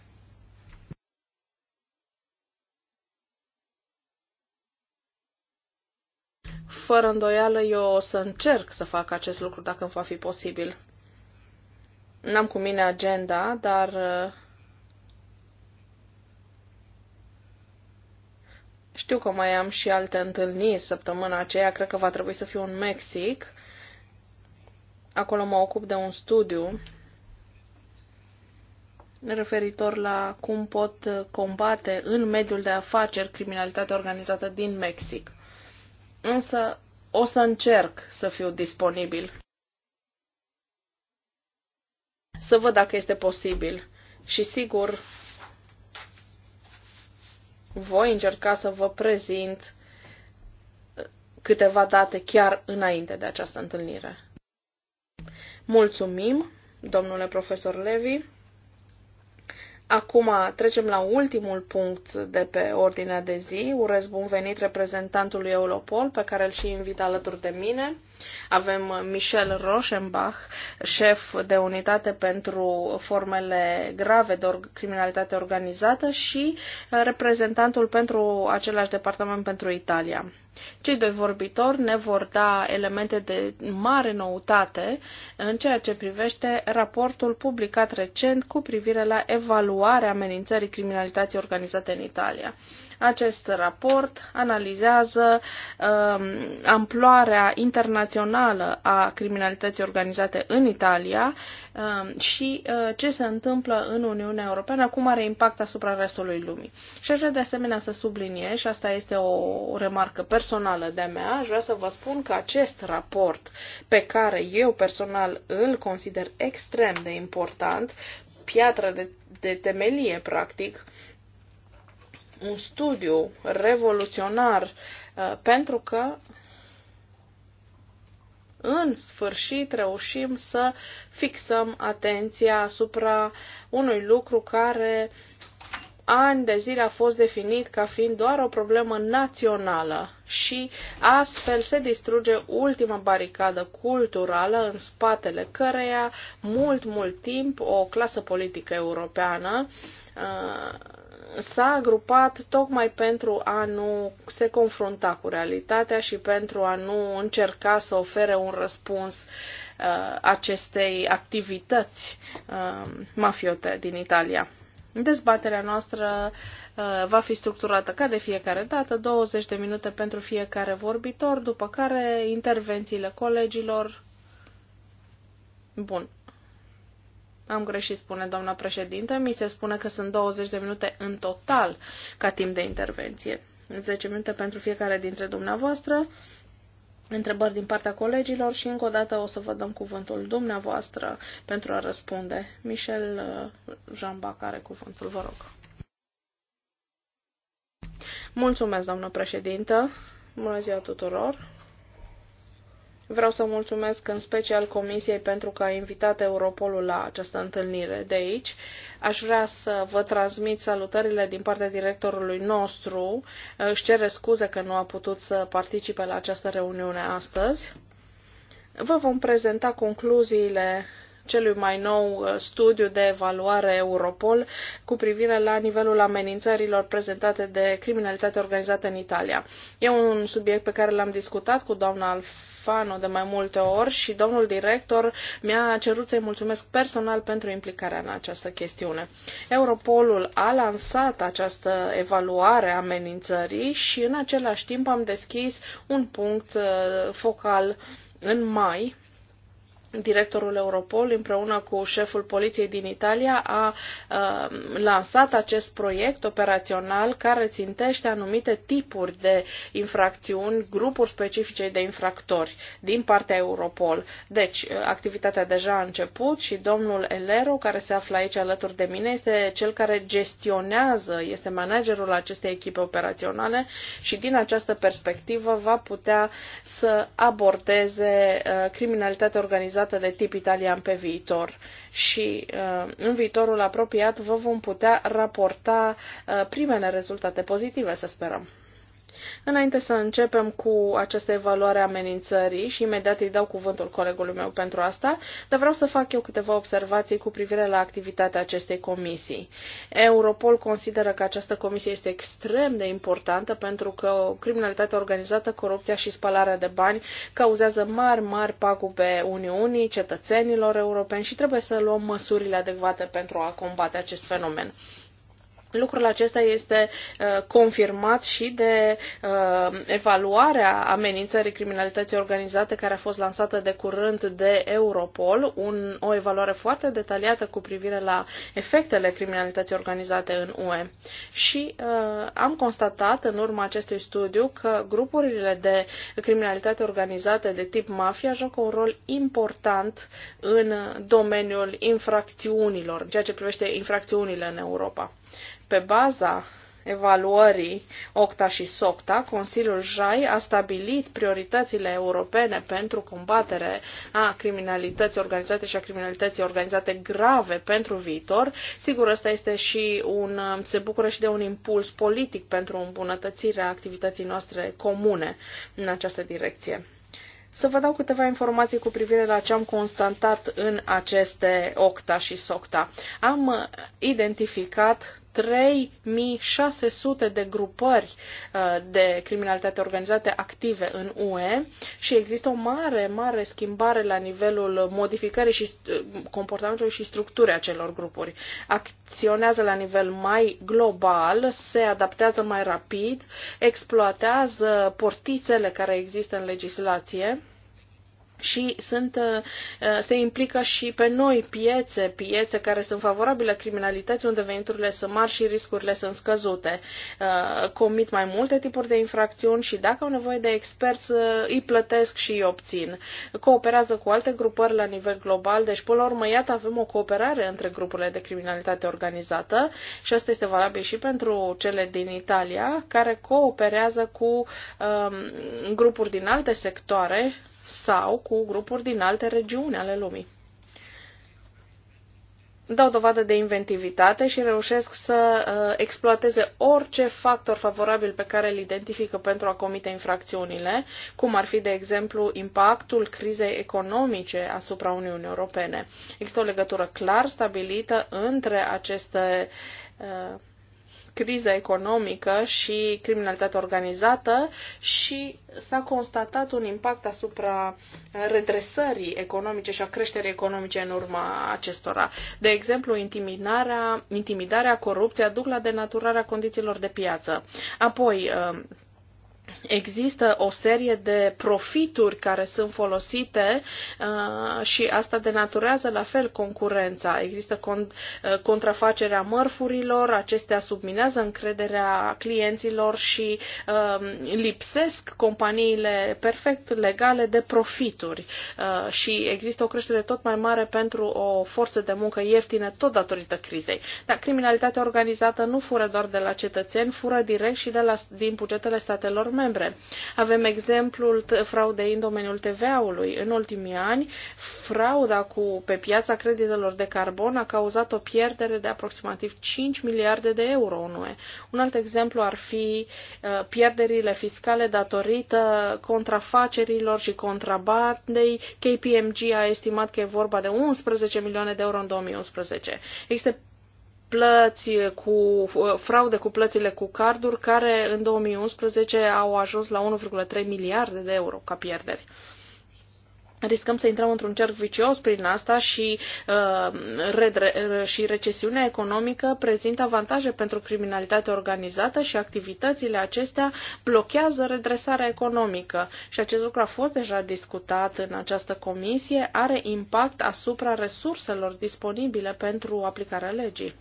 Fără îndoială, eu o să încerc să fac acest lucru dacă îmi va fi posibil. N-am cu mine agenda, dar uh, Știu că mai am și alte întâlniri săptămâna aceea, cred că va trebui să fiu în Mexic. Acolo mă ocup de un studiu referitor la cum pot combate în mediul de afaceri criminalitatea organizată din Mexic. Însă o să încerc să fiu disponibil. Să văd dacă este posibil. Și sigur, voi încerca să vă prezint câteva date chiar înainte de această întâlnire. Mulțumim, domnule profesor Levi. Acum trecem la ultimul punct de pe ordinea de zi. Urez bun venit reprezentantului Europol, pe care îl și invit alături de mine. Avem uh, Michel Rochenbach, șef de unitate pentru formele grave de criminalitate organizată și uh, reprezentantul pentru același departament pentru Italia. Cei doi vorbitori ne vor da elemente de mare noutate în ceea ce privește raportul publicat recent cu privire la evaluarea amenințării criminalității organizate în Italia. Acest raport analizează um, amploarea internațională a criminalității organizate în Italia um, și uh, ce se întâmplă în Uniunea Europeană, cum are impact asupra restului lumii. Și aș vrea de asemenea să subliniez, și asta este o remarcă personală de-a mea, aș vrea să vă spun că acest raport pe care eu personal îl consider extrem de important, piatră de, de temelie, practic, un studiu revoluționar uh, pentru că în sfârșit reușim să fixăm atenția asupra unui lucru care ani de zile a fost definit ca fiind doar o problemă națională și astfel se distruge ultima baricadă culturală în spatele căreia mult, mult timp o clasă politică europeană uh, s-a agrupat tocmai pentru a nu se confrunta cu realitatea și pentru a nu încerca să ofere un răspuns uh, acestei activități uh, mafiote din Italia. Dezbaterea noastră uh, va fi structurată ca de fiecare dată, 20 de minute pentru fiecare vorbitor, după care intervențiile colegilor. Bun. Am greșit, spune doamna președinte. Mi se spune că sunt 20 de minute în total ca timp de intervenție. 10 minute pentru fiecare dintre dumneavoastră, întrebări din partea colegilor și încă o dată o să vă dăm cuvântul dumneavoastră pentru a răspunde. Michel uh, Jamba are cuvântul, vă rog. Mulțumesc, doamnă președintă. Bună ziua tuturor. Vreau să mulțumesc în special Comisiei pentru că a invitat Europolul la această întâlnire de aici. Aș vrea să vă transmit salutările din partea directorului nostru. Își cere scuze că nu a putut să participe la această reuniune astăzi. Vă vom prezenta concluziile celui mai nou uh, studiu de evaluare Europol cu privire la nivelul amenințărilor prezentate de criminalitate organizată în Italia. E un subiect pe care l-am discutat cu doamna Alf Alfano de mai multe ori și domnul director mi-a cerut să-i mulțumesc personal pentru implicarea în această chestiune. Europolul a lansat această evaluare a amenințării și în același timp am deschis un punct uh, focal în mai directorul Europol împreună cu șeful poliției din Italia a, lansat acest proiect operațional care țintește anumite tipuri de infracțiuni, grupuri specifice de infractori din partea Europol. Deci, activitatea deja a început și domnul Elero, care se află aici alături de mine, este cel care gestionează, este managerul acestei echipe operaționale și din această perspectivă va putea să abordeze criminalitatea organizată organizată de tip italian pe viitor și uh, în viitorul apropiat vă vom putea raporta uh, primele rezultate pozitive, să sperăm. Înainte să începem cu această evaluare a amenințării și imediat îi dau cuvântul colegului meu pentru asta, dar vreau să fac eu câteva observații cu privire la activitatea acestei comisii. Europol consideră că această comisie este extrem de importantă pentru că criminalitatea organizată, corupția și spalarea de bani cauzează mari, mari pagube Uniunii, cetățenilor europeni și trebuie să luăm măsurile adecvate pentru a combate acest fenomen. Lucrul acesta este uh, confirmat și de uh, evaluarea amenințării criminalității organizate care a fost lansată de curând de Europol, un, o evaluare foarte detaliată cu privire la efectele criminalității organizate în UE. Și uh, am constatat în urma acestui studiu că grupurile de criminalitate organizate de tip mafia joacă un rol important în domeniul infracțiunilor, în ceea ce privește infracțiunile în Europa. Pe baza evaluării OCTA și SOCTA, Consiliul JAI a stabilit prioritățile europene pentru combatere a criminalității organizate și a criminalității organizate grave pentru viitor. Sigur, ăsta este și un, se bucură și de un impuls politic pentru îmbunătățirea activității noastre comune în această direcție. Să vă dau câteva informații cu privire la ce am constatat în aceste OCTA și SOCTA. Am identificat 3600 de grupări uh, de criminalitate organizate active în UE și există o mare, mare schimbare la nivelul modificării și uh, comportamentului și structurii acelor grupuri. Acționează la nivel mai global, se adaptează mai rapid, exploatează portițele care există în legislație și sunt, uh, se implică și pe noi piețe, piețe care sunt favorabile criminalității, unde veniturile sunt mari și riscurile sunt scăzute. Uh, comit mai multe tipuri de infracțiuni și dacă au nevoie de experți, uh, îi plătesc și îi obțin. Cooperează cu alte grupări la nivel global, deci până la urmă, iată, avem o cooperare între grupurile de criminalitate organizată și asta este valabil și pentru cele din Italia, care cooperează cu um, grupuri din alte sectoare, sau cu grupuri din alte regiuni ale lumii. Dau dovadă de inventivitate și reușesc să uh, exploateze orice factor favorabil pe care îl identifică pentru a comite infracțiunile, cum ar fi, de exemplu, impactul crizei economice asupra Uniunii Europene. Există o legătură clar stabilită între aceste uh, criza economică și criminalitatea organizată și s-a constatat un impact asupra redresării economice și a creșterii economice în urma acestora. De exemplu, intimidarea, intimidarea corupția duc la denaturarea condițiilor de piață. Apoi, există o serie de profituri care sunt folosite uh, și asta denaturează la fel concurența. Există con- uh, contrafacerea mărfurilor, acestea subminează încrederea clienților și uh, lipsesc companiile perfect legale de profituri uh, și există o creștere tot mai mare pentru o forță de muncă ieftină tot datorită crizei. Dar criminalitatea organizată nu fură doar de la cetățeni, fură direct și de la, din bugetele statelor membre membre. Avem exemplul fraudei în domeniul TVA-ului. În ultimii ani, frauda cu, pe piața creditelor de carbon a cauzat o pierdere de aproximativ 5 miliarde de euro în UE. Un alt exemplu ar fi uh, pierderile fiscale datorită contrafacerilor și contrabandei. KPMG a estimat că e vorba de 11 milioane de euro în 2011. Există plăți cu uh, fraude cu plățile cu carduri care în 2011 au ajuns la 1,3 miliarde de euro ca pierderi riscăm să intrăm într-un cerc vicios prin asta și, uh, redre- și recesiunea economică prezintă avantaje pentru criminalitatea organizată și activitățile acestea blochează redresarea economică. Și acest lucru a fost deja discutat în această comisie, are impact asupra resurselor disponibile pentru aplicarea legii.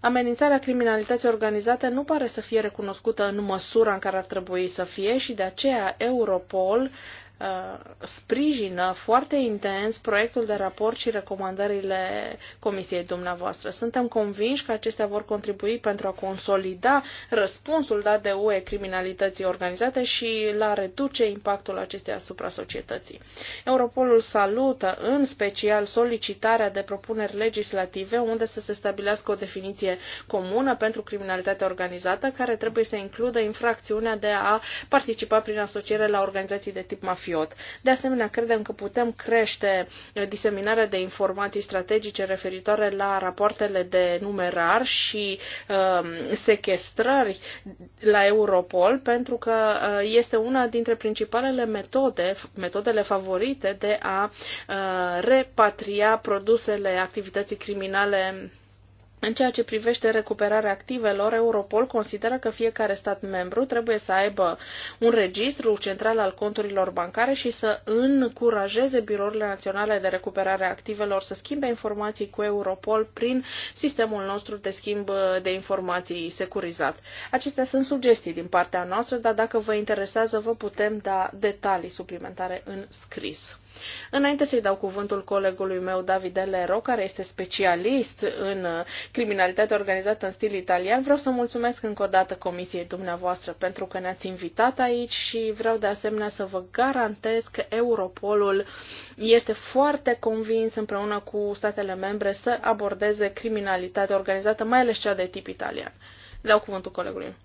Amenințarea criminalității organizate nu pare să fie recunoscută în măsura în care ar trebui să fie și de aceea Europol Uh, sprijină foarte intens proiectul de raport și recomandările comisiei dumneavoastră. Suntem convinși că acestea vor contribui pentru a consolida răspunsul dat de UE criminalității organizate și la reduce impactul acesteia asupra societății. Europolul salută în special solicitarea de propuneri legislative unde să se stabilească o definiție comună pentru criminalitatea organizată care trebuie să includă infracțiunea de a participa prin asociere la organizații de tip mafie. FIOT. De asemenea, credem că putem crește uh, diseminarea de informații strategice referitoare la rapoartele de numerar și uh, sequestrări la Europol, pentru că uh, este una dintre principalele metode, metodele favorite de a uh, repatria produsele activității criminale în ceea ce privește recuperarea activelor, Europol consideră că fiecare stat membru trebuie să aibă un registru central al conturilor bancare și să încurajeze birourile naționale de recuperare a activelor să schimbe informații cu Europol prin sistemul nostru de schimb de informații securizat. Acestea sunt sugestii din partea noastră, dar dacă vă interesează, vă putem da detalii suplimentare în scris. Înainte să-i dau cuvântul colegului meu, David Lero, care este specialist în uh, criminalitate organizată în stil italian, vreau să mulțumesc încă o dată comisiei dumneavoastră pentru că ne-ați invitat aici și vreau de asemenea să vă garantez că Europolul este foarte convins împreună cu statele membre să abordeze criminalitatea organizată, mai ales cea de tip italian. Dau cuvântul colegului.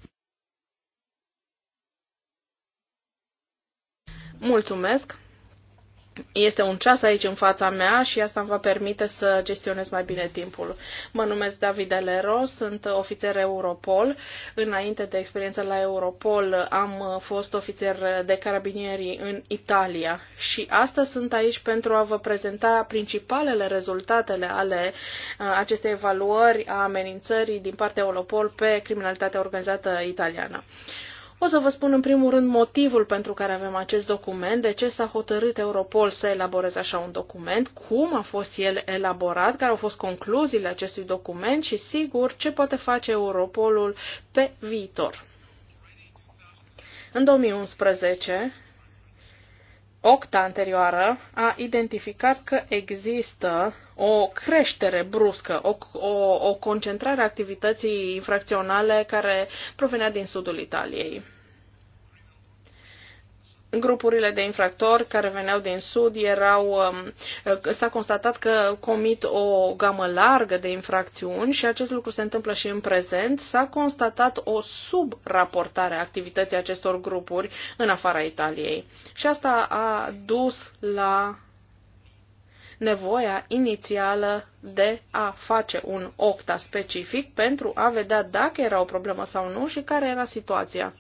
Mulțumesc! Este un ceas aici în fața mea și asta îmi va permite să gestionez mai bine timpul. Mă numesc David Alero, sunt ofițer Europol. Înainte de experiența la Europol am fost ofițer de carabinieri în Italia și astăzi sunt aici pentru a vă prezenta principalele rezultatele ale uh, acestei evaluări a amenințării din partea Europol pe criminalitatea organizată italiană. O să vă spun în primul rând motivul pentru care avem acest document, de ce s-a hotărât Europol să elaboreze așa un document, cum a fost el elaborat, care au fost concluziile acestui document și, sigur, ce poate face Europolul pe viitor. În 2011, OCTA anterioară a identificat că există o creștere bruscă, o, o, o concentrare a activității infracționale care provenea din sudul Italiei grupurile de infractori care veneau din sud erau, um, s-a constatat că comit o gamă largă de infracțiuni și acest lucru se întâmplă și în prezent. S-a constatat o subraportare a activității acestor grupuri în afara Italiei. Și asta a dus la nevoia inițială de a face un octa specific pentru a vedea dacă era o problemă sau nu și care era situația.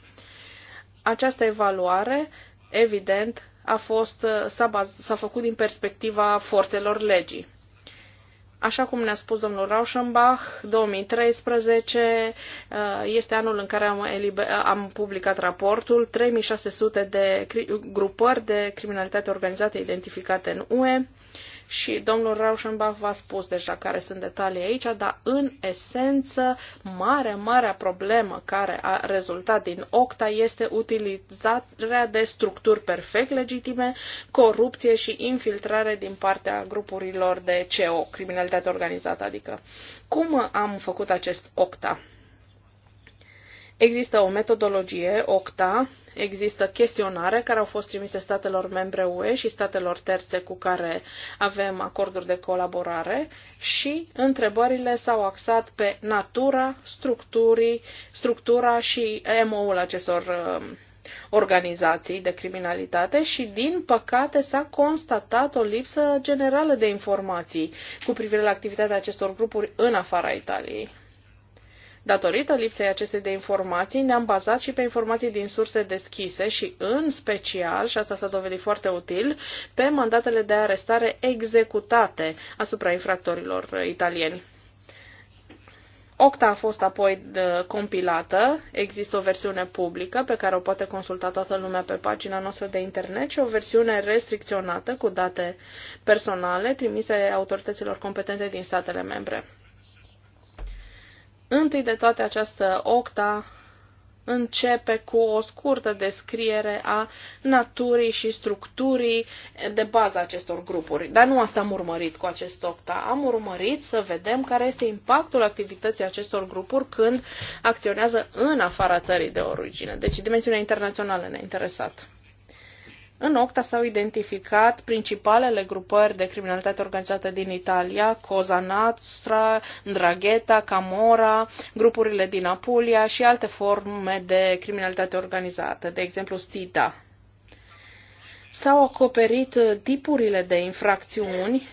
Această evaluare evident, a fost, uh, s-a, s-a făcut din perspectiva forțelor legii. Așa cum ne-a spus domnul Rauschenbach, 2013 uh, este anul în care am, uh, am publicat raportul 3600 de grupări de criminalitate organizată identificate în UE și domnul Rauschenbach v-a spus deja care sunt detalii aici, dar în esență, mare, marea problemă care a rezultat din OCTA este utilizarea de structuri perfect legitime, corupție și infiltrare din partea grupurilor de CO, criminalitate organizată, adică. Cum am făcut acest OCTA? Există o metodologie, OCTA, există chestionare care au fost trimise statelor membre UE și statelor terțe cu care avem acorduri de colaborare și întrebările s-au axat pe natura, structurii, structura și MO-ul acestor um, organizații de criminalitate și, din păcate, s-a constatat o lipsă generală de informații cu privire la activitatea acestor grupuri în afara Italiei. Datorită lipsei acestei de informații, ne-am bazat și pe informații din surse deschise și, în special, și asta s-a dovedit foarte util, pe mandatele de arestare executate asupra infractorilor uh, italieni. Octa a fost apoi compilată, există o versiune publică pe care o poate consulta toată lumea pe pagina noastră de internet și o versiune restricționată cu date personale trimise autorităților competente din statele membre. Întâi de toate, această octa începe cu o scurtă descriere a naturii și structurii de bază acestor grupuri. Dar nu asta am urmărit cu acest octa. Am urmărit să vedem care este impactul activității acestor grupuri când acționează în afara țării de origine. Deci dimensiunea internațională ne-a interesat. În Octa s-au identificat principalele grupări de criminalitate organizată din Italia, Cosa Nostra, Ndrangheta, Camora, grupurile din Apulia și alte forme de criminalitate organizată, de exemplu Stida. S-au acoperit tipurile de infracțiuni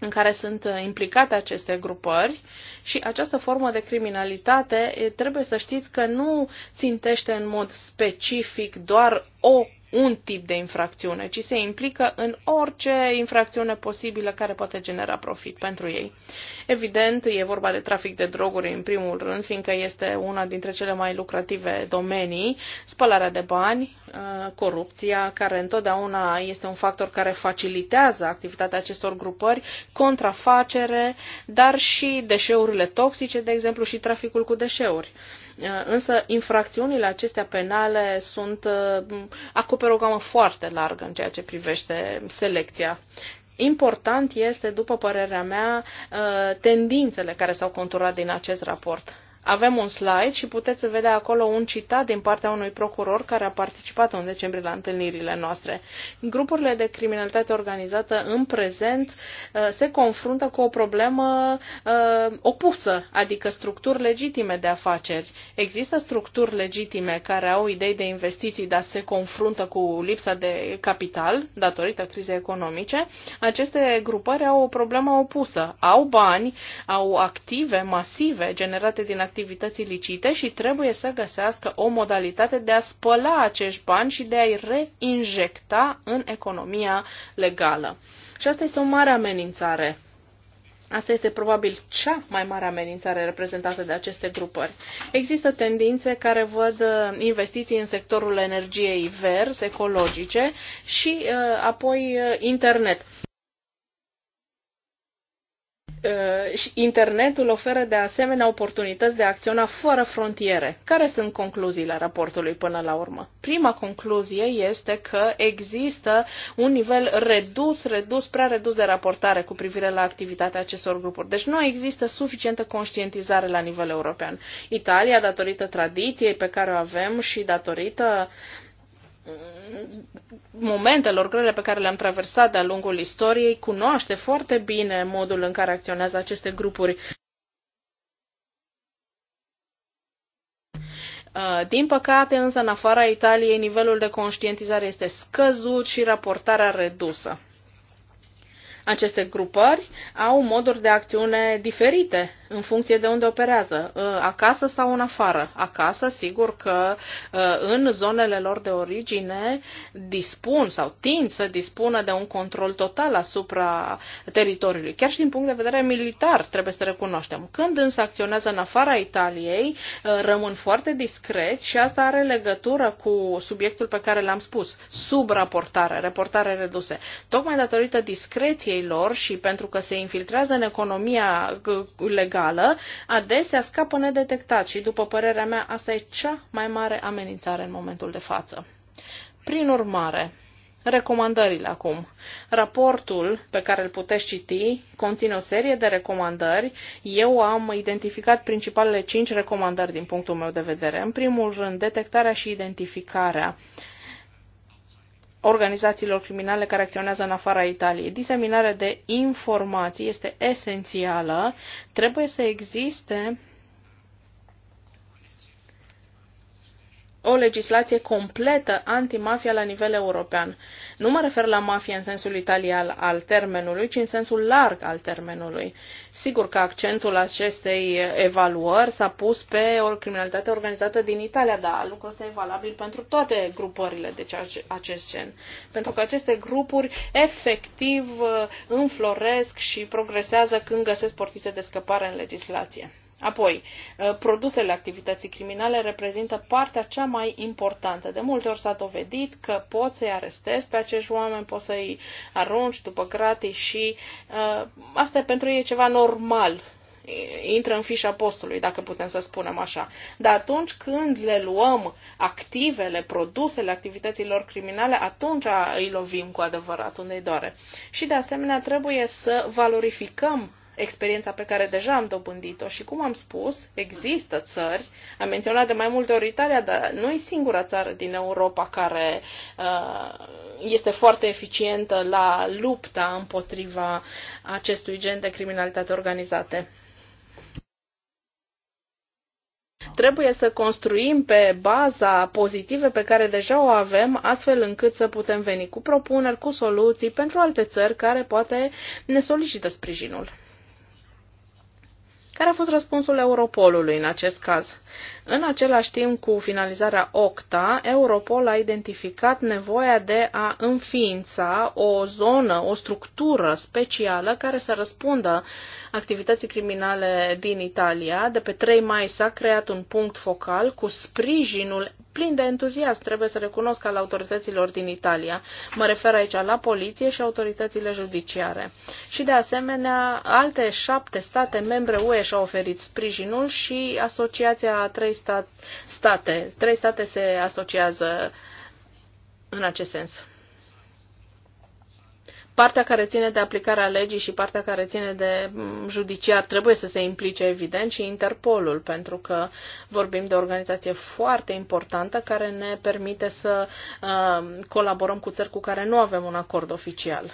în care sunt implicate aceste grupări și această formă de criminalitate trebuie să știți că nu țintește în mod specific doar o un tip de infracțiune, ci se implică în orice infracțiune posibilă care poate genera profit pentru ei. Evident, e vorba de trafic de droguri în primul rând, fiindcă este una dintre cele mai lucrative domenii, spălarea de bani, ă, corupția, care întotdeauna este un factor care facilitează activitatea acestor grupări, contrafacere, dar și deșeurile toxice, de exemplu, și traficul cu deșeuri. Uh, însă infracțiunile acestea penale sunt, uh, acoperă o gamă foarte largă în ceea ce privește selecția important este, după părerea mea, uh, tendințele care s-au conturat din acest raport. Avem un slide și puteți vedea acolo un citat din partea unui procuror care a participat în decembrie la întâlnirile noastre. Grupurile de criminalitate organizată în prezent uh, se confruntă cu o problemă uh, opusă, adică structuri legitime de afaceri. Există structuri legitime care au idei de investiții, dar se confruntă cu lipsa de capital datorită crizei economice. Aceste grupări au o problemă opusă. Au bani, au active masive generate din activități activități ilicite și trebuie să găsească o modalitate de a spăla acești bani și de a-i reinjecta în economia legală. Și asta este o mare amenințare Asta este probabil cea mai mare amenințare reprezentată de aceste grupări. Există tendințe care văd uh, investiții în sectorul energiei verzi, ecologice și uh, apoi uh, internet. Uh, și internetul oferă de asemenea oportunități de a acționa fără frontiere. Care sunt concluziile raportului până la urmă? Prima concluzie este că există un nivel redus, redus, prea redus de raportare cu privire la activitatea acestor grupuri. Deci nu există suficientă conștientizare la nivel european. Italia, datorită tradiției pe care o avem și datorită uh, momentelor grele pe care le-am traversat de-a lungul istoriei, cunoaște foarte bine modul în care acționează aceste grupuri. Uh, din păcate, însă, în afara Italiei, nivelul de conștientizare este scăzut și raportarea redusă. Aceste grupări au moduri de acțiune diferite în funcție de unde operează, ă, acasă sau în afară. Acasă, sigur că ă, în zonele lor de origine dispun sau tind să dispună de un control total asupra teritoriului. Chiar și din punct de vedere militar, trebuie să recunoaștem. Când însă acționează în afara Italiei, ă, rămân foarte discreți și asta are legătură cu subiectul pe care l-am spus, subraportare, reportare reduse. Tocmai datorită discreției lor și pentru că se infiltrează în economia legală, ilegală, adesea scapă nedetectat și, după părerea mea, asta e cea mai mare amenințare în momentul de față. Prin urmare, Recomandările acum. Raportul pe care îl puteți citi conține o serie de recomandări. Eu am identificat principalele cinci recomandări din punctul meu de vedere. În primul rând, detectarea și identificarea uh, organizațiilor criminale care acționează în afara Italiei. Diseminarea de informații este esențială. Trebuie să existe o legislație completă antimafia la nivel european. Nu mă refer la mafie în sensul italian al termenului, ci în sensul larg al termenului. Sigur că accentul acestei evaluări s-a pus pe o criminalitate organizată din Italia, dar lucrul ăsta e valabil pentru toate grupările de acest gen. Pentru că aceste grupuri efectiv uh, înfloresc și progresează când găsesc portițe de scăpare în legislație. Apoi, uh, produsele activității criminale reprezintă partea cea mai importantă. De multe ori s-a dovedit că poți să-i arestezi pe acești oameni, poți să-i arunci după gratis și uh, asta pentru ei ceva normal. Intră în fișa postului, dacă putem să spunem așa. Dar atunci când le luăm activele, produsele activităților criminale, atunci îi lovim cu adevărat unde i doare. Și de asemenea trebuie să valorificăm experiența pe care deja am dobândit-o și, cum am spus, există țări, am menționat de mai multe ori Italia, dar nu e singura țară din Europa care uh, este foarte eficientă la lupta împotriva acestui gen de criminalitate organizate. Trebuie să construim pe baza pozitive pe care deja o avem, astfel încât să putem veni cu propuneri, cu soluții pentru alte țări care poate ne solicită sprijinul. Care a fost răspunsul Europolului în acest caz? În același timp cu finalizarea OCTA, Europol a identificat nevoia de a înființa o zonă, o structură specială care să răspundă activității criminale din Italia. De pe 3 mai s-a creat un punct focal cu sprijinul plin de entuziasm, trebuie să recunosc, al autorităților din Italia. Mă refer aici la poliție și autoritățile judiciare. Și de asemenea, alte șapte state membre UE și-au oferit sprijinul și asociația a trei state. Trei state se asociază în acest sens. Partea care ține de aplicarea legii și partea care ține de mm, judiciar trebuie să se implice, evident, și Interpolul, pentru că vorbim de o organizație foarte importantă care ne permite să uh, colaborăm cu țări cu care nu avem un acord oficial.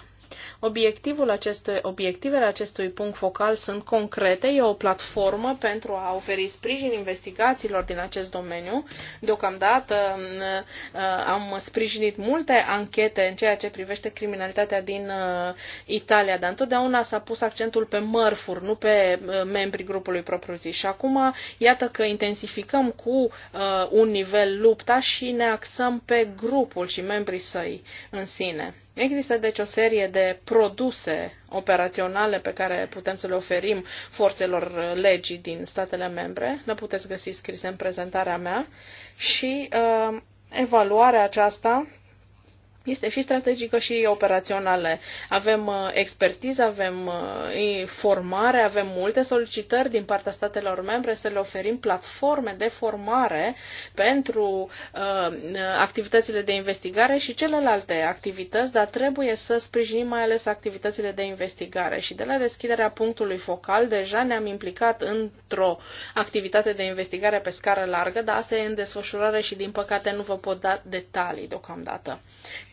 Obiectivul acestui, obiectivele acestui punct focal sunt concrete, e o platformă pentru a oferi sprijin investigațiilor din acest domeniu. Deocamdată mm, uh, am sprijinit multe anchete în ceea ce privește criminalitatea din uh, Italia, dar întotdeauna s-a pus accentul pe mărfuri, nu pe uh, membrii grupului propriu-zis. Și acum, iată că intensificăm cu un nivel lupta și ne axăm pe grupul și membrii săi în sine. Există deci o serie de produse operaționale pe care putem să le oferim forțelor legii din statele membre. Le puteți găsi scrise în prezentarea mea și uh, evaluarea aceasta este și strategică și operațională. Avem uh, expertiză, avem uh, formare, avem multe solicitări din partea statelor membre să le oferim platforme de formare pentru uh, activitățile de investigare și celelalte activități, dar trebuie să sprijinim mai ales activitățile de investigare. Și de la deschiderea punctului focal, deja ne-am implicat într-o activitate de investigare pe scară largă, dar asta e în desfășurare și, din păcate, nu vă pot da detalii deocamdată.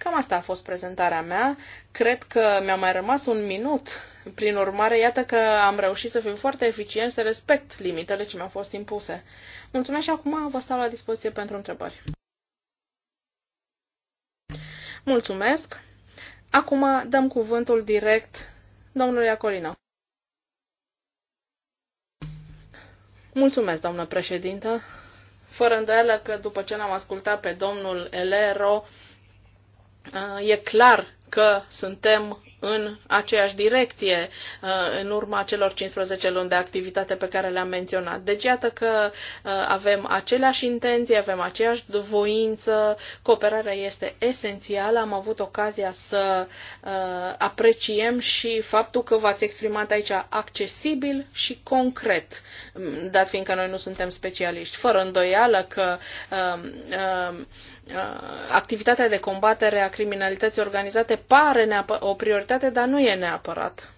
Cam asta a fost prezentarea mea. Cred că mi-a mai rămas un minut. Prin urmare, iată că am reușit să fiu foarte eficient, să respect limitele ce mi-au fost impuse. Mulțumesc și acum vă stau la dispoziție pentru întrebări. Mulțumesc. Acum dăm cuvântul direct domnului Acolino. Mulțumesc, doamnă președintă. Fără îndoială că după ce l-am ascultat pe domnul Elero, Uh, e clar că suntem în aceeași direcție uh, în urma celor 15 luni de activitate pe care le-am menționat. Deci iată că uh, avem aceleași intenții, avem aceeași voință, cooperarea este esențială. Am avut ocazia să apreciem și faptul că v-ați exprimat aici accesibil și concret, um, dat fiindcă noi nu suntem specialiști. Fără îndoială că um, um, Uh, activitatea de combatere a criminalității organizate pare o prioritate, dar nu e neapărat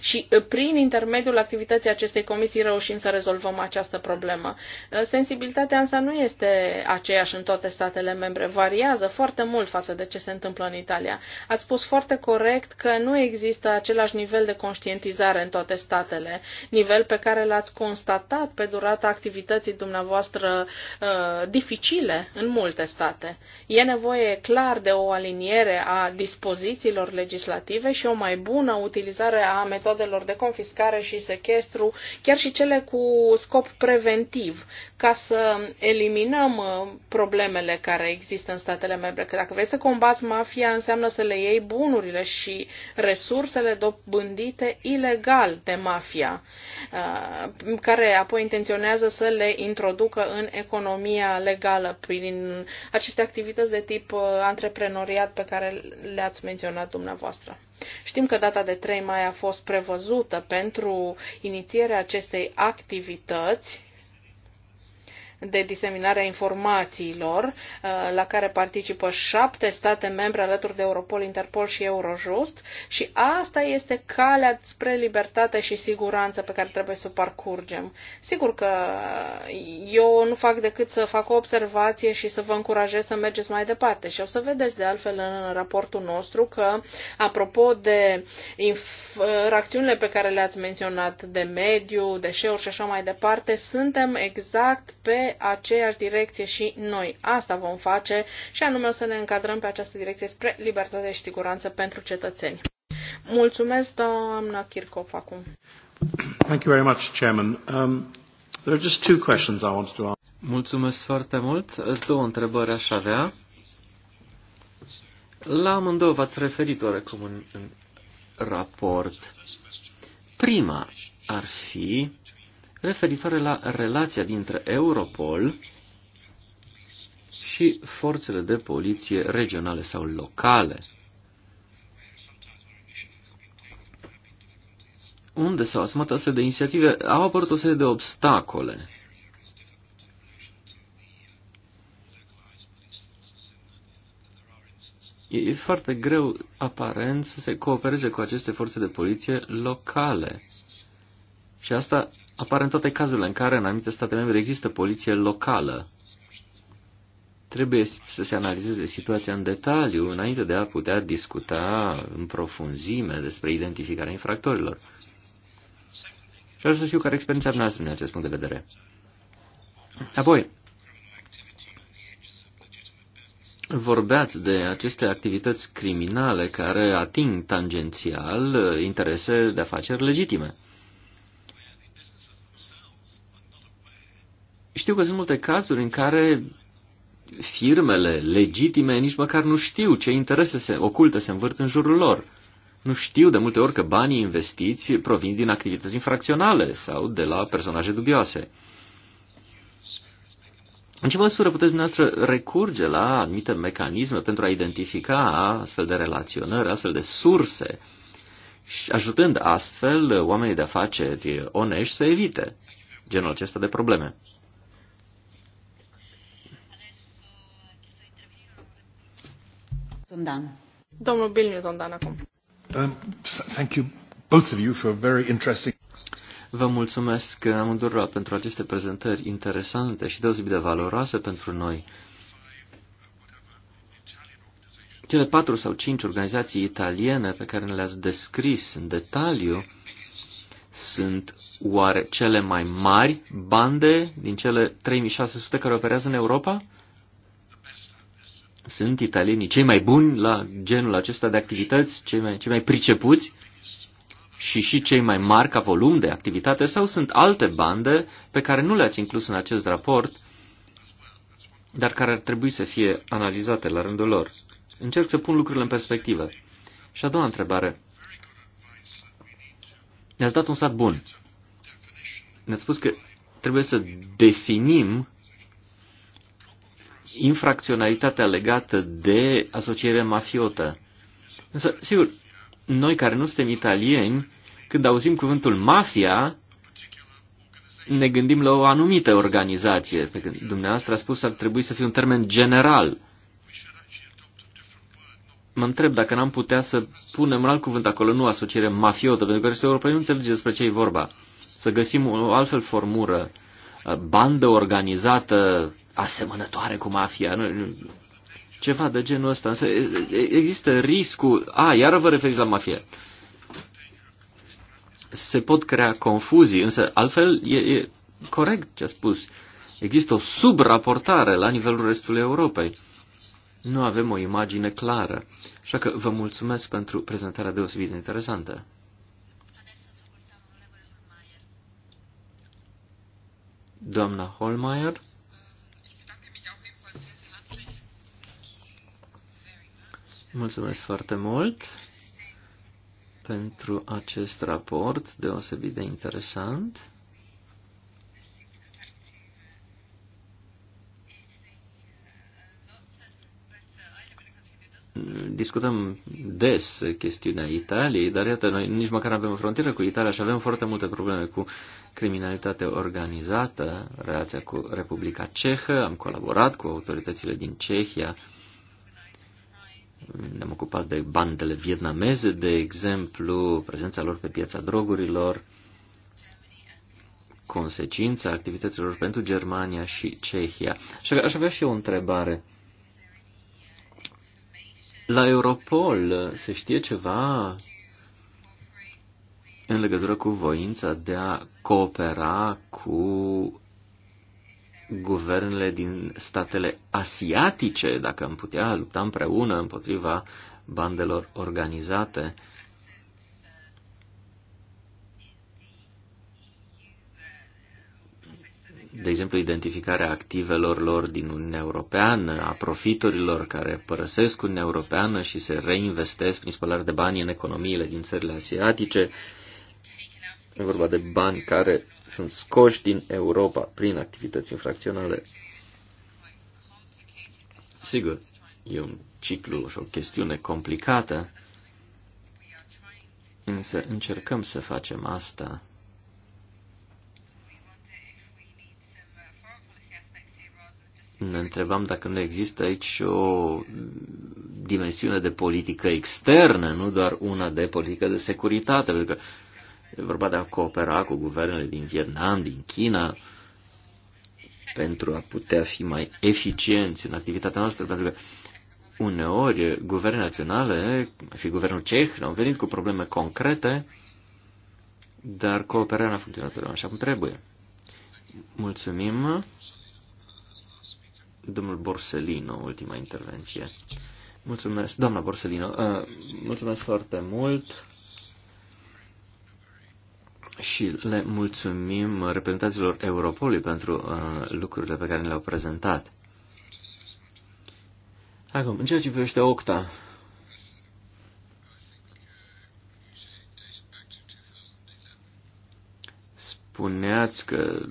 și uh, prin intermediul activității acestei comisii reușim să rezolvăm această problemă. Uh, sensibilitatea însă nu este aceeași în toate statele membre, variază foarte mult față de ce se întâmplă în Italia. Ați spus foarte corect că nu există același nivel de conștientizare în toate statele, nivel pe care l-ați constatat pe durata activității dumneavoastră uh, dificile în multe state. E nevoie clar de o aliniere a dispozițiilor legislative și o mai bună utilizare a metodologiei metodelor de confiscare și sechestru, chiar și cele cu scop preventiv, ca să eliminăm uh, problemele care există în statele membre. Că dacă vrei să combați mafia, înseamnă să le iei bunurile și resursele dobândite ilegal de mafia, uh, care apoi intenționează să le introducă în economia legală prin aceste activități de tip uh, antreprenoriat pe care le-ați menționat dumneavoastră. Știm că data de 3 mai a fost prevăzută pentru inițierea acestei activități de diseminare a informațiilor, uh, la care participă șapte state membre alături de Europol, Interpol și Eurojust și asta este calea spre libertate și siguranță pe care trebuie să o parcurgem. Sigur că uh, eu nu fac decât să fac o observație și să vă încurajez să mergeți mai departe și o să vedeți de altfel în raportul nostru că, apropo de uh, reacțiunile pe care le-ați menționat de mediu, deșeuri și așa mai departe, suntem exact pe aceeași direcție și noi. Asta vom face și anume o să ne încadrăm pe această direcție spre libertate și siguranță pentru cetățeni. Mulțumesc, doamna Kirchhoff, acum. Thank you very much, Chairman. Um, there are just two questions I wanted to ask. Mulțumesc foarte mult. Două întrebări aș avea. La amândouă v-ați referit oarecum în, în raport. Prima ar fi referitoare la relația dintre Europol și forțele de poliție regionale sau locale. Unde s-au asumat astfel de inițiative, au apărut o serie de obstacole. E foarte greu, aparent, să se coopereze cu aceste forțe de poliție locale. Și asta apar în toate cazurile în care în anumite state membre există poliție locală. Trebuie să se analizeze situația în detaliu înainte de a putea discuta în profunzime despre identificarea infractorilor. Și să știu care experiența noastră din acest punct de vedere. Apoi, vorbeați de aceste activități criminale care ating tangențial interese de afaceri legitime. Știu că sunt multe cazuri în care firmele legitime nici măcar nu știu ce interese se, oculte se învârt în jurul lor. Nu știu de multe ori că banii investiți provin din activități infracționale sau de la personaje dubioase. În ce măsură puteți dumneavoastră recurge la anumite mecanisme pentru a identifica astfel de relaționări, astfel de surse, și ajutând astfel oamenii de afaceri onești să evite genul acesta de probleme? Domnul Bill Newton acum. Um, thank you both of you for a very interesting Vă mulțumesc amândurora pentru aceste prezentări interesante și deosebit de valoroase pentru noi. Cele patru sau cinci organizații italiene pe care ne le-ați descris în detaliu sunt oare cele mai mari bande din cele 3600 care operează în Europa? sunt italienii cei mai buni la genul acesta de activități, cei mai, cei mai pricepuți și și cei mai mari ca volum de activitate sau sunt alte bande pe care nu le-ați inclus în acest raport, dar care ar trebui să fie analizate la rândul lor. Încerc să pun lucrurile în perspectivă. Și a doua întrebare. Ne-ați dat un sat bun. Ne-ați spus că trebuie să definim infracționalitatea legată de asociere mafiotă. Însă, sigur, noi care nu suntem italieni, când auzim cuvântul mafia, ne gândim la o anumită organizație. Pe când dumneavoastră a spus ar trebui să fie un termen general. Mă întreb dacă n-am putea să punem un alt cuvânt acolo, nu asociere mafiotă, pentru că restul europeni nu înțelege despre ce e vorba. Să găsim o altfel formură, bandă organizată asemănătoare cu mafia, nu, ceva de genul ăsta. Însă există riscul... A, iară vă referiți la mafie. Se pot crea confuzii, însă altfel e, e corect ce a spus. Există o subraportare la nivelul restului Europei. Nu avem o imagine clară. Așa că vă mulțumesc pentru prezentarea deosebit de interesantă. Doamna Holmeier? Mulțumesc foarte mult pentru acest raport deosebit de interesant. Discutăm des chestiunea Italiei, dar iată, noi nici măcar nu o frontieră cu Italia și avem foarte multe probleme cu criminalitatea organizată, relația cu Republica Cehă, am colaborat cu autoritățile din Cehia, ne-am ocupat de bandele vietnameze, de exemplu, prezența lor pe piața drogurilor, consecința activităților pentru Germania și Cehia. Și aș avea și eu o întrebare. La Europol se știe ceva în legătură cu voința de a coopera cu guvernele din statele asiatice, dacă am putea lupta împreună împotriva bandelor organizate. De exemplu, identificarea activelor lor din Uniunea Europeană, a profitorilor care părăsesc Uniunea Europeană și se reinvestesc prin spălare de bani în economiile din țările asiatice. E vorba de bani care sunt scoși din Europa prin activități infracționale. Sigur, e un ciclu și o chestiune complicată, însă încercăm să facem asta ne întrebam dacă nu există aici o dimensiune de politică externă, nu doar una de politică de securitate, pentru că E vorba de a coopera cu guvernele din Vietnam, din China, pentru a putea fi mai eficienți în activitatea noastră, pentru că uneori guverne naționale, fi guvernul ceh, au venit cu probleme concrete, dar cooperarea nu a funcționat așa cum trebuie. Mulțumim. Domnul Borsellino, ultima intervenție. Mulțumesc, doamna Borsellino, uh, mulțumesc foarte mult și le mulțumim reprezentanților Europolului pentru uh, lucrurile pe care le-au prezentat. Acum, în ceea ce privește OCTA, spuneați că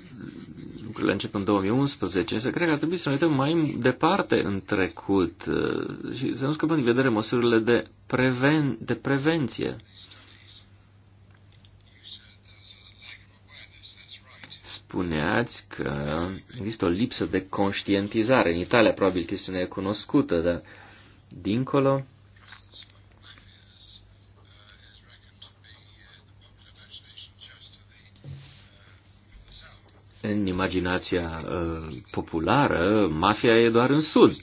lucrurile încep în 2011, însă cred că ar trebui să ne uităm mai departe în trecut uh, și să nu scăpăm din vedere măsurile de, preven- de prevenție. spuneați că există o lipsă de conștientizare. În Italia probabil chestiunea e cunoscută, dar dincolo în imaginația uh, populară, mafia e doar în sud.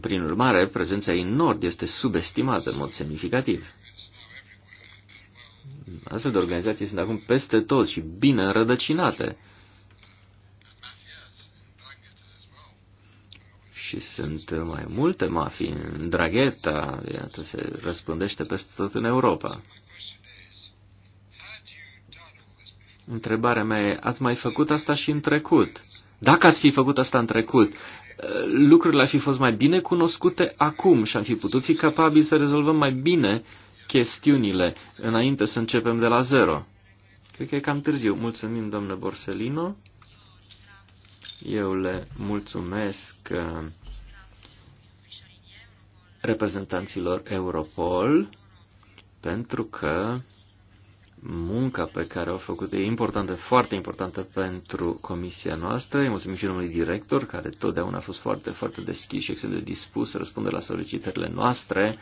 Prin urmare, prezența ei în nord este subestimată în mod semnificativ. Astfel de organizații sunt acum peste tot și bine înrădăcinate. Și sunt mai multe mafii. Dragheta, iată, se răspândește peste tot în Europa. Întrebarea mea e, ați mai făcut asta și în trecut? Dacă ați fi făcut asta în trecut, lucrurile ar fi fost mai bine cunoscute acum și am fi putut fi capabili să rezolvăm mai bine uh, chestiunile înainte să începem de la zero. Cred că e cam târziu. Mulțumim, domnule Borsellino. Eu le mulțumesc uh, reprezentanților Europol pentru că munca pe care au făcut e importantă, foarte importantă pentru comisia noastră. Îi mulțumim și domnului director, care totdeauna a fost foarte, foarte deschis și extrem de dispus să răspundă la solicitările noastre.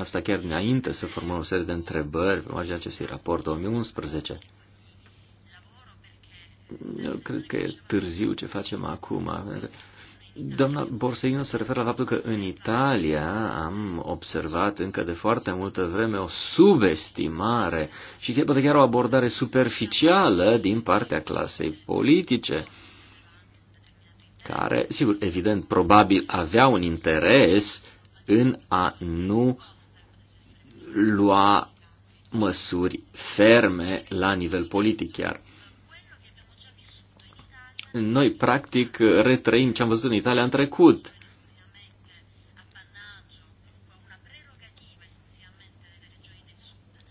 Asta chiar înainte să formăm o serie de întrebări pe marginea acestui raport 2011. Eu cred că e târziu ce facem acum. Doamna Borsellino se referă la faptul că în Italia am observat încă de foarte multă vreme o subestimare și chiar, poate chiar o abordare superficială din partea clasei politice, care, sigur, evident, probabil avea un interes în a nu lua măsuri ferme la nivel politic chiar. Noi, practic, retrăim ce am văzut în Italia în trecut.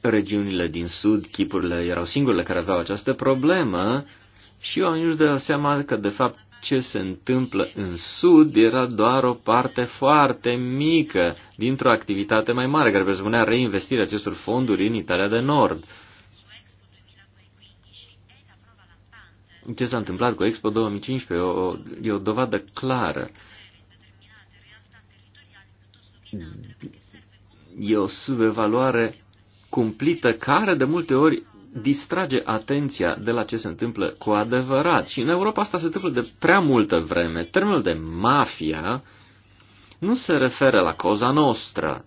Regiunile din sud, chipurile, erau singurele care aveau această problemă și am își de seama că, de fapt, ce se întâmplă în Sud era doar o parte foarte mică dintr-o activitate mai mare, care presupunea reinvestirea acestor fonduri în Italia de Nord. Ce s-a întâmplat cu Expo 2015 o, o, e o dovadă clară. E o subevaluare cumplită care de multe ori distrage atenția de la ce se întâmplă cu adevărat. Și în Europa asta se întâmplă de prea multă vreme. Termenul de mafia nu se referă la coza noastră.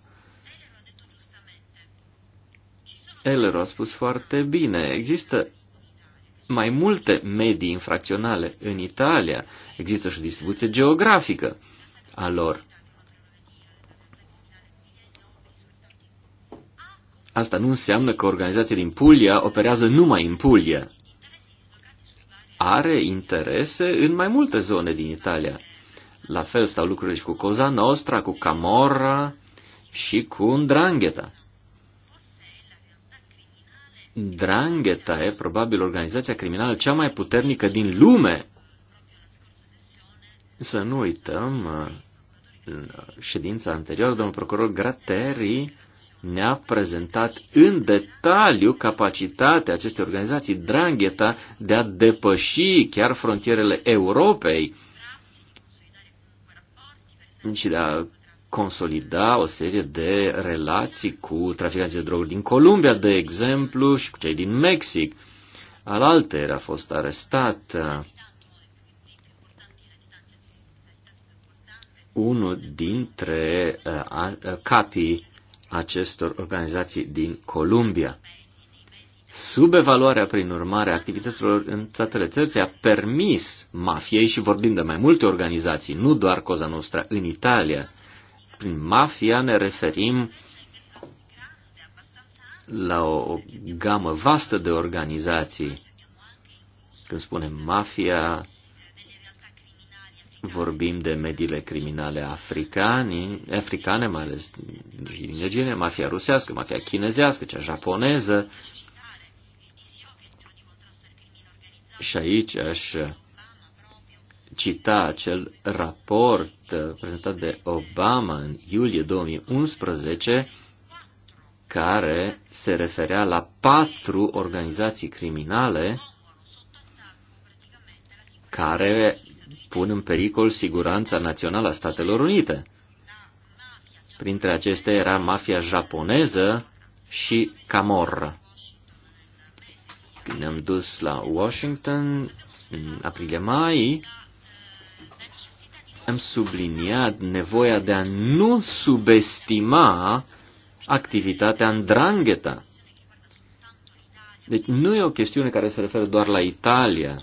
Eller a spus foarte bine, există mai multe medii infracționale în Italia, există și o distribuție geografică a lor. Asta nu înseamnă că organizația din Puglia operează numai în Puglia. Are interese în mai multe zone din Italia. La fel stau lucrurile și cu Cosa Nostra, cu Camorra și cu Drangheta. Drangheta e probabil organizația criminală cea mai puternică din lume. Să nu uităm, în ședința anterioară, domnul procuror Gratteri ne-a prezentat în detaliu capacitatea acestei organizații Drangheta de a depăși chiar frontierele Europei și de a consolida o serie de relații cu traficanții de droguri din Columbia, de exemplu, și cu cei din Mexic. Alalter a fost arestat unul dintre uh, uh capii acestor organizații din Columbia. Subevaluarea, prin urmare, activităților în statele terțe a permis mafiei, și vorbim de mai multe organizații, nu doar coza Nostra, în Italia, prin mafia ne referim la o, o gamă vastă de organizații. Când spunem mafia, vorbim de mediile criminale africane, africane mai ales din regiune, mafia rusească, mafia chinezească, cea japoneză. Și aici aș cita acel raport prezentat de Obama în iulie 2011, care se referea la patru organizații criminale care pun în pericol siguranța națională a Statelor Unite. Printre acestea era mafia japoneză și Camorra. Când ne-am dus la Washington, în aprilie-mai, am subliniat nevoia de a nu subestima activitatea îndrangheta. Deci nu e o chestiune care se referă doar la Italia.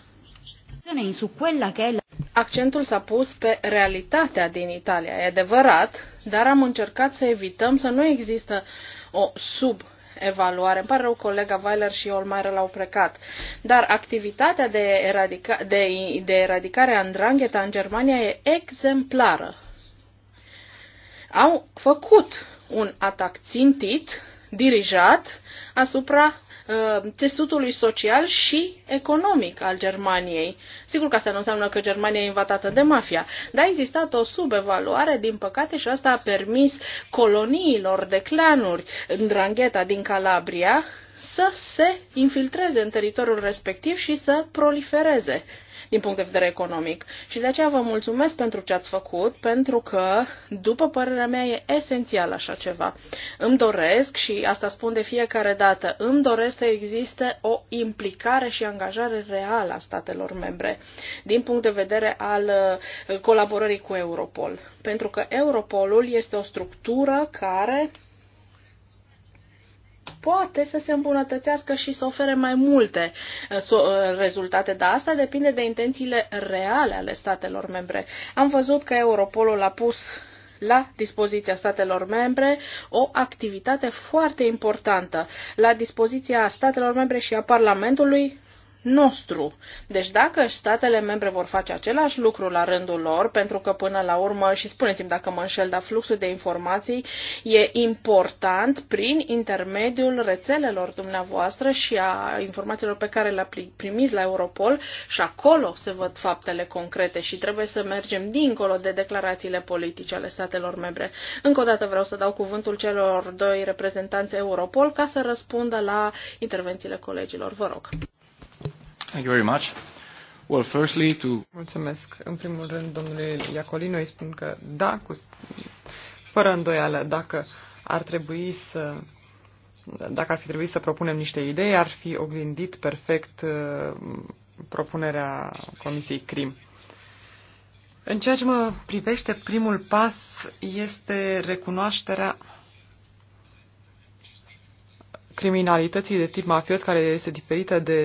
quella che è accentul s-a pus pe realitatea din Italia. E adevărat, dar am încercat să evităm să nu există o sub evaluare. Îmi pare rău, colega Weiler și Olmaire l-au plecat. Dar activitatea de, eradica- de, de eradicare a îndrangheta în Germania e exemplară. Au făcut un atac țintit, dirijat, asupra Uh, țesutului social și economic al Germaniei. Sigur că asta nu înseamnă că Germania e invadată de mafia, dar a existat o subevaluare, din păcate, și asta a permis coloniilor de clanuri în Drangheta din Calabria să se infiltreze în teritoriul respectiv și să prolifereze din punct de vedere economic. Și de aceea vă mulțumesc pentru ce ați făcut, pentru că, după părerea mea, e esențial așa ceva. Îmi doresc, și asta spun de fiecare dată, îmi doresc să existe o implicare și angajare reală a statelor membre din punct de vedere al uh, colaborării cu Europol. Pentru că Europolul este o structură care poate să se îmbunătățească și să ofere mai multe eh, eh, rezultate, dar asta depinde de intențiile reale ale statelor membre. Am văzut că Europolul a pus la dispoziția statelor membre o activitate foarte importantă la dispoziția statelor membre și a Parlamentului nostru. Deci dacă statele membre vor face același lucru la rândul lor, pentru că până la urmă, și spuneți-mi dacă mă înșel, dar fluxul de informații e important prin intermediul rețelelor dumneavoastră și a informațiilor pe care le primit la Europol și acolo se văd faptele concrete și trebuie să mergem dincolo de declarațiile politice ale statelor membre. Încă o dată vreau să dau cuvântul celor doi reprezentanți Europol ca să răspundă la intervențiile colegilor. Vă rog. Thank you very much. Well, firstly, to... Mulțumesc. În primul rând, domnule Iacolino, îi spun că da, cu, fără îndoială, dacă ar trebui să dacă ar fi trebuit să propunem niște idei, ar fi oglindit perfect uh, propunerea Comisiei CRIM. În ceea ce mă privește, primul pas este recunoașterea criminalității de tip mafios care este diferită de,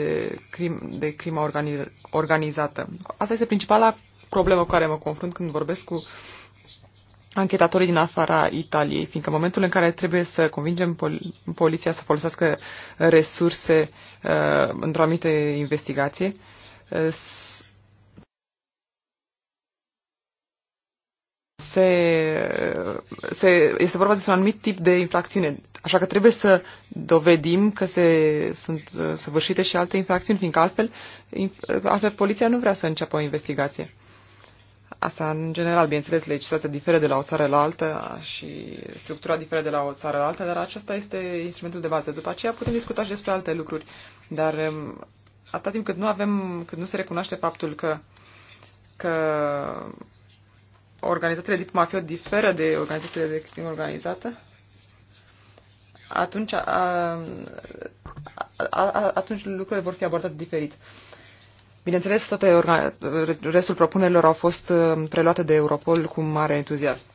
crim, de crima organi, organizată. Asta este principala problemă cu care mă confrunt când vorbesc cu anchetatorii din afara Italiei, fiindcă în momentul în care trebuie să convingem pol- poliția să folosească resurse uh, într-o anumită investigație, uh, se, se, este vorba despre un anumit tip de infracțiune. Așa că trebuie să dovedim că se, sunt uh, săvârșite și alte infracțiuni, fiindcă altfel, uh, altfel poliția nu vrea să înceapă o investigație. Asta, în general, bineînțeles, legislația diferă de la o țară la alta și structura diferă de la o țară la alta, dar acesta este instrumentul de bază. După aceea putem discuta și despre alte lucruri, dar um, atâta timp cât nu avem, cât nu se recunoaște faptul că, că organizațiile de tip mafio diferă de organizațiile de crimă organizată, atunci, a, a, atunci lucrurile vor fi abordate diferit. Bineînțeles, toate restul propunerilor au fost um, preluate de Europol cu mare entuziasm.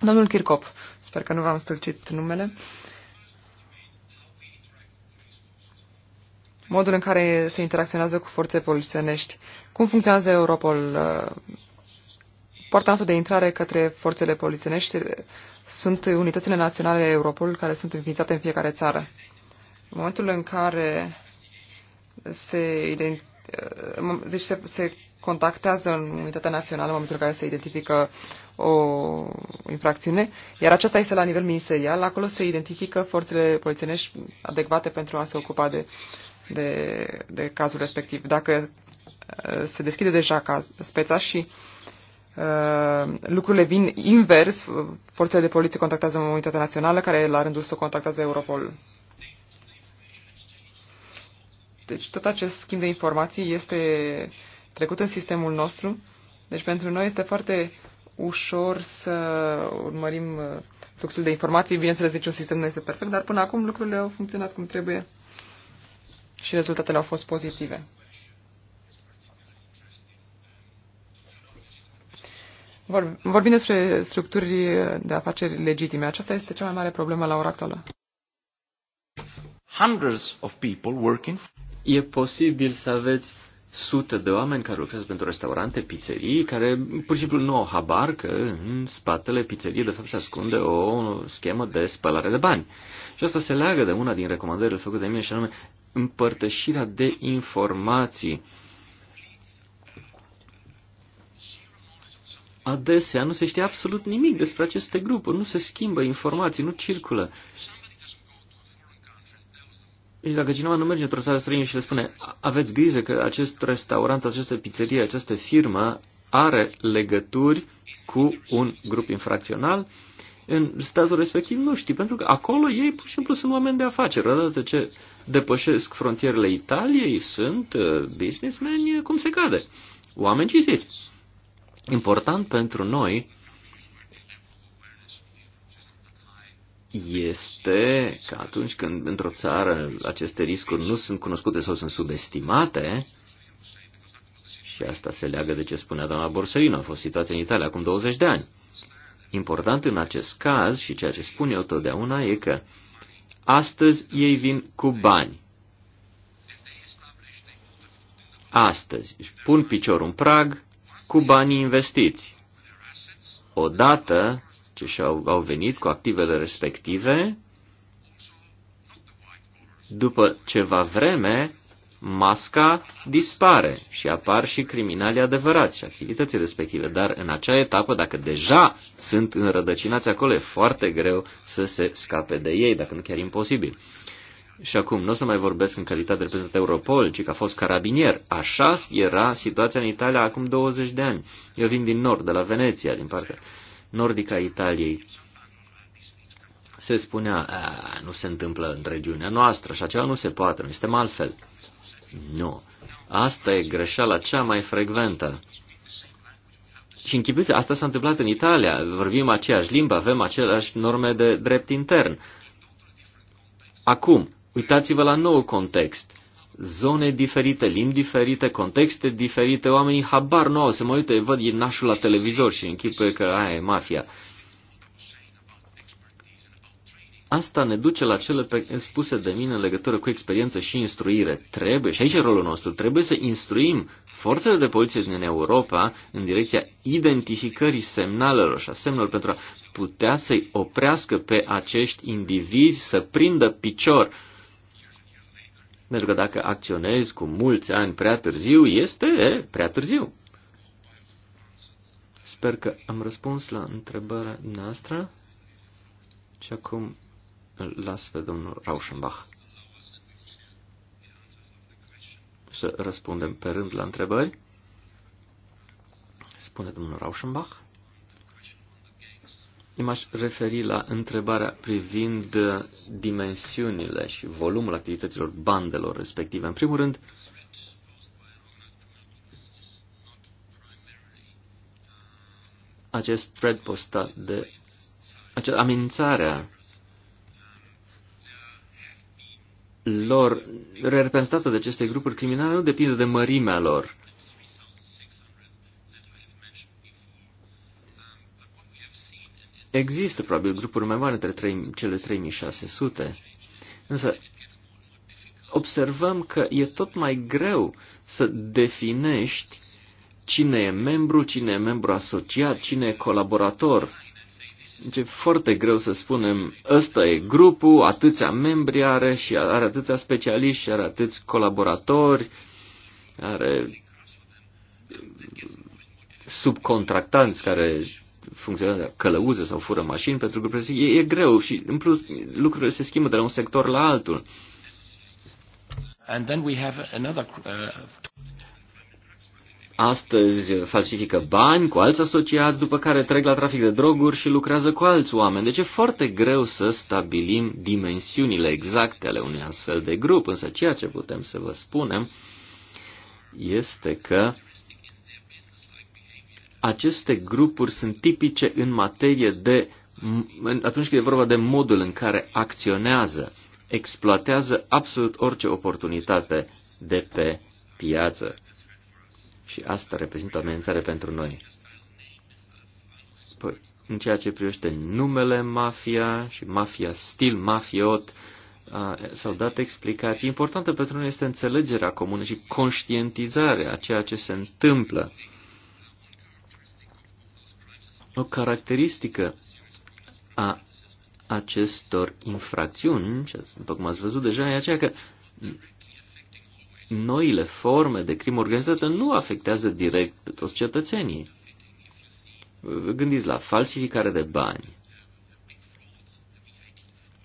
Domnul Kirkop, sper că nu v-am stâlcit numele, modul în care se interacționează cu forțe polițienești, cum funcționează Europol uh, Poarta asta de intrare către forțele polițienești sunt unitățile naționale Europol care sunt înființate în fiecare țară. În momentul în care se, uh, deci se, se contactează în unitatea națională în momentul în care se identifică o infracțiune, iar aceasta este la nivel ministerial, acolo se identifică forțele polițienești adecvate pentru a se ocupa de, de, de cazul respectiv. Dacă uh, se deschide deja caz, speța și uh, Uh, lucrurile vin invers. Forțele de poliție contactează unitatea națională, care la rândul său contactează Europol. Deci tot acest schimb de informații este trecut în sistemul nostru. Deci pentru noi este foarte ușor să urmărim uh, fluxul de informații. Bineînțeles, niciun deci, sistem nu este perfect, dar până acum lucrurile au funcționat cum trebuie și rezultatele au fost pozitive. Vorbim despre structuri de afaceri legitime. Aceasta este cea mai mare problemă la ora actuală. Hundreds of people working. E posibil să aveți sute de oameni care lucrează pentru restaurante, pizzerii, care pur și simplu nu au habar că în spatele pizzeriei de fapt se ascunde o schemă de spălare de bani. Și asta se leagă de una din recomandările făcute de mine și anume împărtășirea de informații adesea nu se știe absolut nimic despre aceste grupuri, nu se schimbă informații, nu circulă. Și deci dacă cineva nu merge într-o țară străină și le spune, aveți grijă că acest restaurant, această pizzerie, această firmă are legături cu un grup infracțional, în statul respectiv nu știi, pentru că acolo ei pur și simplu sunt oameni de afaceri. Odată ce depășesc frontierele Italiei, sunt uh, businessmeni uh, cum se cade, oameni cinstiți. Important pentru noi este că atunci când într-o țară aceste riscuri nu sunt cunoscute sau sunt subestimate, și asta se leagă de ce spunea doamna Borsellino, a fost situația în Italia acum 20 de ani. Important în acest caz și ceea ce spun eu totdeauna e că astăzi ei vin cu bani. Astăzi își pun piciorul în prag, cu banii investiți. Odată ce și-au au venit cu activele respective, după ceva vreme, masca dispare și apar și criminalii adevărați și activității respective. Dar în acea etapă, dacă deja sunt înrădăcinați acolo, e foarte greu să se scape de ei, dacă nu chiar imposibil. Și acum nu o să mai vorbesc în calitate de reprezentant Europol, ci că a fost carabinier. Așa era situația în Italia acum 20 de ani. Eu vin din nord, de la Veneția, din partea nordica Italiei. Se spunea, nu se întâmplă în regiunea noastră, și ceva nu se poate, nu suntem altfel. Nu. Asta e greșeala cea mai frecventă. Și închipuiți, asta s-a întâmplat în Italia. Vorbim aceeași limbă, avem aceleași norme de drept intern. Acum, Uitați-vă la nou context. Zone diferite, limbi diferite, contexte diferite, oamenii habar nu au. Se mă uite, văd nașul la televizor și închipuie că aia e mafia. Asta ne duce la cele pe, spuse de mine în legătură cu experiență și instruire. Trebuie, și aici e rolul nostru, trebuie să instruim forțele de poliție din Europa în direcția identificării semnalelor și a semnelor pentru a putea să-i oprească pe acești indivizi să prindă picior pentru că dacă acționezi cu mulți ani prea târziu, este prea târziu. Sper că am răspuns la întrebarea noastră și acum îl las pe domnul Rauschenbach să răspundem pe rând la întrebări. Spune domnul Rauschenbach. M-aș referi la întrebarea privind dimensiunile și volumul activităților bandelor respective. În primul rând, acest thread postat de acea amenințarea lor reprezentată de aceste grupuri criminale nu depinde de mărimea lor. Există probabil grupuri mai mari între 3, cele 3600, însă observăm că e tot mai greu să definești cine e membru, cine e membru asociat, cine e colaborator. Deci e foarte greu să spunem, ăsta e grupul, atâția membri are și are atâția specialiști și are atâți colaboratori, are subcontractanți care funcționează călăuză sau fură mașini, pentru că e, e greu și, în plus, lucrurile se schimbă de la un sector la altul. And then we have another, uh... Astăzi falsifică bani cu alți asociați, după care trec la trafic de droguri și lucrează cu alți oameni. Deci e foarte greu să stabilim dimensiunile exacte ale unui astfel de grup, însă ceea ce putem să vă spunem este că aceste grupuri sunt tipice în materie de, atunci când e vorba de modul în care acționează, exploatează absolut orice oportunitate de pe piață. Și asta reprezintă o amenințare pentru noi. Păi, în ceea ce privește numele mafia și mafia stil mafiot, s-au dat explicații. Importantă pentru noi este înțelegerea comună și conștientizarea a ceea ce se întâmplă. O caracteristică a acestor infracțiuni, după cum ați văzut deja, e aceea că noile forme de crimă organizată nu afectează direct pe toți cetățenii. Vă gândiți la falsificare de bani,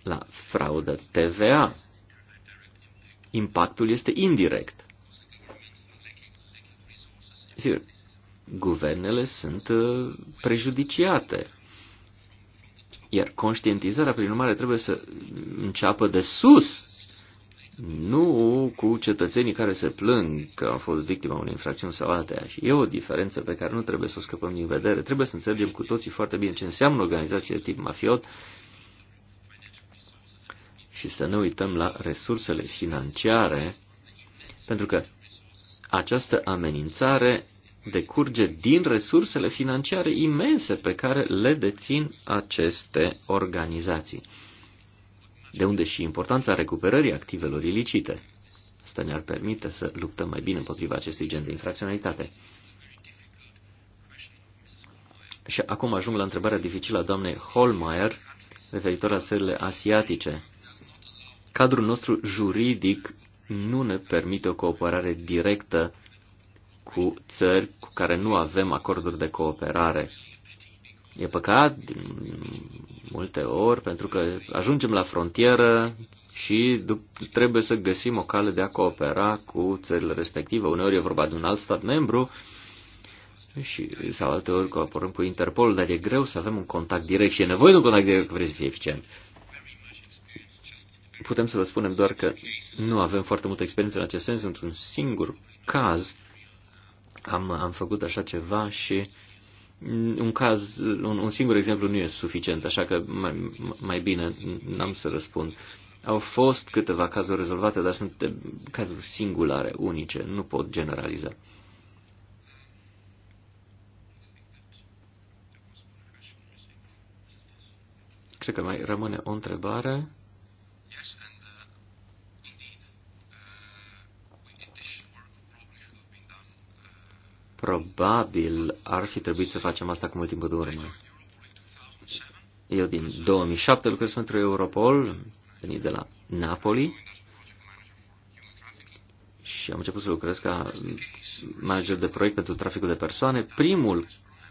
la fraudă TVA. Impactul este indirect. Sigur, guvernele sunt uh, prejudiciate. Iar conștientizarea, prin urmare, trebuie să înceapă de sus, nu cu cetățenii care se plâng că au fost victima unei infracțiuni sau alteia. Și e o diferență pe care nu trebuie să o scăpăm din vedere. Trebuie să înțelegem cu toții foarte bine ce înseamnă organizație de tip mafiot și să ne uităm la resursele financiare, pentru că această amenințare decurge din resursele financiare imense pe care le dețin aceste organizații. De unde și importanța recuperării activelor ilicite. Asta ne-ar permite să luptăm mai bine împotriva acestui gen de infracționalitate. Și acum ajung la întrebarea dificilă a doamnei Holmeier referitor la țările asiatice. Cadrul nostru juridic nu ne permite o cooperare directă cu țări cu care nu avem acorduri de cooperare. E păcat, multe ori, pentru că ajungem la frontieră și trebuie să găsim o cale de a coopera cu țările respective. Uneori e vorba de un alt stat membru și, sau alte ori cooperăm cu Interpol, dar e greu să avem un contact direct și e nevoie de un contact direct că vrei să fie eficient. Putem să vă spunem doar că nu avem foarte multă experiență în acest sens. Într-un singur caz, am, am făcut așa ceva și un caz, un, un singur exemplu nu e suficient, așa că mai, mai bine n-am să răspund. Au fost câteva cazuri rezolvate, dar sunt cazuri singulare, unice, nu pot generaliza. Cred că mai rămâne o întrebare. Probabil ar fi trebuit să facem asta cu mult timp de urmă. Eu din 2007 lucrez pentru Europol, venit de la Napoli, și am început să lucrez ca manager de proiect pentru traficul de persoane. Primul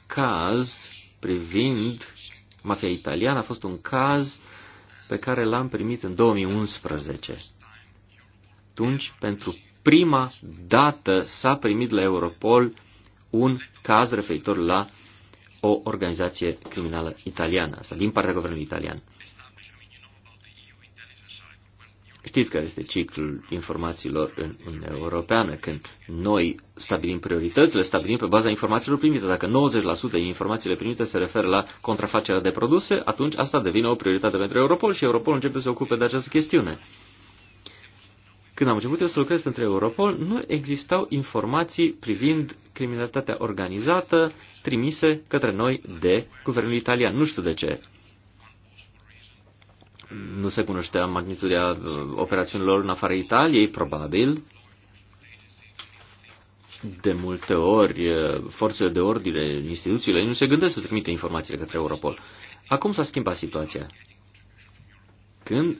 caz privind mafia italiană a fost un caz pe care l-am primit în 2011. Atunci, pentru prima dată s-a primit la Europol un caz referitor la o organizație criminală italiană, asta din partea guvernului italian. Știți care este ciclul informațiilor în Uniunea Europeană, când noi stabilim prioritățile, stabilim pe baza informațiilor primite. Dacă 90% din informațiile primite se referă la contrafacerea de produse, atunci asta devine o prioritate pentru Europol și Europol începe să se ocupe de această chestiune. Când am început să lucrez pentru Europol, nu existau informații privind criminalitatea organizată trimise către noi de guvernul italian. Nu știu de ce. Nu se cunoștea magnitudinea uh, operațiunilor în afara Italiei, probabil. De multe ori, uh, forțele de ordine, instituțiile, nu se gândesc să trimite informațiile către Europol. Acum s-a schimbat situația. Când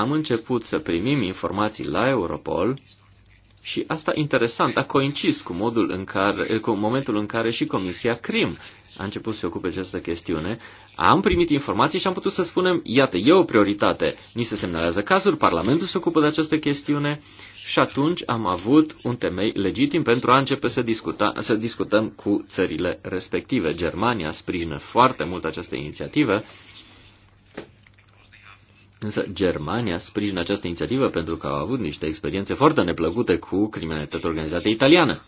am început să primim informații la Europol și asta interesant, a coincis cu, modul în care, cu momentul în care și Comisia CRIM a început să se ocupe această chestiune. Am primit informații și am putut să spunem, iată, e o prioritate. Ni se semnalează cazuri, Parlamentul se ocupă de această chestiune și atunci am avut un temei legitim pentru a începe să, discuta, să discutăm cu țările respective. Germania sprijină foarte mult această inițiativă Însă Germania sprijină această inițiativă pentru că au avut niște experiențe foarte neplăcute cu criminalitatea organizată italiană.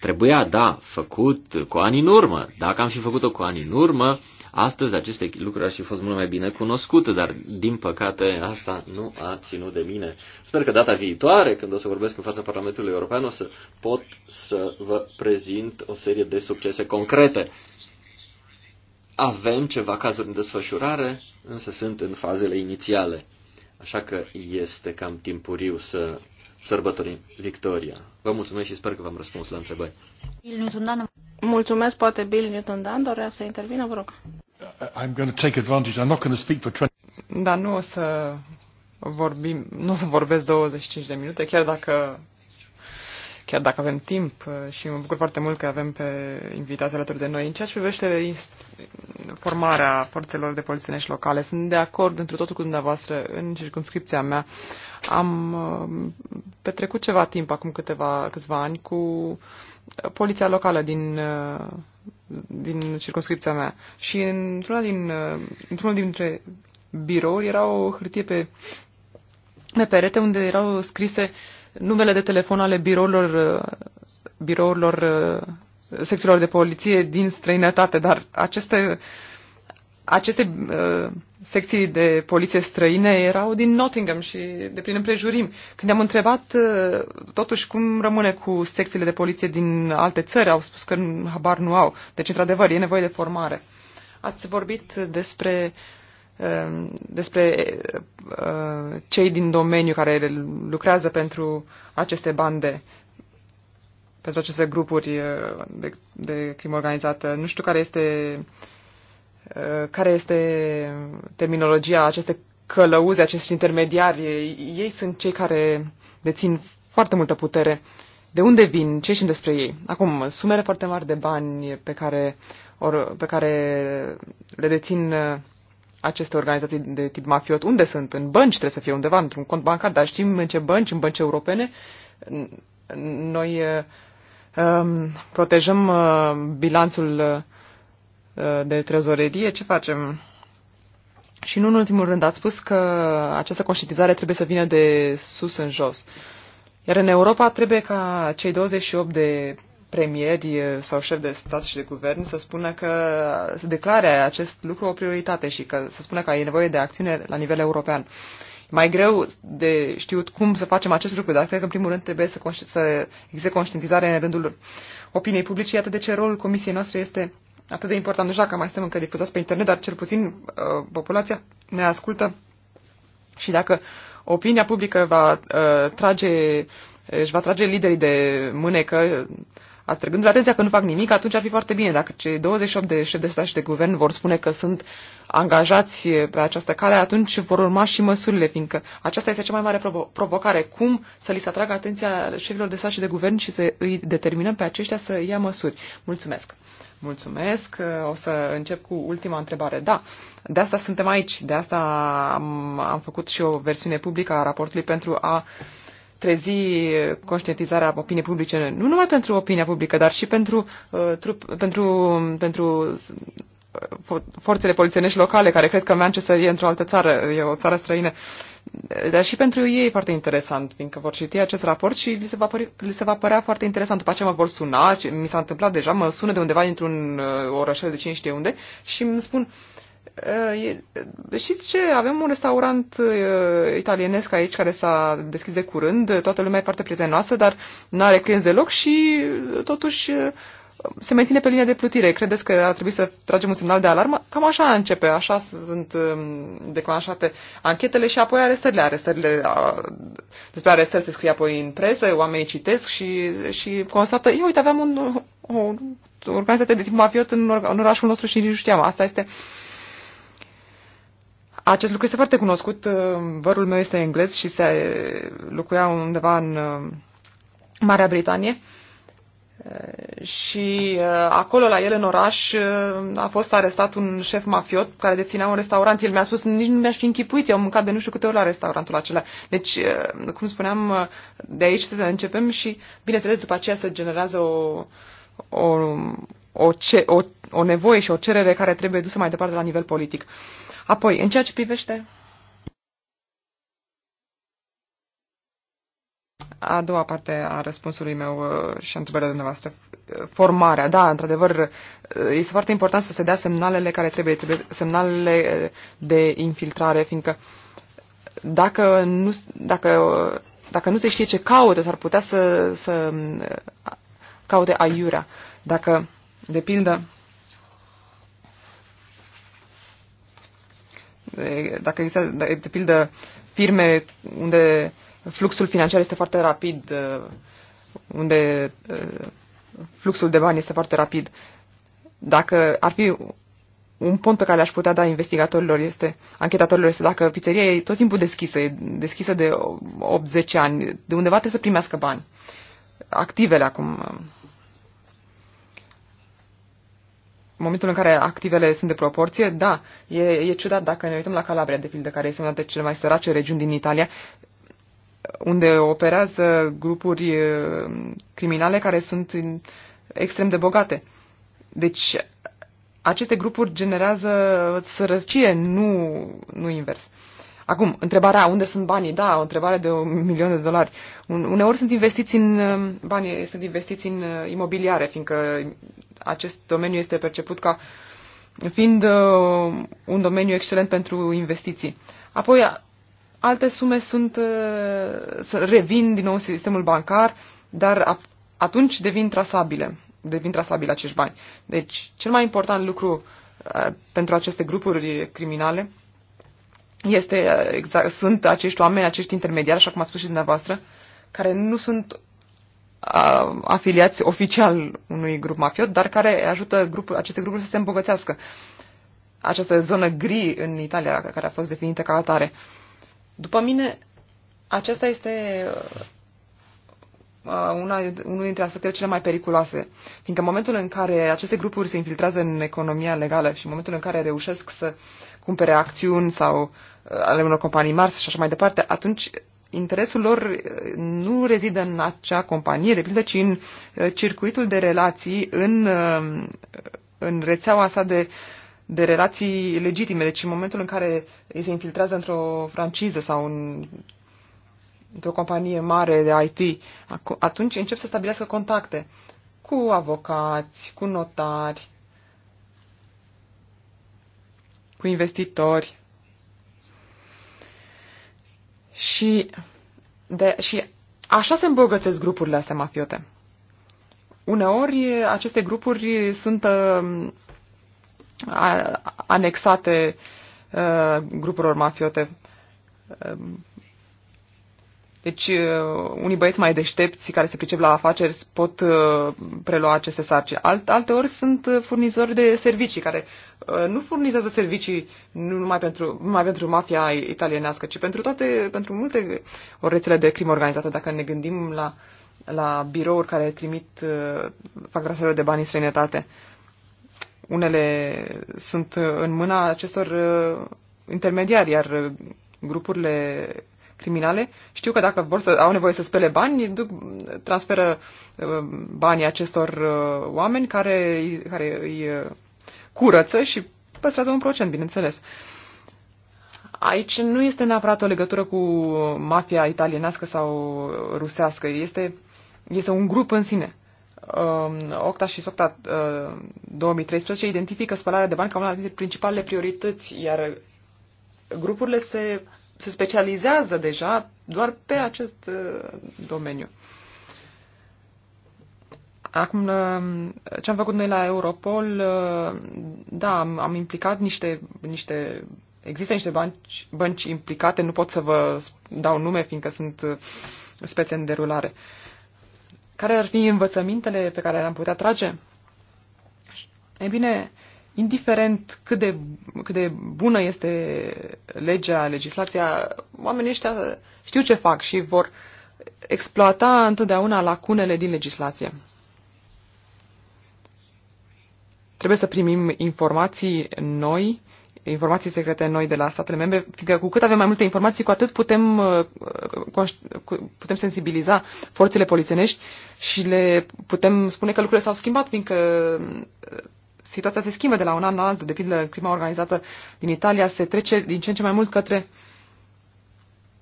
Trebuia, da, făcut cu ani în urmă. Dacă am fi făcut-o cu ani în urmă, astăzi aceste lucruri ar fi fost mult mai bine cunoscute, dar din păcate asta nu a ținut de mine. Sper că data viitoare, când o să vorbesc în fața Parlamentului European, o să pot să vă prezint o serie de succese concrete avem ceva cazuri în desfășurare, însă sunt în fazele inițiale. Așa că este cam timpuriu să sărbătorim victoria. Vă mulțumesc și sper că v-am răspuns la întrebări. Da, mulțumesc, poate Bill Newton Dan dorea să intervină, vă rog. I'm going to take advantage. I'm not going to speak for 20... Dar nu o să vorbim, nu o să vorbesc 25 de minute, chiar dacă chiar dacă avem timp uh, și mă bucur foarte mult că avem pe invitați alături de noi. În ceea ce privește formarea forțelor de polițienești locale, sunt de acord întru totul cu dumneavoastră în circumscripția mea. Am uh, petrecut ceva timp, acum câteva, câțiva ani, cu poliția locală din, uh, din circumscripția mea și într-una din, într-unul dintre birouri era o hârtie pe, pe perete unde erau scrise uh, numele de telefon ale birourilor, uh, birourilor uh, secțiilor de poliție din străinătate, dar aceste, aceste uh, secții de poliție străine erau din Nottingham și de prin împrejurim. Când am întrebat totuși cum rămâne cu secțiile de poliție din alte țări, au spus că habar nu au. Deci, într-adevăr, e nevoie de formare. Ați vorbit despre Um, despre uh, cei din domeniu care lucrează pentru aceste bande, pentru aceste grupuri uh, de, de crimă organizată. Nu știu care este, uh, care este terminologia aceste călăuze, acești intermediari. Ei sunt cei care dețin foarte multă putere. De unde vin? Ce știm despre ei? Acum, sumele foarte mari de bani pe care, or, pe care le dețin aceste organizații de tip mafiot, unde sunt? În bănci trebuie să fie undeva, într-un cont bancar, dar știm în ce bănci, în bănci europene, noi uh, um, protejăm uh, bilanțul uh, de trezorerie, ce facem? Și nu în ultimul rând, ați spus că această conștientizare trebuie să vină de sus în jos. Iar în Europa trebuie ca cei 28 de premieri eh, sau șefi de stat și de guvern să spună că să declare acest lucru o prioritate și că să spună că e nevoie de acțiune la nivel european. Mai greu de știut cum să facem acest lucru, dar cred că în primul rând trebuie să, să existe conștientizare în rândul opiniei publice. Iată de ce rolul comisiei noastre este atât de important. Nu știu dacă mai suntem încă difuzați pe internet, dar cel puțin uh, populația ne ascultă și dacă opinia publică va uh, trage, își va trage liderii de mânecă atrăgând atenția că nu fac nimic, atunci ar fi foarte bine dacă cei 28 de șefi de stat și de guvern vor spune că sunt angajați pe această cale, atunci vor urma și măsurile, fiindcă aceasta este cea mai mare provo- provocare. Cum să li se atragă atenția șefilor de stat și de guvern și să îi determinăm pe aceștia să ia măsuri? Mulțumesc! Mulțumesc. O să încep cu ultima întrebare. Da, de asta suntem aici, de asta am, am făcut și o versiune publică a raportului pentru a uh, trezi conștientizarea opiniei publice, nu numai pentru opinia publică, dar și pentru, uh, trup, pentru, pentru uh, forțele polițienești locale care cred că Manchester e într-o altă țară, e o țară străină. Dar și pentru ei e foarte interesant, fiindcă vor citi acest raport și li se va, pări, li se va părea foarte interesant. După aceea mă vor suna, mi s-a întâmplat deja, mă sună de undeva dintr-un uh, orășel de cine știe unde și îmi spun, uh, Eh, știți ce? Avem un restaurant eh, italienesc aici care s-a deschis de curând, toată lumea e foarte prietenoasă, dar nu are clienți deloc și eh, totuși se menține pe linia de plutire. Credeți că ar trebui să tragem un semnal de alarmă? Cam așa începe, așa sunt declanșate anchetele și apoi arestările. arestările despre arestări se scrie apoi în presă, oamenii citesc și, și constată, eu uite, aveam un, o organizație de tip mafiot în, în orașul nostru și nici nu știam. Asta este uh, acest lucru este foarte cunoscut. Uh, vărul meu este englez și se locuia undeva în uh, Marea Britanie. Uh, și acolo, la el în oraș, a fost arestat un șef mafiot care deținea un restaurant. El mi-a spus, nici nu mi-aș fi închipuit, eu am mâncat de nu știu câte ori la restaurantul acela. Deci, cum spuneam, de aici să începem și, bineînțeles, după aceea se generează o, o, o, ce, o, o nevoie și o cerere care trebuie dusă mai departe la nivel politic. Uh, Apoi, în ceea ce privește a doua parte a răspunsului meu uh, și a întrebării dumneavoastră. Uh, formarea, da, într-adevăr, uh, este foarte important să se dea semnalele care trebuie, trebuie semnalele de infiltrare, fiindcă dacă nu, dacă, dacă nu se știe ce caută, s-ar putea să, să caute aiurea. Dacă, de pildă, dacă există, de pildă, firme unde fluxul financiar este foarte rapid, unde fluxul de bani este foarte rapid, dacă ar fi un pont pe care l-aș putea da investigatorilor este, anchetatorilor este dacă pizzeria e tot timpul deschisă, e deschisă de 8-10 ani, de undeva trebuie să primească bani. Activele acum, momentul în care activele sunt de proporție, da, e, e ciudat dacă ne uităm la Calabria, de pildă, care este una dintre cele mai sărace regiuni din Italia, unde operează grupuri criminale care sunt extrem de bogate. Deci, aceste grupuri generează sărăcie, nu, nu invers. Uh, Acum, întrebarea unde sunt banii? Da, o întrebare de un milion de dolari. Uneori sunt investiți în um, bani, sunt investiți în uh, imobiliare, fiindcă acest domeniu este perceput ca fiind uh, un domeniu excelent pentru investiții. Apoi, alte sume uh, sunt, revin din nou în sistemul bancar, dar atunci devin trasabile, devin trasabile acești bani. Deci, cel mai important lucru pentru aceste grupuri criminale este exact, sunt acești oameni, acești intermediari, așa cum ați spus și dumneavoastră, care nu sunt uh, afiliați oficial unui grup mafiot, dar care ajută grupul, aceste grupuri să se îmbogățească. Această zonă gri în Italia, care a fost definită ca atare. După mine, acesta este una, unul dintre aspectele cele mai periculoase, fiindcă în momentul în care aceste grupuri se infiltrează în economia legală și în momentul în care reușesc să uh, cumpere acțiuni sau uh, ale unor companii mari și așa mai departe, atunci interesul lor uh, nu rezidă în acea companie, de pildă, ci în uh, circuitul de relații, în, în rețeaua sa de, de relații legitime. Deci în momentul în care ei se infiltrează într-o franciză sau în, într-o companie mare de IT, atunci încep să stabilească contacte cu avocați, cu notari, cu investitori și, de, și așa se îmbogățesc grupurile astea mafiote. Uneori aceste grupuri sunt uh, anexate uh, grupurilor mafiote um, deci, uh, unii băieți mai deștepți care se pricep la afaceri pot uh, prelua aceste sarcini. Alt, ori sunt uh, furnizori de servicii care nu furnizează servicii nu numai pentru, numai pentru mafia italienească, ci pentru toate, pentru multe rețele de crimă organizată. Dacă ne gândim la, la birouri care trimit, fac rasele de bani în străinătate, unele sunt în mâna acestor intermediari, iar grupurile criminale știu că dacă vor să au nevoie să spele bani, duc, transferă uh, banii acestor uh, oameni care, care îi uh, curăță și păstrează un procent, bineînțeles. Aici nu este neapărat o legătură cu mafia italienească sau rusească, este, este un grup în sine. Um, Octa și Socta 2013 identifică spălarea de bani ca una dintre principalele priorități, iar grupurile se se specializează deja doar pe acest uh, domeniu. Acum, uh, ce am făcut noi la Europol, uh, da, am, am implicat niște, niște există niște bănci, bănci implicate, nu pot să vă dau nume, fiindcă sunt spețe în derulare. Care ar fi învățămintele pe care le-am putea trage? E bine, uh, indiferent cât de, cât de bună este legea, legislația, oamenii ăștia știu ce fac și vor exploata întotdeauna lacunele din legislație. Trebuie să primim informații noi, informații secrete noi de la statele membre, fiindcă cu cât avem mai multe informații, cu atât putem, uh, putem sensibiliza forțele polițienești și le putem spune că lucrurile s-au schimbat, fiindcă uh, situația se schimbă de la un an la altul, de pildă crima organizată din Italia se trece din ce în ce mai mult către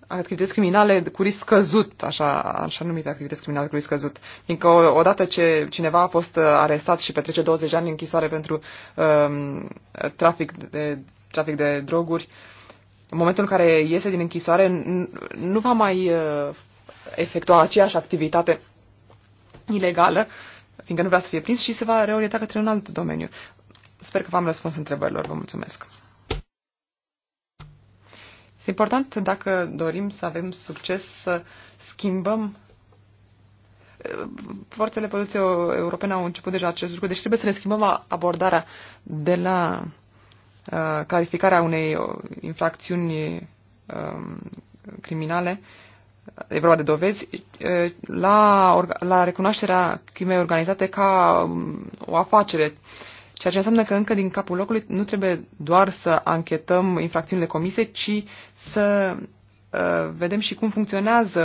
activități criminale cu risc scăzut, așa, așa numite activități criminale cu risc scăzut. Fiindcă odată ce cineva a fost uh, arestat și petrece 20 ani în închisoare pentru um, trafic, de, trafic de droguri, în momentul în care iese din închisoare nu va mai uh, efectua aceeași activitate ilegală fiindcă nu vrea să fie prins și se va reorienta către un alt domeniu. Sper că v-am răspuns întrebărilor. Vă mulțumesc. Este important dacă dorim să avem succes să schimbăm forțele poziției europene au început deja acest lucru, deci trebuie să ne schimbăm abordarea de la uh, clarificarea unei infracțiuni um, criminale uh, e vorba de dovezi, la, la recunoașterea crimei organizate ca um, o afacere. Ceea ce înseamnă că încă din capul locului nu trebuie doar să anchetăm infracțiunile comise, ci să uh, vedem și cum funcționează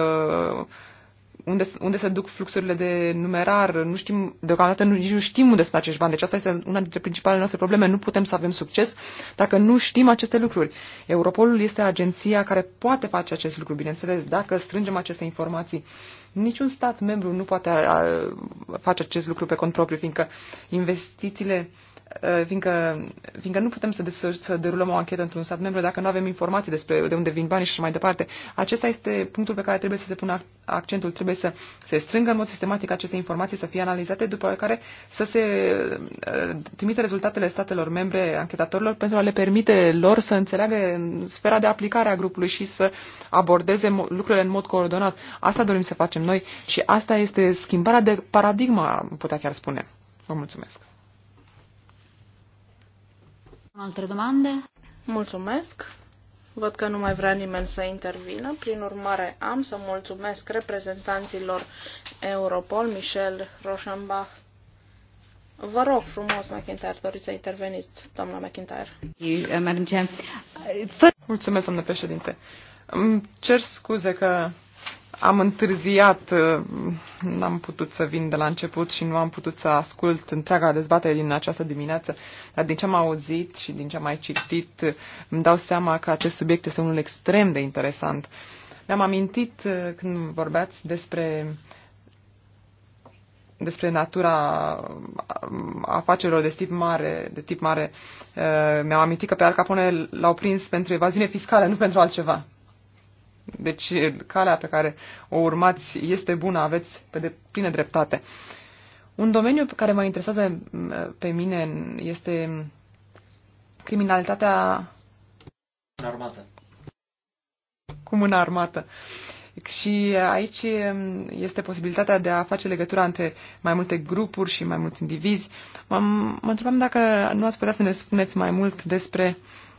unde, unde se duc fluxurile de numerar, nu știm, deocamdată nu, nici nu știm unde sunt acești bani. Deci asta este una dintre principalele noastre probleme. Nu putem să avem succes dacă nu știm aceste lucruri. Europolul este agenția care poate face acest lucru, bineînțeles, dacă strângem aceste informații. Niciun stat membru nu poate a, a, face acest lucru pe cont propriu, fiindcă investițiile uh, Uh, fiindcă, fiindcă nu putem să, des- să derulăm o anchetă într-un stat membru dacă nu avem informații despre de unde vin banii și așa mai departe. Acesta este punctul pe care trebuie să se pună accentul. Trebuie să se strângă în mod sistematic aceste informații, să fie analizate, după care să se uh, trimite rezultatele statelor membre, anchetatorilor, pentru a le permite lor să înțeleagă sfera de aplicare a grupului și să abordeze lucrurile în mod coordonat. Asta dorim să facem noi și asta este schimbarea de paradigma, putea chiar spune. Vă mulțumesc. Alte domande? Mulțumesc. Văd că nu mai vrea nimeni să intervină. Prin urmare, am să mulțumesc reprezentanților Europol, Michel Roșambach. Vă rog frumos, McIntyre, doriți să interveniți, doamna McIntyre. Uh, uh, mulțumesc, doamnă președinte. Îmi cer scuze că am întârziat, uh, n-am putut să vin de la început și nu am putut să ascult întreaga dezbatere din această dimineață, dar din ce am auzit și din ce am mai citit, îmi dau seama că acest subiect este unul extrem de interesant. Mi-am amintit uh, când vorbeați despre despre natura uh, afacerilor de tip mare, de tip mare, mi-am amintit că pe Al Capone l-au prins pentru evaziune fiscală, nu pentru altceva. Deci calea pe care o urmați este bună, aveți pe de, plină dreptate. Un domeniu pe care mă interesează pe mine este criminalitatea armată. cu mâna armată. Și aici este posibilitatea de a face legătura între mai multe grupuri și mai mulți indivizi. Mă întrebam dacă nu ați putea să ne spuneți mai mult despre uh,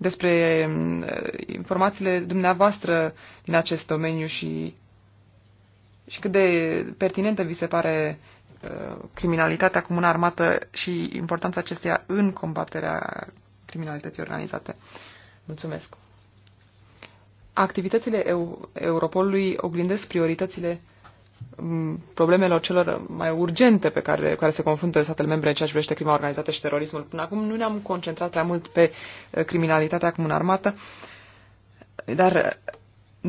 despre mm, eh, informațiile dumneavoastră din acest domeniu și, și cât de pertinentă vi se pare eh, criminalitatea cu armată și importanța acesteia în combaterea criminalității organizate. Mulțumesc. Activitățile EU, Europolului oglindesc prioritățile Mm, problemelor celor mai urgente pe care, care se confruntă statele membre în ceea ce privește crima organizată și terorismul. Până acum nu ne-am concentrat prea mult pe uh, criminalitatea acum în armată, dar uh,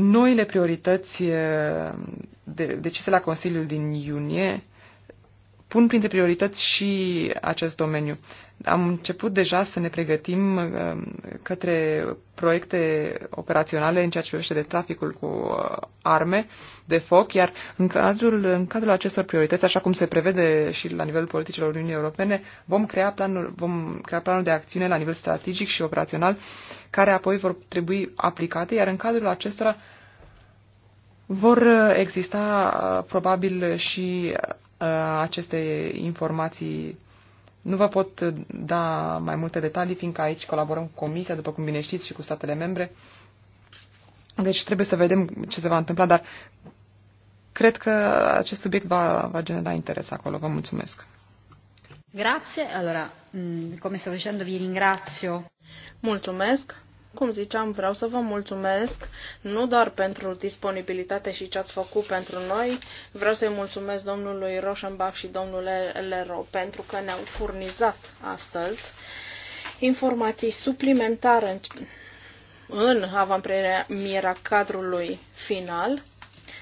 noile priorități uh, de, decise la Consiliul din iunie uh, pun printre priorități și acest domeniu. Am început deja să ne pregătim uh, către proiecte operaționale în ceea ce privește de traficul cu uh, arme de foc, iar în cadrul, în cadrul acestor priorități, așa cum se prevede și la nivelul politicilor Uniunii Europene, vom crea, planul, vom crea planul de acțiune la nivel strategic și operațional, care apoi vor trebui aplicate, iar în cadrul acestora vor uh, exista probabil și aceste informații. Nu vă pot da mai multe detalii, fiindcă aici colaborăm cu Comisia, după cum bine știți, și cu statele membre. Deci trebuie să vedem ce se va întâmpla, dar cred că acest subiect va, va genera interes acolo. Vă mulțumesc. Grazie. Allora, mm, come stavo dicendo, vi ringrazio. Mulțumesc. Cum ziceam, vreau să vă mulțumesc nu doar pentru disponibilitate și ce ați făcut pentru noi, vreau să-i mulțumesc domnului Roșenbach și domnule Lero pentru că ne-au furnizat astăzi informații suplimentare în, în avampremierea cadrului final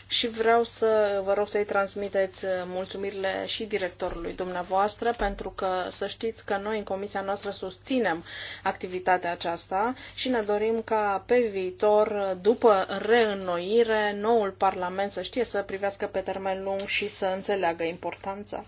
și vreau să vă rog să-i transmiteți uh, mulțumirile și directorului dumneavoastră, pentru că să știți că noi în comisia noastră susținem activitatea aceasta și ne dorim ca pe viitor, după reînnoire, noul Parlament să știe să privească pe termen lung și să înțeleagă importanța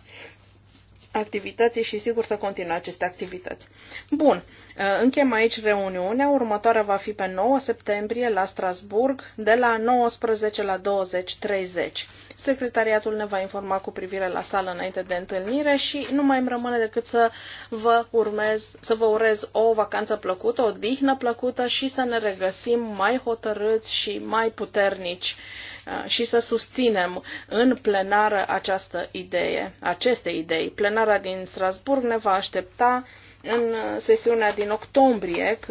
activității și sigur să continue aceste activități. Bun, uh, închem aici reuniunea. Următoarea va fi pe 9 septembrie la Strasburg de la 19 la 20.30. Secretariatul ne va informa cu privire la sală înainte de întâlnire și nu mai îmi rămâne decât să vă, urmez, să vă urez o vacanță plăcută, o dihnă plăcută și să ne regăsim mai hotărâți și mai puternici Uh, și să susținem în plenară această idee, aceste idei. Plenara din Strasburg ne va aștepta în uh, sesiunea din octombrie,